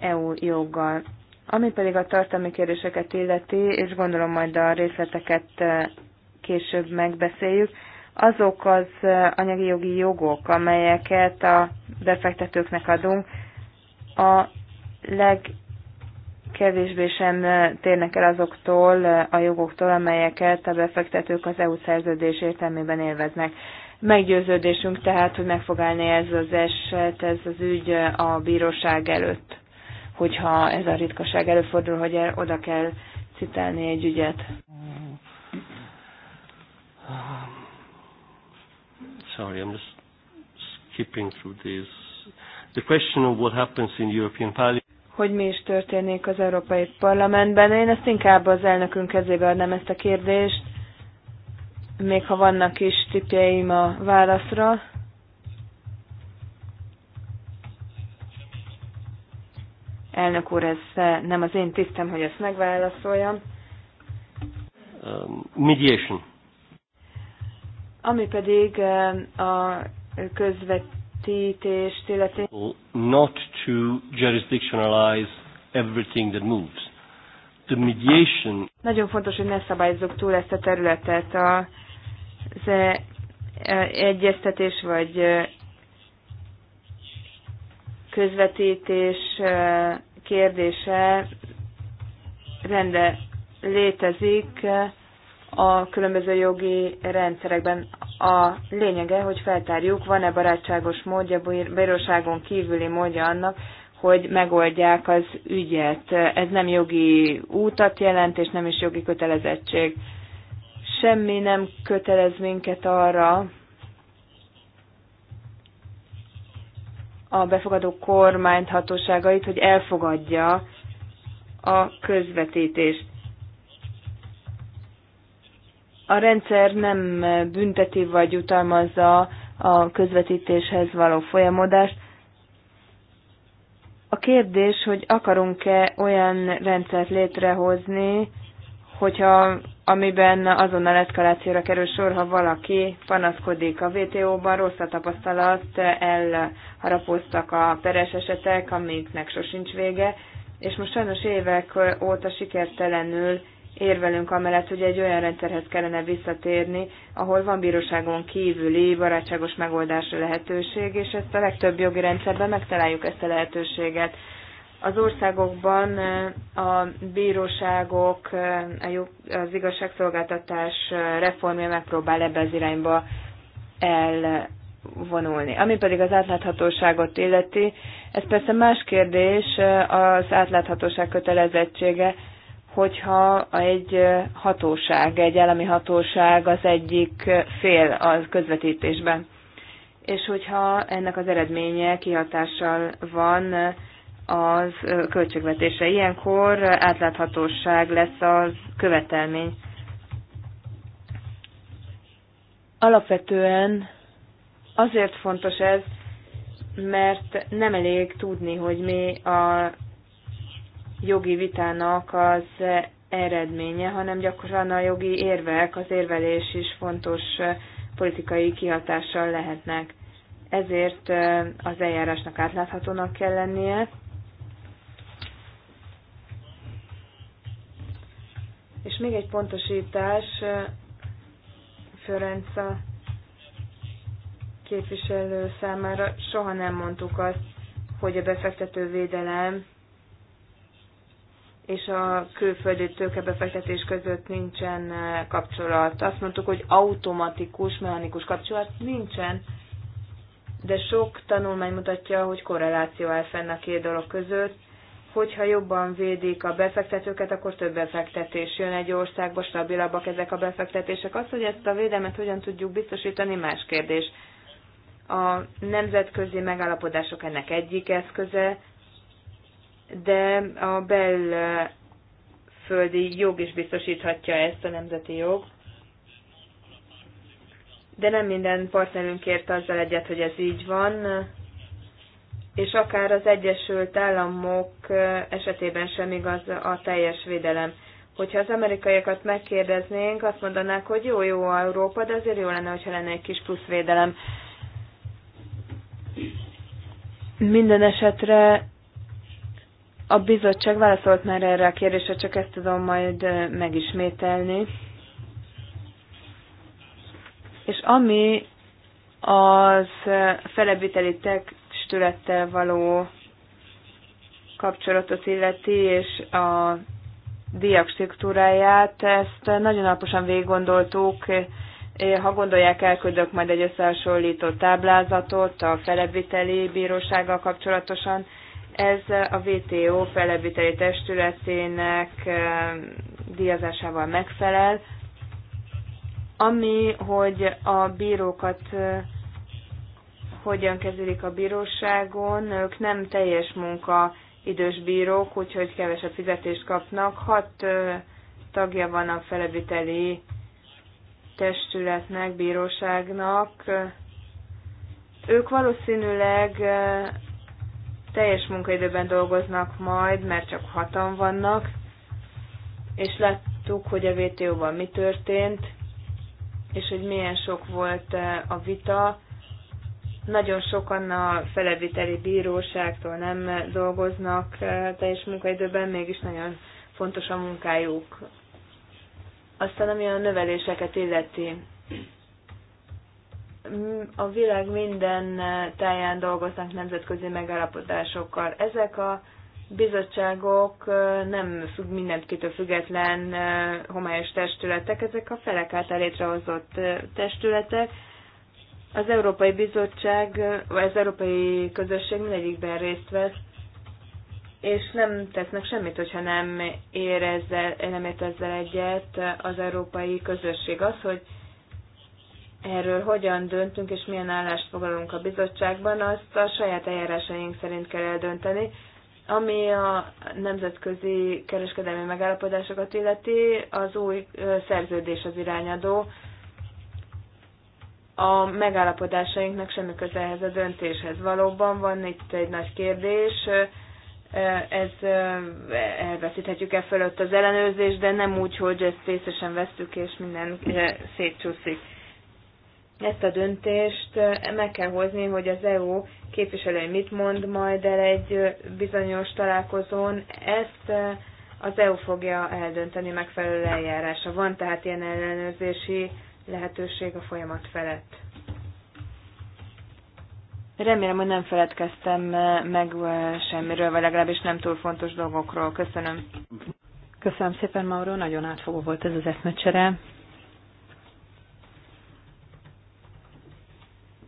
EU joggal. Ami pedig a tartalmi kérdéseket illeti, és gondolom majd a részleteket később megbeszéljük, azok az eh, anyagi jogi jogok, amelyeket a befektetőknek adunk, a legkevésbé sem eh, térnek el azoktól eh, a jogoktól, amelyeket a befektetők az EU szerződés értelmében élveznek. Meggyőződésünk tehát, hogy meg fog állni ez az eset, ez az ügy a bíróság előtt, hogyha ez a ritkaság előfordul, hogy el, oda kell citálni egy ügyet. Mm. Sorry, I'm just skipping through this. The question of what happens in European Parliament hogy mi is történik az Európai Parlamentben. Én ezt inkább az elnökünk kezébe adnám ezt a kérdést, még ha vannak is tipjeim a válaszra. Elnök úr, ez eh, nem az én tisztem, hogy ezt megválaszoljam. Um, mediation. Ami pedig eh, a közvetítést illeti. Not to jurisdictionalize everything that moves. The mediation. Nagyon fontos, hogy ne szabályozzuk túl ezt a területet. A, az e- e- egyeztetés vagy e- közvetítés kérdése rende létezik, a különböző jogi rendszerekben. A lényege, hogy feltárjuk, van-e barátságos módja, bíróságon kívüli módja annak, hogy megoldják az ügyet. Ez nem jogi útat jelent, és nem is jogi kötelezettség. Semmi nem kötelez minket arra, a befogadó kormányt hatóságait, hogy elfogadja a közvetítést a rendszer nem bünteti vagy utalmazza a közvetítéshez való folyamodást. A kérdés, hogy akarunk-e olyan rendszert létrehozni, hogyha amiben azonnal eszkalációra kerül sor, ha valaki panaszkodik. A WTO-ban rossz a tapasztalat, elharapoztak a peres esetek, amiknek sosincs vége, és most sajnos évek óta sikertelenül érvelünk amellett, hogy egy olyan rendszerhez kellene visszatérni, ahol van bíróságon kívüli barátságos megoldásra lehetőség, és ezt a legtöbb jogi rendszerben megtaláljuk ezt a lehetőséget. Az országokban eh, a bíróságok, eh, az igazságszolgáltatás eh, reformja megpróbál ebbe az irányba elvonulni. Ami pedig az átláthatóságot illeti, ez persze más kérdés, az átláthatóság kötelezettsége, hogyha egy hatóság, egy elemi hatóság az egyik fél a közvetítésben. És hogyha ennek az eredménye kihatással van az költségvetése. Ilyenkor átláthatóság lesz az követelmény. Alapvetően azért fontos ez, mert nem elég tudni, hogy mi a jogi vitának az eredménye, hanem gyakran a jogi érvek, az érvelés is fontos politikai kihatással lehetnek. Ezért az eljárásnak átláthatónak kell lennie, És még egy pontosítás, Ferenca képviselő számára soha nem mondtuk azt, hogy a befektetővédelem és a külföldi tőkebefektetés között nincsen eh, kapcsolat. Azt mondtuk, hogy automatikus, mechanikus kapcsolat nincsen, de sok tanulmány mutatja, hogy korreláció áll fenn a két dolog között. Hogyha jobban védik a befektetőket, akkor több befektetés jön egy országba, stabilabbak ezek a befektetések. Az, hogy ezt a védelmet hogyan tudjuk biztosítani, más kérdés. A nemzetközi megállapodások ennek egyik eszköze, de a belföldi jog is biztosíthatja ezt a nemzeti jog. De nem minden partnerünk ért azzal egyet, hogy ez így van, és akár az Egyesült Államok esetében sem igaz a teljes védelem. Hogyha az amerikaiakat megkérdeznénk, azt mondanák, hogy jó, jó Európa, de azért jó lenne, hogyha lenne egy kis plusz védelem. Minden esetre a bizottság válaszolt már erre a kérdésre, csak ezt tudom majd megismételni. És ami az felebíteli testülettel való kapcsolatot illeti, és a diák struktúráját, ezt nagyon alaposan végiggondoltuk. Ha gondolják, elküldök majd egy összehasonlító táblázatot a felebíteli bírósággal kapcsolatosan, ez a VTO felelőteli testületének eh, díjazásával megfelel, ami, hogy a bírókat eh, hogyan kezelik a bíróságon, ők nem teljes munka idős bírók, úgyhogy kevesebb fizetést kapnak. Hat eh, tagja van a feleviteli testületnek, bíróságnak. Ők valószínűleg teljes munkaidőben dolgoznak majd, mert csak hatan vannak, és láttuk, hogy a WTO-ban mi történt, és hogy milyen sok volt eh, a vita. Nagyon sokan a feleviteli bíróságtól nem dolgoznak eh, teljes munkaidőben, mégis nagyon fontos a munkájuk. Aztán, ami a növeléseket illeti, a világ minden táján dolgoznak nemzetközi megállapodásokkal. Ezek a bizottságok nem függ mindenkitől független homályos testületek, ezek a felek által létrehozott testületek. Az Európai Bizottság, vagy az Európai Közösség mindegyikben részt vesz, és nem tesznek semmit, hogyha nem ér ezzel, nem ért ezzel egyet az Európai Közösség. Az, hogy erről hogyan döntünk és milyen állást foglalunk a bizottságban, azt a saját eljárásaink szerint kell eldönteni. Ami a nemzetközi kereskedelmi megállapodásokat illeti, az új szerződés az irányadó. A megállapodásainknak semmi köze ehhez a döntéshez. Valóban van itt egy nagy kérdés, ez elveszíthetjük-e fölött az ellenőrzést, de nem úgy, hogy ezt észre sem vesztük, és minden szétcsúszik ezt a döntést eh, meg kell hozni, hogy az EU képviselői mit mond majd el egy eh, bizonyos találkozón. Ezt eh, az EU fogja eldönteni megfelelő eljárása. Van tehát ilyen ellenőrzési lehetőség a folyamat felett. Remélem, hogy nem feledkeztem meg semmiről, vagy legalábbis nem túl fontos dolgokról. Köszönöm. Köszönöm szépen, Mauro, nagyon átfogó volt ez az eszmecsere.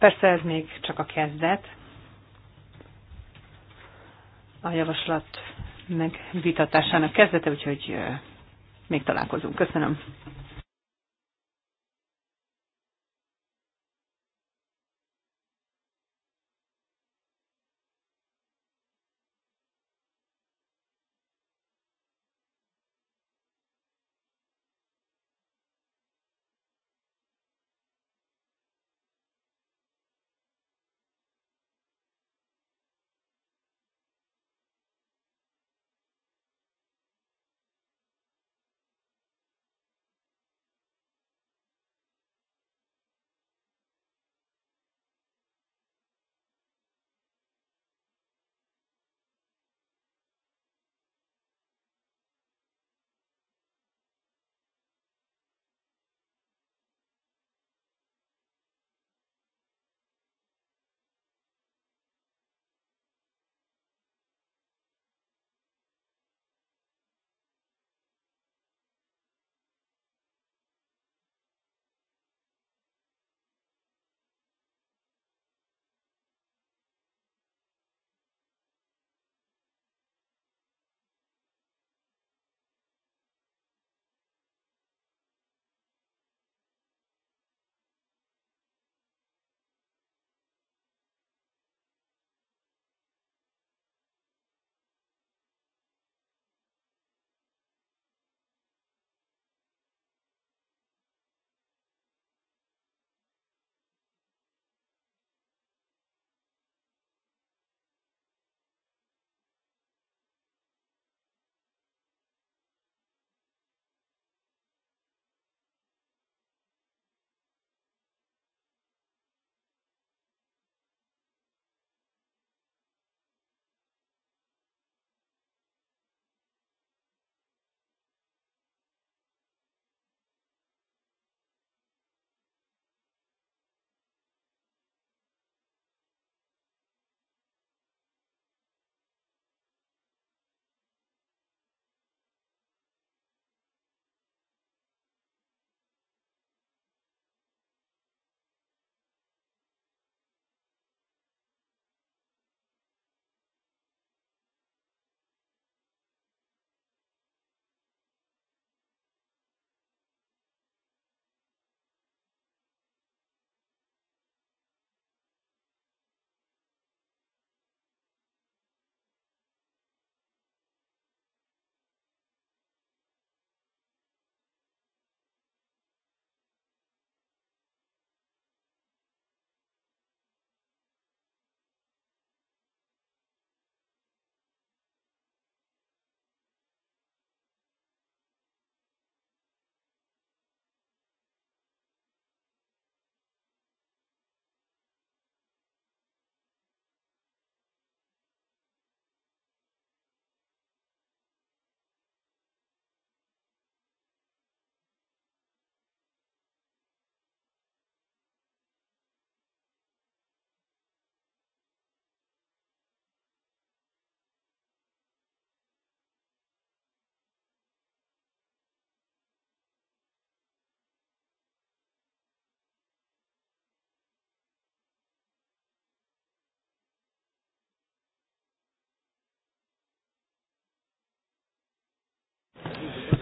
Persze ez még csak a kezdet. A javaslat megvitatásának kezdete, úgyhogy még találkozunk. Köszönöm.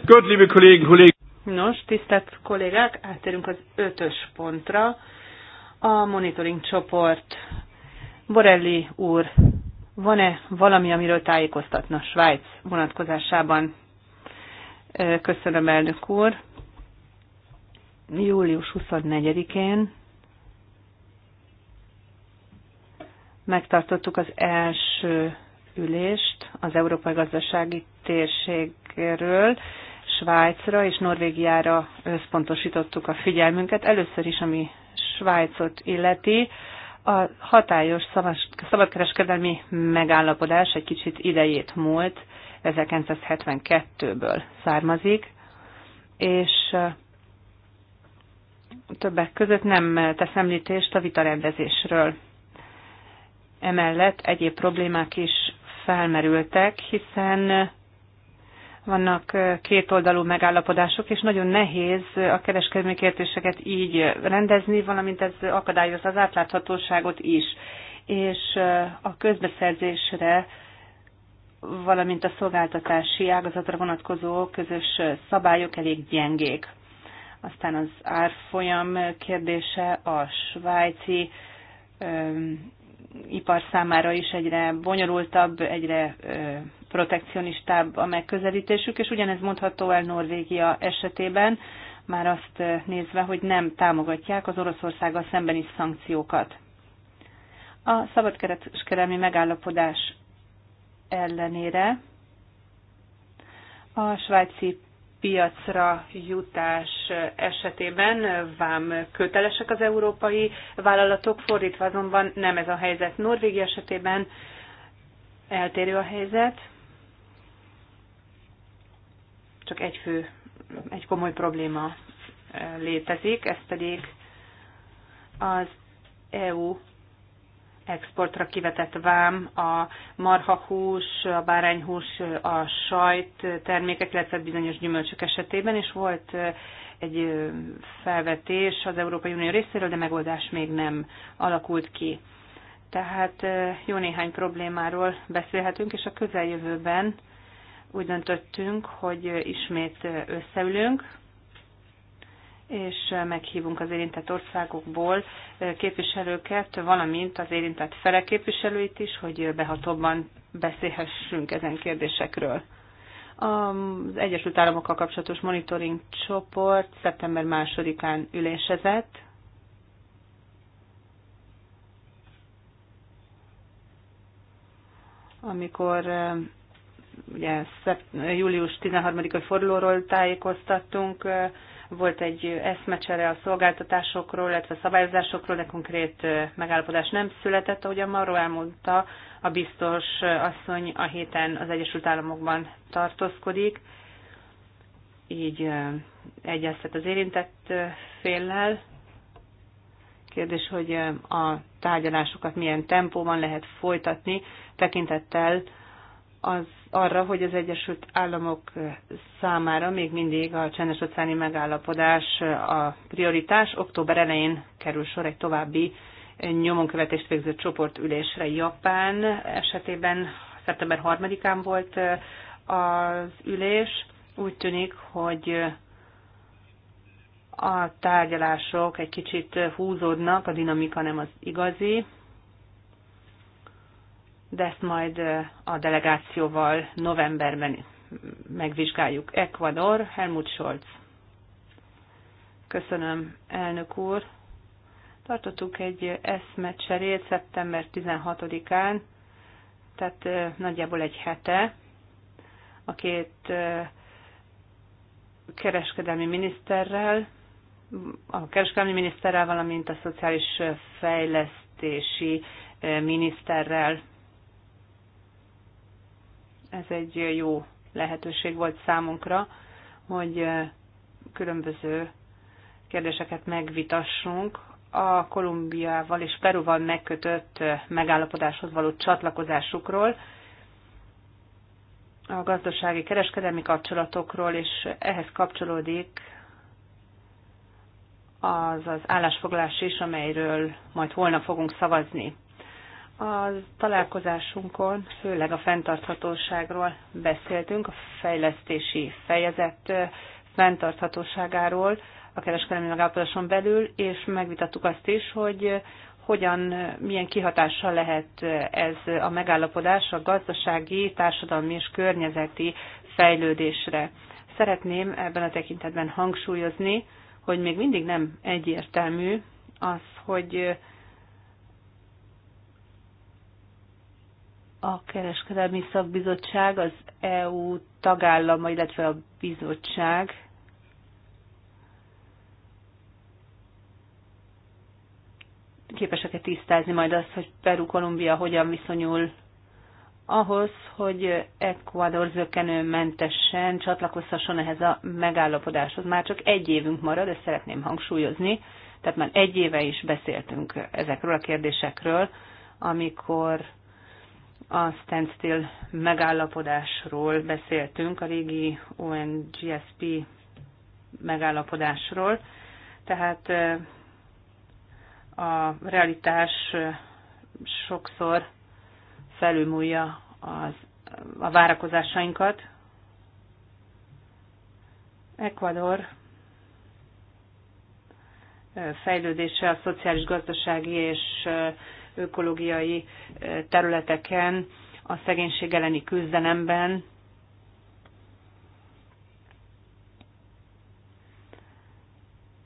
Gut, liebe Kollegen, Kollegen. Nos, tisztelt kollégák, átérünk az ötös pontra. A monitoring csoport. Borelli úr, van-e valami, amiről tájékoztatna Svájc vonatkozásában? Köszönöm, elnök úr. Július 24-én megtartottuk az első ülést az Európai Gazdasági Térségről. Svájcra és Norvégiára összpontosítottuk a figyelmünket. Először is, ami Svájcot illeti, a hatályos szabadkereskedelmi megállapodás egy kicsit idejét múlt, 1972-ből származik, és többek között nem tesz említést a vitarendezésről. Emellett egyéb problémák is felmerültek, hiszen vannak kétoldalú megállapodások, és nagyon nehéz a kereskedelmi kérdéseket így rendezni, valamint ez akadályozza az átláthatóságot is. És a közbeszerzésre, valamint a szolgáltatási ágazatra vonatkozó közös szabályok elég gyengék. Aztán az árfolyam kérdése a svájci ipar számára is egyre bonyolultabb, egyre protekcionistább a megközelítésük, és ugyanez mondható el Norvégia esetében, már azt nézve, hogy nem támogatják az Oroszországgal szembeni szankciókat. A szabadkereskedelmi megállapodás ellenére a svájci piacra jutás esetében vám kötelesek az európai vállalatok, fordítva azonban nem ez a helyzet. Norvégia esetében eltérő a helyzet, csak egy fő, egy komoly probléma eh, létezik, ez pedig az EU exportra kivetett vám, a marhahús, a bárányhús, a sajt termékek, illetve bizonyos gyümölcsök esetében, és volt eh, egy eh, felvetés az Európai Unió részéről, de megoldás még nem alakult ki. Tehát jó néhány problémáról beszélhetünk, és a közeljövőben úgy döntöttünk, hogy ismét összeülünk, és meghívunk az érintett országokból képviselőket, valamint az érintett fele képviselőit is, hogy behatóbban beszélhessünk ezen kérdésekről. Az Egyesült Államokkal kapcsolatos monitoring csoport szeptember másodikán ülésezett, amikor ugye július 13-ai fordulóról tájékoztattunk, volt egy eszmecsere a szolgáltatásokról, illetve a szabályozásokról, de konkrét megállapodás nem született, a Maró elmondta, a biztos asszony a héten az Egyesült Államokban tartózkodik, így egyeztet az érintett féllel. Kérdés, hogy a tárgyalásokat milyen tempóban lehet folytatni, tekintettel az arra, hogy az Egyesült Államok számára még mindig a csendes óceáni megállapodás a prioritás. Október elején kerül sor egy további nyomonkövetést végző csoportülésre Japán esetében szeptember 3-án volt az ülés. Úgy tűnik, hogy a tárgyalások egy kicsit húzódnak, a dinamika nem az igazi, de ezt majd a delegációval novemberben megvizsgáljuk. Ecuador, Helmut Scholz. Köszönöm, elnök úr. Tartottuk egy eszmecserét szeptember 16-án, tehát nagyjából egy hete. A két kereskedelmi miniszterrel, a kereskedelmi miniszterrel, valamint a szociális fejlesztési miniszterrel ez egy jó lehetőség volt számunkra, hogy különböző kérdéseket megvitassunk a Kolumbiával és Peruval megkötött megállapodáshoz való csatlakozásukról, a gazdasági kereskedelmi kapcsolatokról, és ehhez kapcsolódik az az állásfoglalás is, amelyről majd holnap fogunk szavazni. A találkozásunkon főleg a fenntarthatóságról beszéltünk, a fejlesztési fejezet fenntarthatóságáról a kereskedelmi megállapodáson belül, és megvitattuk azt is, hogy hogyan, milyen kihatással lehet ez a megállapodás a gazdasági, társadalmi és környezeti fejlődésre. Szeretném ebben a tekintetben hangsúlyozni, hogy még mindig nem egyértelmű az, hogy a Kereskedelmi Szakbizottság, az EU tagállama, illetve a bizottság képesek-e tisztázni majd azt, hogy Peru-Kolumbia hogyan viszonyul ahhoz, hogy Ecuador zökenőmentesen csatlakozhasson ehhez a megállapodáshoz. Már csak egy évünk marad, ezt szeretném hangsúlyozni, tehát már egy éve is beszéltünk ezekről a kérdésekről, amikor a standstill megállapodásról beszéltünk, a régi ONGSP megállapodásról, tehát a realitás sokszor felülmúlja az, a várakozásainkat. Ecuador fejlődése a szociális, gazdasági és ökológiai területeken, a szegénység elleni küzdelemben,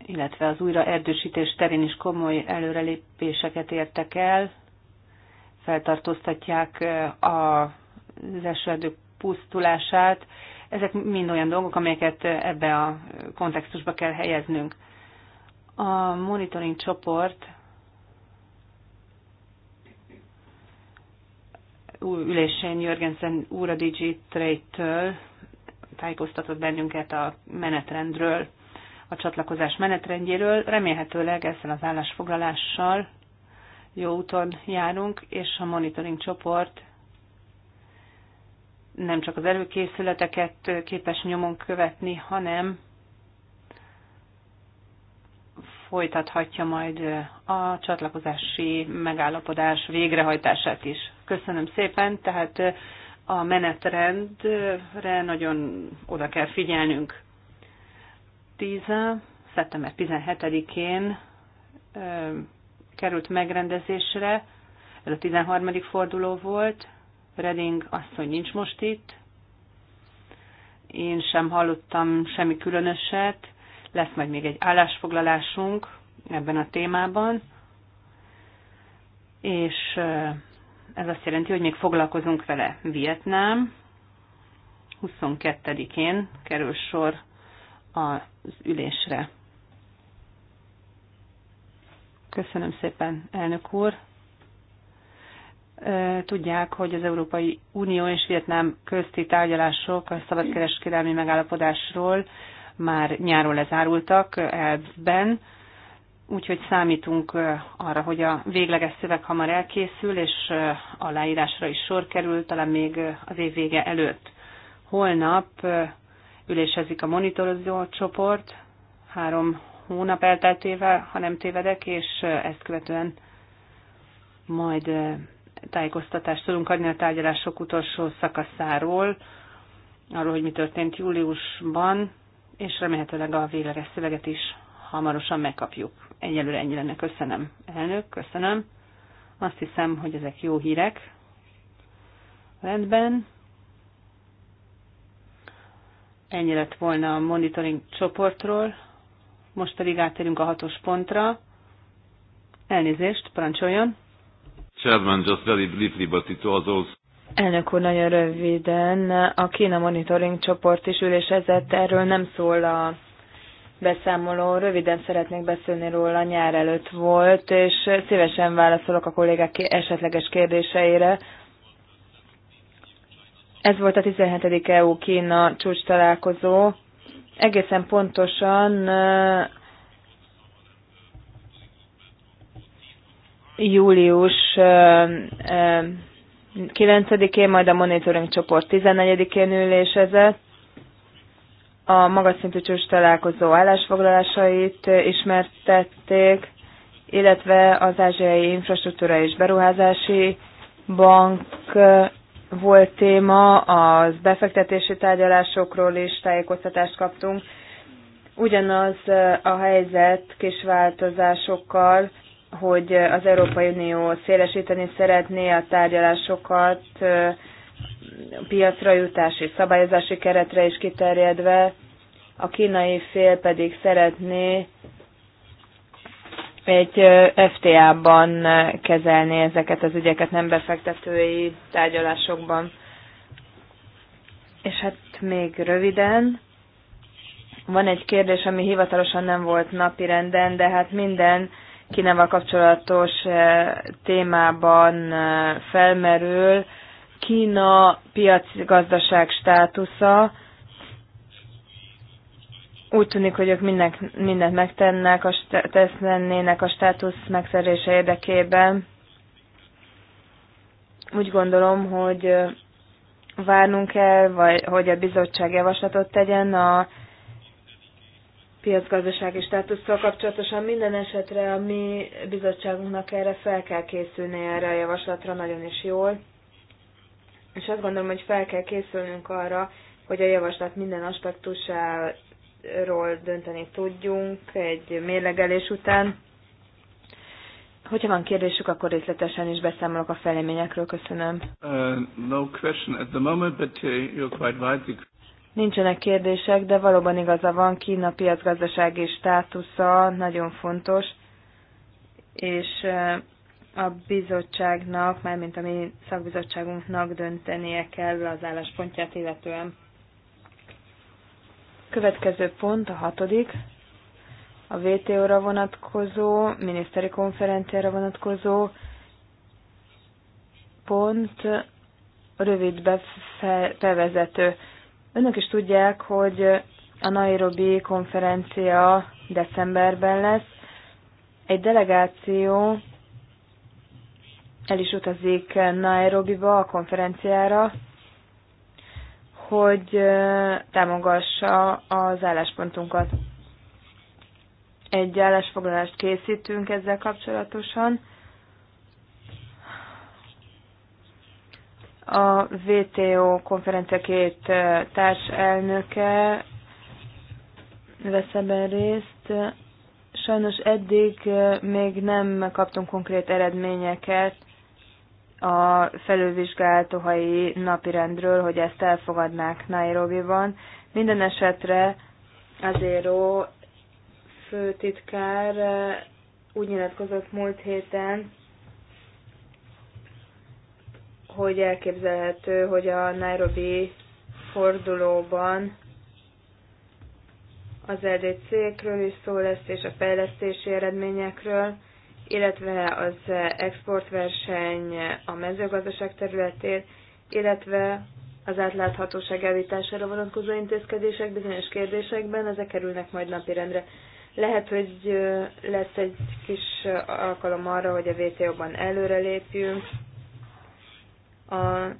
illetve az újraerdősítés terén is komoly előrelépéseket értek el. Feltartóztatják az esőerdők pusztulását. Ezek mind olyan dolgok, amelyeket ebbe a kontextusba kell helyeznünk. A monitoring csoport ülésén Jörgensen úr a digitrate től tájékoztatott bennünket a menetrendről, a csatlakozás menetrendjéről. Remélhetőleg ezzel az állásfoglalással jó úton járunk, és a monitoring csoport nem csak az előkészületeket képes nyomon követni, hanem folytathatja majd a csatlakozási megállapodás végrehajtását is. Köszönöm szépen, tehát a menetrendre nagyon oda kell figyelnünk. 10. szeptember 17-én került megrendezésre, ez a 13. forduló volt, Reding asszony nincs most itt, én sem hallottam semmi különöset, lesz majd még egy állásfoglalásunk ebben a témában, és ez azt jelenti, hogy még foglalkozunk vele Vietnám. 22-én kerül sor az ülésre. Köszönöm szépen, elnök úr. Tudják, hogy az Európai Unió és Vietnám közti tárgyalások a szabadkereskedelmi megállapodásról már nyáron lezárultak elvben, úgyhogy számítunk arra, hogy a végleges szöveg hamar elkészül, és aláírásra is sor kerül, talán még az év vége előtt. Holnap ülésezik a monitorozó csoport, három hónap elteltével, ha nem tévedek, és ezt követően majd tájékoztatást tudunk adni a tárgyalások utolsó szakaszáról, arról, hogy mi történt júliusban, és remélhetőleg a végleges szöveget is hamarosan megkapjuk. Egyelőre ennyi lenne. Köszönöm, elnök, köszönöm. Azt hiszem, hogy ezek jó hírek. Rendben. Ennyi lett volna a monitoring csoportról. Most pedig átérünk a hatos pontra. Elnézést, parancsoljon. Chairman, just very briefly, but it was also... Elnök úr, nagyon röviden. A Kína Monitoring csoport is ülésezett, erről nem szól a beszámoló. Röviden szeretnék beszélni róla, nyár előtt volt, és szívesen válaszolok a kollégák esetleges kérdéseire. Ez volt a 17. EU-Kína csúcs találkozó. Egészen pontosan uh, uh, július uh, 9-én, majd a monitoring csoport 14-én ülésezett. A magas szintű csúcs találkozó állásfoglalásait ismertették, illetve az Ázsiai Infrastruktúra és Beruházási Bank volt téma, az befektetési tárgyalásokról is tájékoztatást kaptunk. Ugyanaz a helyzet kis változásokkal, hogy az Európai Unió szélesíteni szeretné a tárgyalásokat piacra jutási szabályozási keretre is kiterjedve, a kínai fél pedig szeretné egy FTA-ban kezelni ezeket az ügyeket, nem befektetői tárgyalásokban. És hát még röviden, van egy kérdés, ami hivatalosan nem volt napirenden, de hát minden Kínával kapcsolatos eh, témában eh, felmerül, Kína gazdaság státusza. Úgy tűnik, hogy ők mindent, mindent megtennek, a, lennének a státusz megszerzése érdekében. Úgy gondolom, hogy eh, várnunk kell, vagy hogy a bizottság javaslatot tegyen a piacgazdasági státusszal kapcsolatosan minden esetre a mi bizottságunknak erre fel kell készülni erre a javaslatra nagyon is jól, és azt gondolom, hogy fel kell készülnünk arra, hogy a javaslat minden aspektusáról dönteni tudjunk egy mérlegelés után. Hogyha van kérdésük, akkor részletesen is beszámolok a feleményekről. Köszönöm. Uh, no question at the moment, but uh, you're quite right. Nincsenek kérdések, de valóban igaza van, Kína piacgazdasági státusza nagyon fontos, és a bizottságnak, mármint a mi szakbizottságunknak döntenie kell az álláspontját illetően. Következő pont, a hatodik, a WTO-ra vonatkozó, miniszteri konferenciára vonatkozó pont, rövid bevezető. Önök is tudják, hogy a Nairobi konferencia decemberben lesz. Egy delegáció el is utazik Nairobiba a konferenciára, hogy támogassa az álláspontunkat. Egy állásfoglalást készítünk ezzel kapcsolatosan. A VTO konferencia két társelnöke vesz ebben részt. Sajnos eddig még nem kaptunk konkrét eredményeket a felülvizsgált ohai napirendről, hogy ezt elfogadnák Nairobi-ban. Minden esetre azért főtitkár úgy nyilatkozott múlt héten, hogy elképzelhető, hogy a Nairobi fordulóban az LDC-kről is szó lesz, és a fejlesztési eredményekről, illetve az exportverseny a mezőgazdaság területén, illetve az átláthatóság elvitására vonatkozó intézkedések bizonyos kérdésekben, ezek kerülnek majd napirendre. Lehet, hogy lesz egy kis alkalom arra, hogy a WTO-ban előrelépjünk, a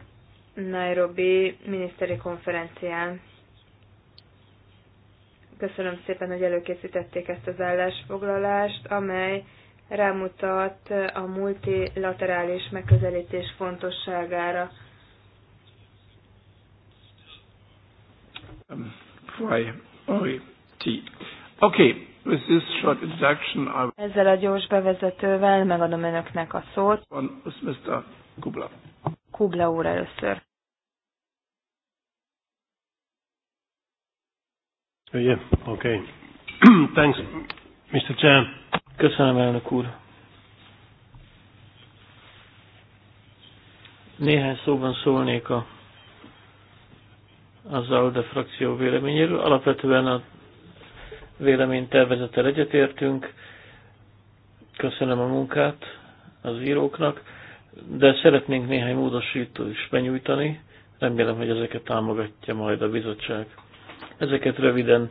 Nairobi miniszteri konferencián. Köszönöm szépen, hogy előkészítették ezt az állásfoglalást, amely rámutat a multilaterális megközelítés fontosságára. Um, Oké, okay. With this short introduction, Ezzel a gyors bevezetővel megadom önöknek a szót. Mr. Kubla. Kugla úr először. Yeah, okay. Thanks, Mr. Chan. Köszönöm, elnök úr. Néhány szóban szólnék a, az ALDE frakció véleményéről. Alapvetően a tervezettel egyetértünk. Köszönöm a munkát az íróknak de szeretnénk néhány módosító is benyújtani. Remélem, hogy ezeket támogatja majd a bizottság. Ezeket röviden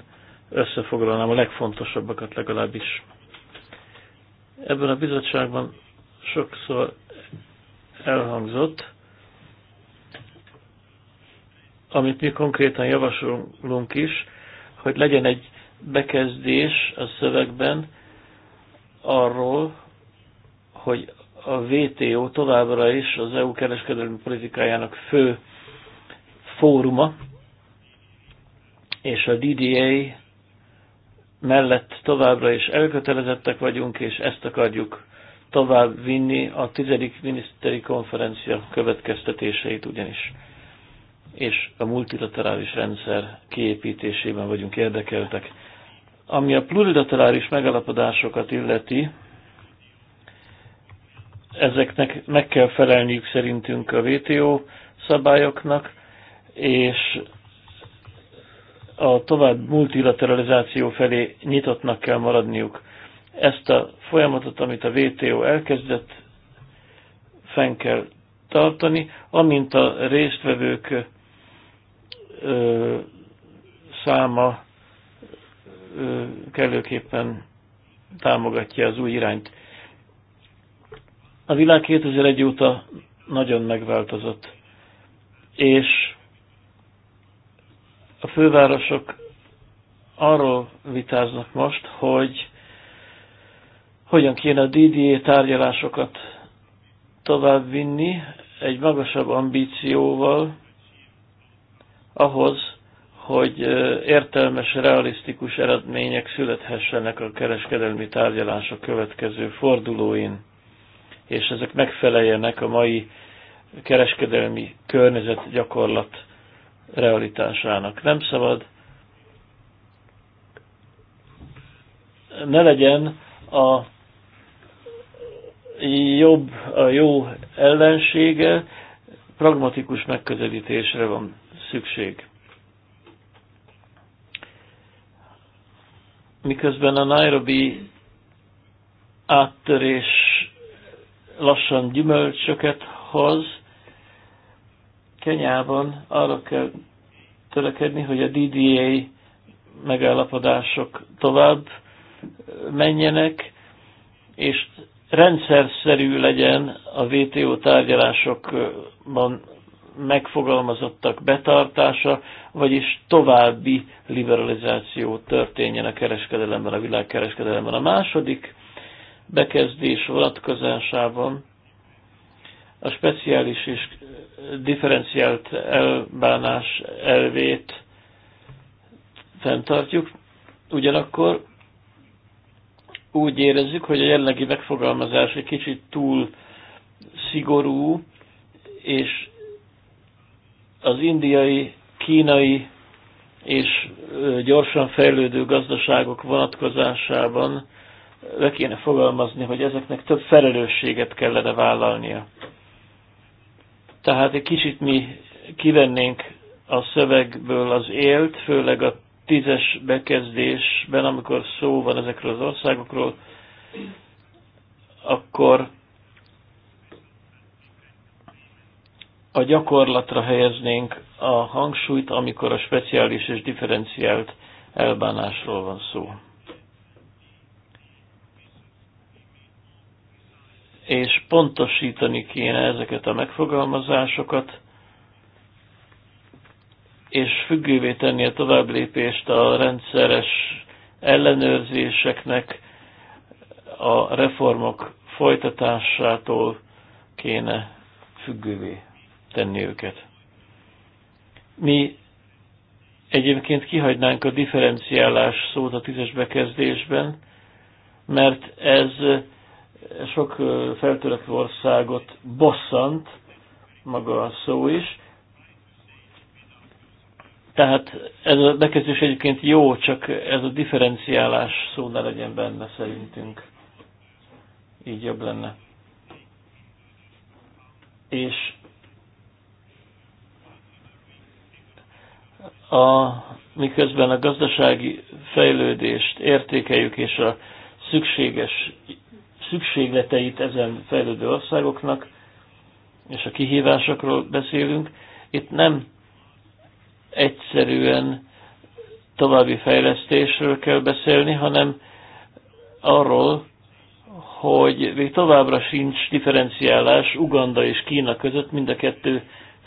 összefoglalnám, a legfontosabbakat legalábbis. Ebben a bizottságban sokszor elhangzott, amit mi konkrétan javasolunk is, hogy legyen egy bekezdés a szövegben arról, hogy a WTO továbbra is az EU kereskedelmi politikájának fő fóruma, és a DDA mellett továbbra is elkötelezettek vagyunk, és ezt akarjuk tovább vinni a tizedik miniszteri konferencia következtetéseit ugyanis. És a multilaterális rendszer kiépítésében vagyunk érdekeltek. Ami a plurilaterális megalapodásokat illeti, Ezeknek meg kell felelniük szerintünk a WTO szabályoknak, és a tovább multilateralizáció felé nyitottnak kell maradniuk. Ezt a folyamatot, amit a WTO elkezdett, fenn kell tartani, amint a résztvevők ö, száma ö, kellőképpen támogatja az új irányt. A világ 2001 óta nagyon megváltozott, és a fővárosok arról vitáznak most, hogy hogyan kéne a DDA tárgyalásokat továbbvinni egy magasabb ambícióval ahhoz, hogy értelmes, realisztikus eredmények születhessenek a kereskedelmi tárgyalások következő fordulóin és ezek megfeleljenek a mai kereskedelmi környezet gyakorlat realitásának. Nem szabad ne legyen a jobb, a jó ellensége, pragmatikus megközelítésre van szükség. Miközben a Nairobi áttörés lassan gyümölcsöket hoz. Kenyában arra kell törekedni, hogy a DDA megállapodások tovább menjenek, és szerű legyen a WTO tárgyalásokban megfogalmazottak betartása, vagyis további liberalizáció történjen a kereskedelemben, a világkereskedelemben. A második bekezdés vonatkozásában a speciális és differenciált elbánás elvét fenntartjuk, ugyanakkor úgy érezzük, hogy a jelenlegi megfogalmazás egy kicsit túl szigorú, és az indiai, kínai és gyorsan fejlődő gazdaságok vonatkozásában le kéne fogalmazni, hogy ezeknek több felelősséget kellene vállalnia. Tehát egy kicsit mi kivennénk a szövegből az élt, főleg a tízes bekezdésben, amikor szó van ezekről az országokról, akkor a gyakorlatra helyeznénk a hangsúlyt, amikor a speciális és differenciált elbánásról van szó. és pontosítani kéne ezeket a megfogalmazásokat, és függővé tenni a továbblépést a rendszeres ellenőrzéseknek, a reformok folytatásától kéne függővé tenni őket. Mi egyébként kihagynánk a differenciálás szót a tízes bekezdésben, mert ez sok feltörekvő országot bosszant maga a szó is. Tehát ez a bekezdés egyébként jó, csak ez a differenciálás szó ne legyen benne szerintünk. Így jobb lenne. És a, miközben a gazdasági fejlődést értékeljük, és a szükséges szükségleteit ezen fejlődő országoknak, és a kihívásokról beszélünk. Itt nem egyszerűen további fejlesztésről kell beszélni, hanem arról, hogy még továbbra sincs differenciálás Uganda és Kína között, mind a kettő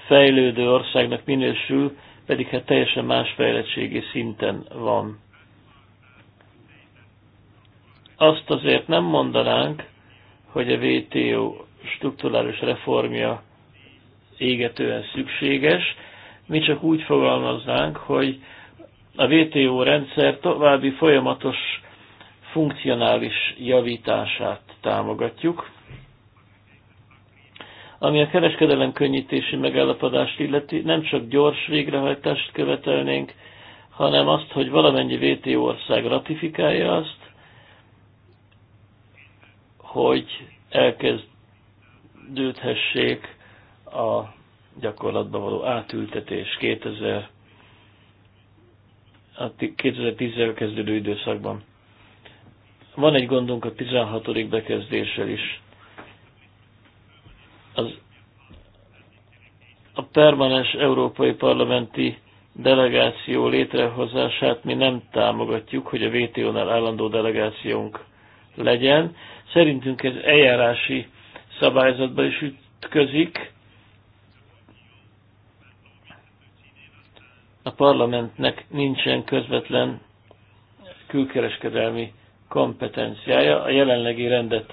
fejlődő országnak minősül, pedig hát teljesen más fejlettségi szinten van azt azért nem mondanánk, hogy a WTO strukturális reformja égetően szükséges, mi csak úgy fogalmaznánk, hogy a WTO rendszer további folyamatos funkcionális javítását támogatjuk, ami a kereskedelem könnyítési megállapodást illeti, nem csak gyors végrehajtást követelnénk, hanem azt, hogy valamennyi WTO ország ratifikálja azt, hogy elkezdődhessék a gyakorlatban való átültetés 2000 a 2010-el kezdődő időszakban. Van egy gondunk a 16. bekezdéssel is. Az, a permanens európai parlamenti delegáció létrehozását mi nem támogatjuk, hogy a WTO-nál állandó delegációnk legyen. Szerintünk ez eljárási szabályzatba is ütközik. A parlamentnek nincsen közvetlen külkereskedelmi kompetenciája. A jelenlegi rendet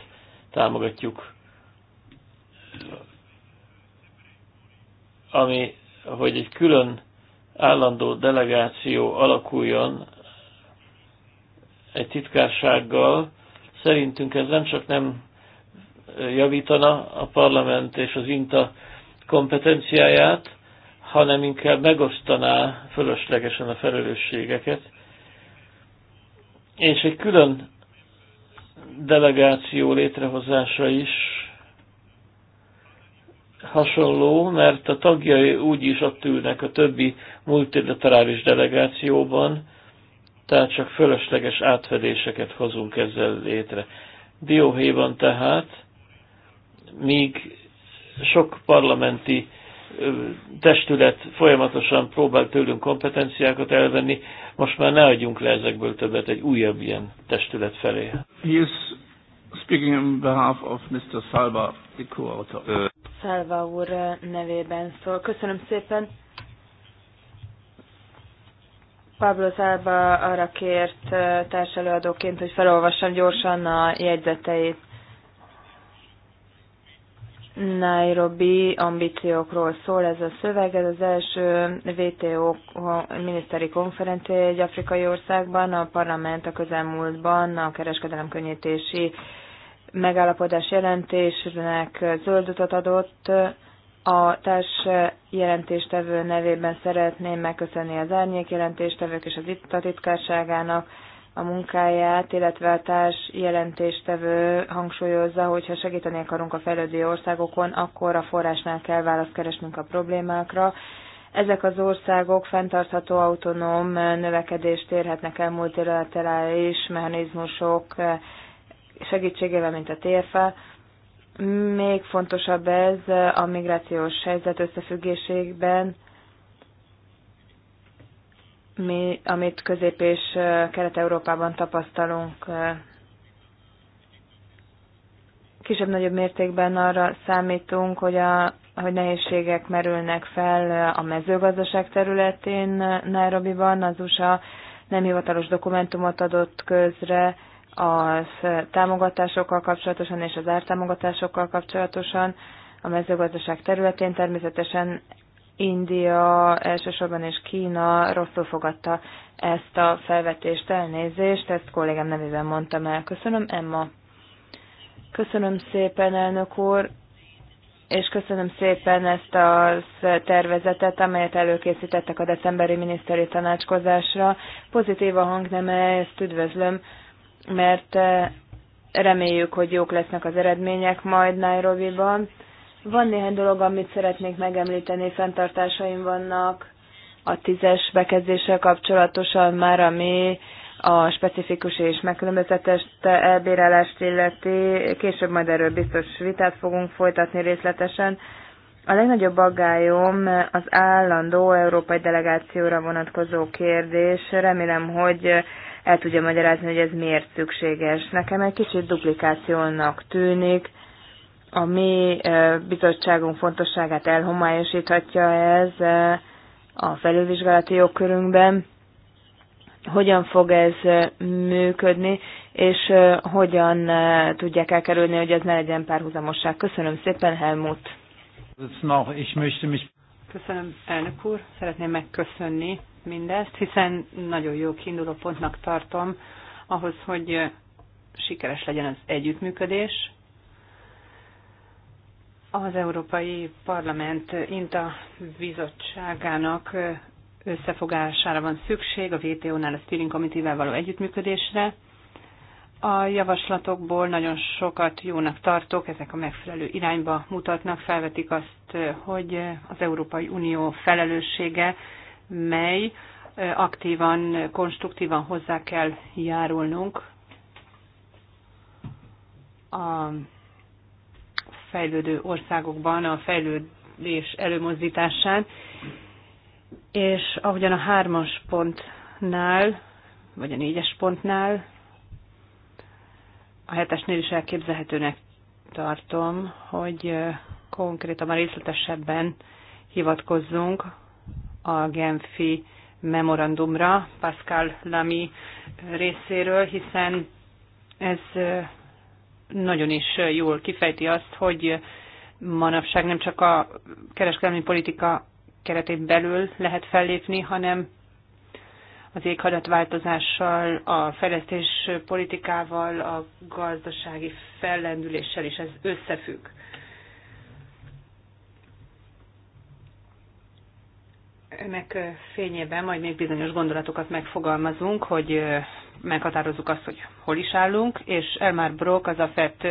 támogatjuk, ami, hogy egy külön állandó delegáció alakuljon egy titkársággal, Szerintünk ez nem csak nem javítana a parlament és az INTA kompetenciáját, hanem inkább megosztaná fölöslegesen a felelősségeket. És egy külön delegáció létrehozása is hasonló, mert a tagjai úgy is ott ülnek a többi multilaterális delegációban, tehát csak fölösleges átfedéseket hozunk ezzel létre. Dióhéjban tehát, míg sok parlamenti testület folyamatosan próbál tőlünk kompetenciákat elvenni, most már ne adjunk le ezekből többet egy újabb ilyen testület felé. He is speaking on behalf of Mr. Salva, the co-author. Salva úr nevében szól. Köszönöm szépen. Pablo Zálba arra kért társelőadóként, hogy felolvassam gyorsan a jegyzeteit. Nairobi ambíciókról szól ez a szöveg, ez az első WTO miniszteri konferencia egy afrikai országban, a parlament a közelmúltban a kereskedelem könnyítési megállapodás jelentésnek zöld utat adott, a társ jelentéstevő nevében szeretném megköszönni az árnyék jelentéstevők és az itt a titkárságának a munkáját, illetve a társ jelentéstevő hangsúlyozza, hogy ha segíteni akarunk a fejlődő országokon, akkor a forrásnál kell választ keresnünk a problémákra. Ezek az országok fenntartható autonóm növekedést érhetnek el multilaterális mechanizmusok segítségével, mint a TFA még fontosabb ez a migrációs helyzet összefüggésében, mi, amit Közép- és Kelet-Európában tapasztalunk kisebb-nagyobb mértékben arra számítunk, hogy, a, hogy nehézségek merülnek fel a mezőgazdaság területén Nairobiban. Az USA nem hivatalos dokumentumot adott közre az támogatásokkal kapcsolatosan és az ártámogatásokkal kapcsolatosan a mezőgazdaság területén természetesen India, elsősorban és Kína rosszul fogadta ezt a felvetést, elnézést, ezt kollégám nevében mondtam el. Köszönöm, Emma. Köszönöm szépen, elnök úr, és köszönöm szépen ezt a tervezetet, amelyet előkészítettek a decemberi miniszteri tanácskozásra. Pozitív a hangneme, ezt üdvözlöm mert eh, reméljük, hogy jók lesznek az eredmények majd Nairobi-ban. Van néhány dolog, amit szeretnék megemlíteni, fenntartásaim vannak a tízes bekezdéssel kapcsolatosan már, ami a specifikus és megkülönböztetett elbírálást illeti. Később majd erről biztos vitát fogunk folytatni részletesen. A legnagyobb aggályom az állandó európai delegációra vonatkozó kérdés. Remélem, hogy el tudja magyarázni, hogy ez miért szükséges. Nekem egy kicsit duplikációnak tűnik, a mi eh, bizottságunk fontosságát elhomályosíthatja ez eh, a felülvizsgálati jogkörünkben. Hogyan fog ez eh, működni, és hogyan tudják elkerülni, hogy ez ne legyen párhuzamosság. Köszönöm szépen, Helmut! Köszönöm, elnök úr! Szeretném megköszönni mindezt, hiszen nagyon jó kiinduló pontnak tartom ahhoz, hogy sikeres legyen az együttműködés. Az Európai Parlament INTA bizottságának összefogására van szükség, a WTO-nál a Steering Committee-vel való együttműködésre. A javaslatokból nagyon sokat jónak tartok, ezek a megfelelő irányba mutatnak, felvetik azt, hogy az Európai Unió felelőssége mely aktívan, konstruktívan hozzá kell járulnunk a fejlődő országokban a fejlődés előmozdításán, és ahogyan a hármas pontnál, vagy a négyes pontnál, a hetesnél is elképzelhetőnek tartom, hogy konkrétan már részletesebben hivatkozzunk a Genfi memorandumra Pascal Lamy részéről, hiszen ez nagyon is jól kifejti azt, hogy manapság nem csak a kereskedelmi politika keretén belül lehet fellépni, hanem az éghajlatváltozással, a fejlesztés politikával, a gazdasági fellendüléssel is ez összefügg. ennek fényében majd még bizonyos gondolatokat megfogalmazunk, hogy meghatározzuk azt, hogy hol is állunk, és Elmar Brock az a FET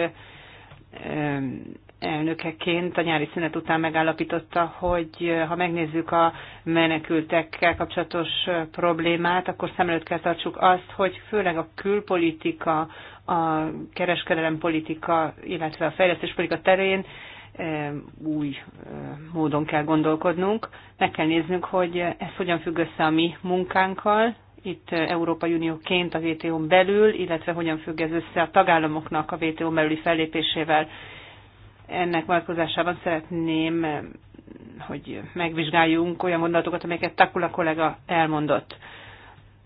elnökeként a nyári szünet után megállapította, hogy ha megnézzük a menekültekkel kapcsolatos problémát, akkor szem előtt kell tartsuk azt, hogy főleg a külpolitika, a kereskedelempolitika, illetve a fejlesztéspolitika terén új módon kell gondolkodnunk. Meg kell néznünk, hogy ez hogyan függ össze a mi munkánkkal, itt Európai Unióként a WTO-n e belül, illetve hogyan függ ez össze a tagállamoknak a WTO-n belüli fellépésével. Ennek vonatkozásában szeretném, hogy megvizsgáljunk olyan gondolatokat, amelyeket Takula kollega elmondott.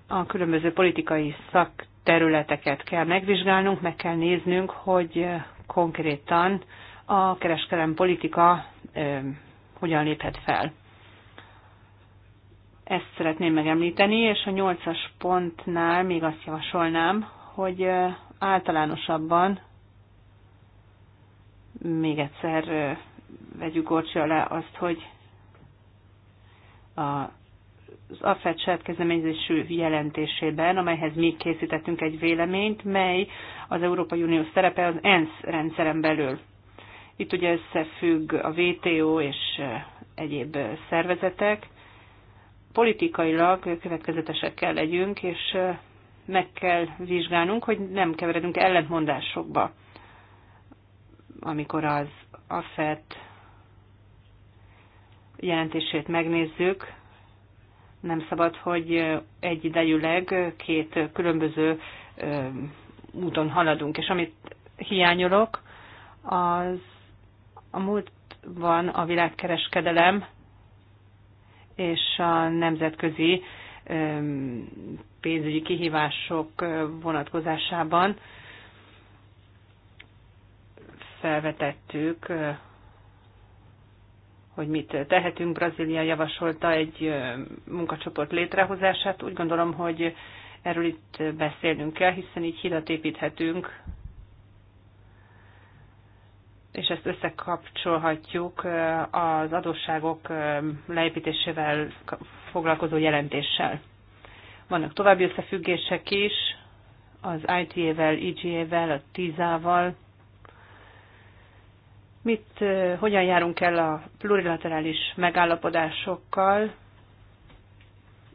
A különböző politikai szakterületeket kell megvizsgálnunk, meg kell néznünk, hogy konkrétan a kereskedelem politika hogyan léphet fel. Ezt szeretném megemlíteni, és a nyolcas pontnál még azt javasolnám, hogy általánosabban még egyszer vegyük gorcsi alá azt, hogy az AFED saját kezdeményezésű jelentésében, amelyhez még készítettünk egy véleményt, mely az Európai Unió szerepe az ENSZ rendszeren belül. Itt ugye összefügg a VTO és egyéb szervezetek. Politikailag következetesek kell legyünk, és meg kell vizsgálnunk, hogy nem keveredünk ellentmondásokba, amikor az AFET jelentését megnézzük, nem szabad, hogy egy egyidejűleg két különböző úton haladunk. És amit hiányolok, az a múltban a világkereskedelem és a nemzetközi pénzügyi kihívások vonatkozásában felvetettük, hogy mit tehetünk. Brazília javasolta egy munkacsoport létrehozását. Úgy gondolom, hogy erről itt beszélnünk kell, hiszen így hidat építhetünk és ezt összekapcsolhatjuk az adósságok leépítésével foglalkozó jelentéssel. Vannak további összefüggések is, az IT-vel, IGA-vel, a TISA-val. Mit, hogyan járunk el a plurilaterális megállapodásokkal,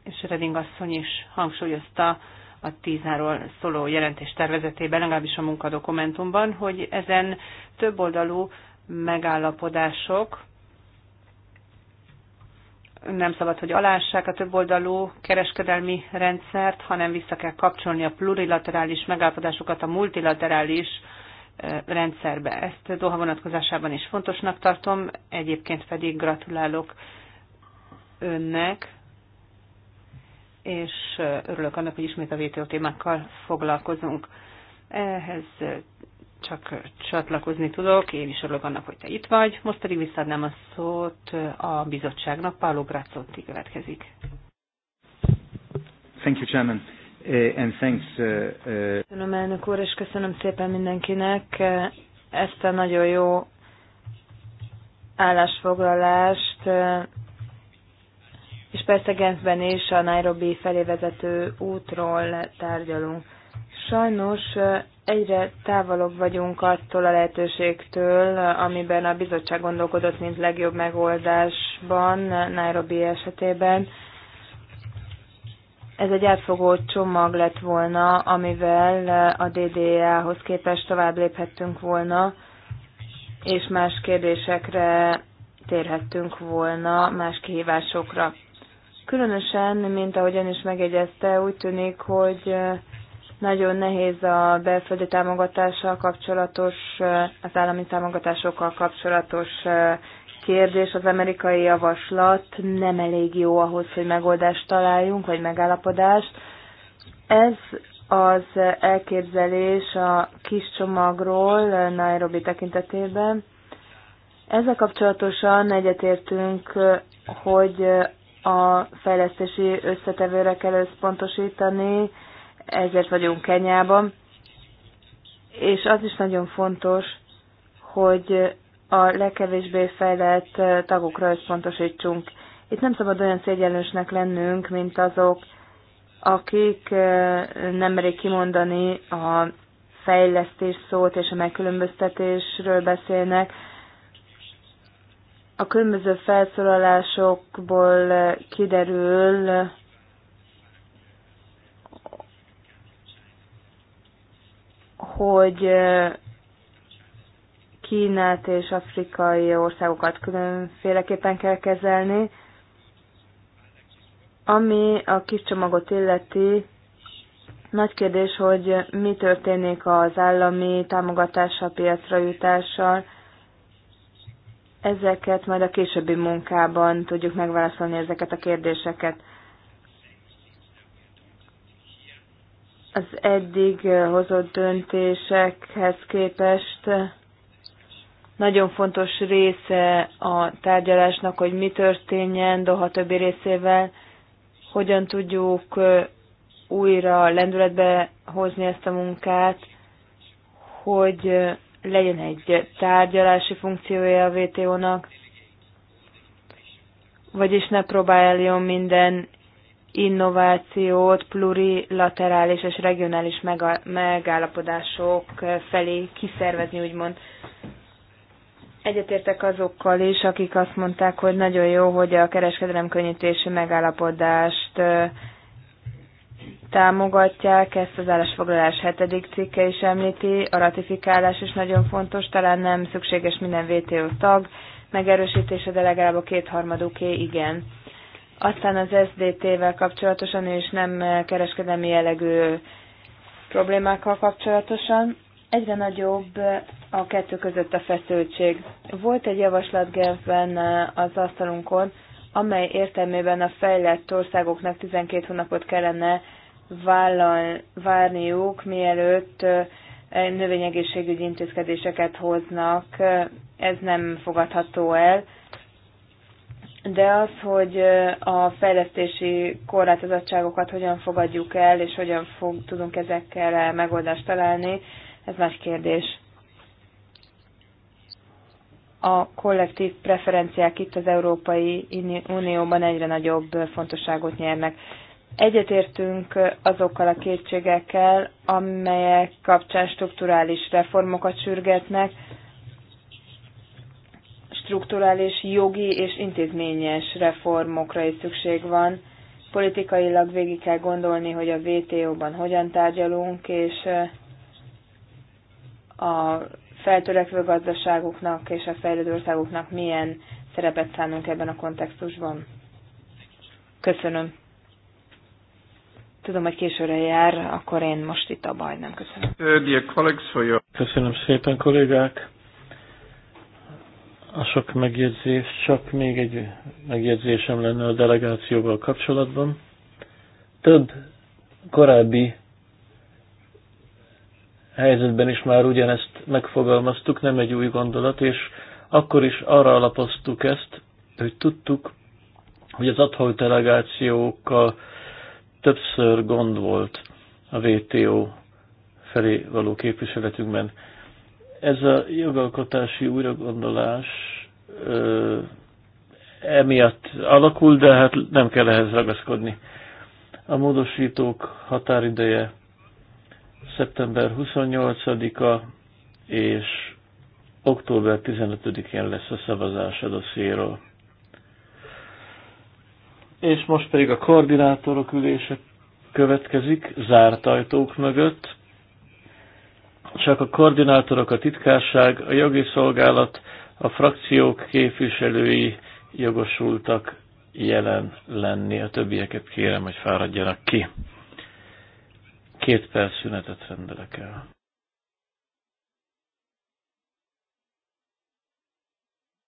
és Reding asszony is hangsúlyozta a tízáról szóló jelentés tervezetében, legalábbis a munkadokumentumban, hogy ezen többoldalú megállapodások nem szabad, hogy alássák a többoldalú kereskedelmi rendszert, hanem vissza kell kapcsolni a plurilaterális megállapodásokat a multilaterális rendszerbe. Ezt Doha vonatkozásában is fontosnak tartom, egyébként pedig gratulálok önnek és örülök annak, hogy ismét a VTO témákkal foglalkozunk. Ehhez csak csatlakozni tudok, én is örülök annak, hogy te itt vagy. Most pedig visszaadnám a szót a bizottságnak, Pálo Grazzotti következik. Thank you, Chairman. Eh, and thanks, uh, uh... Köszönöm, elnök úr, és köszönöm szépen mindenkinek ezt a nagyon jó állásfoglalást és persze Genfben és a Nairobi felé vezető útról tárgyalunk. Sajnos egyre távolabb vagyunk attól a lehetőségtől, amiben a bizottság gondolkodott, mint legjobb megoldásban Nairobi esetében. Ez egy átfogó csomag lett volna, amivel a DDA-hoz e képest tovább léphettünk volna, és más kérdésekre térhettünk volna, más kihívásokra. Különösen, mint ahogy ön is megjegyezte, úgy tűnik, hogy nagyon nehéz a belföldi támogatással kapcsolatos, az állami támogatásokkal kapcsolatos kérdés. Az amerikai javaslat nem elég jó ahhoz, hogy megoldást találjunk, vagy megállapodást. Ez az elképzelés a kis csomagról Nairobi tekintetében. Ezzel kapcsolatosan egyetértünk, hogy a fejlesztési összetevőre kell összpontosítani, ezért vagyunk Kenyában. És az is nagyon fontos, hogy a legkevésbé fejlett tagokra összpontosítsunk. Itt nem szabad olyan szégyenlősnek lennünk, mint azok, akik nem merik kimondani a fejlesztés szót és a megkülönböztetésről beszélnek, a különböző felszólalásokból eh, kiderül, hogy eh, Kínát és afrikai országokat különféleképpen kell kezelni. Ami a kis csomagot illeti, nagy kérdés, hogy mi történik az állami támogatással, piacra jutással, Ezeket majd a későbbi munkában tudjuk megválaszolni ezeket a kérdéseket. Az eddig hozott döntésekhez képest nagyon fontos része a tárgyalásnak, hogy mi történjen Doha többi részével, hogyan tudjuk újra lendületbe hozni ezt a munkát, hogy legyen egy tárgyalási funkciója a vto nak vagyis ne próbáljon minden innovációt plurilaterális és regionális megállapodások felé kiszervezni, úgymond. Egyetértek azokkal is, akik azt mondták, hogy nagyon jó, hogy a kereskedelem könnyítési megállapodást támogatják, ezt az állásfoglalás hetedik cikke is említi, a ratifikálás is nagyon fontos, talán nem szükséges minden WTO tag megerősítése, de legalább a kétharmaduké igen. Aztán az SDT-vel kapcsolatosan és nem kereskedelmi jellegű problémákkal kapcsolatosan egyre nagyobb a kettő között a feszültség. Volt egy javaslat Genfben az asztalunkon, amely értelmében a fejlett országoknak 12 hónapot kellene vállal, várniuk, mielőtt e, növényegészségügyi intézkedéseket hoznak. Ez nem fogadható el. De az, hogy a fejlesztési korlátozottságokat hogyan fogadjuk el, és hogyan fog, tudunk ezekkel megoldást találni, ez más kérdés. A kollektív preferenciák itt az Európai Unióban egyre nagyobb fontosságot nyernek. Egyetértünk azokkal a kétségekkel, amelyek kapcsán strukturális reformokat sürgetnek, strukturális jogi és intézményes reformokra is szükség van. Politikailag végig kell gondolni, hogy a WTO-ban hogyan tárgyalunk, és eh, a feltörekvő gazdaságoknak és a fejlődő országoknak milyen szerepet szánunk ebben a kontextusban. Köszönöm. Tudom, hogy későre jár, akkor én most itt a baj, nem köszönöm. Uh, köszönöm szépen, kollégák. A sok megjegyzés, csak még egy megjegyzésem lenne a delegációval kapcsolatban. Több korábbi helyzetben is már ugyanezt megfogalmaztuk, nem egy új gondolat, és akkor is arra alapoztuk ezt, hogy tudtuk, hogy az adhol delegációkkal többször gond volt a WTO felé való képviseletünkben. Ez a jogalkotási újragondolás ö, emiatt alakul, de hát nem kell ehhez ragaszkodni. A módosítók határideje szeptember 28-a és október 15-én lesz a szavazás a dosszéról és most pedig a koordinátorok ülése következik, zárt ajtók mögött. Csak a koordinátorok, a titkárság, a jogi szolgálat, a frakciók képviselői jogosultak jelen lenni. A többieket kérem, hogy fáradjanak ki. Két perc szünetet rendelek el.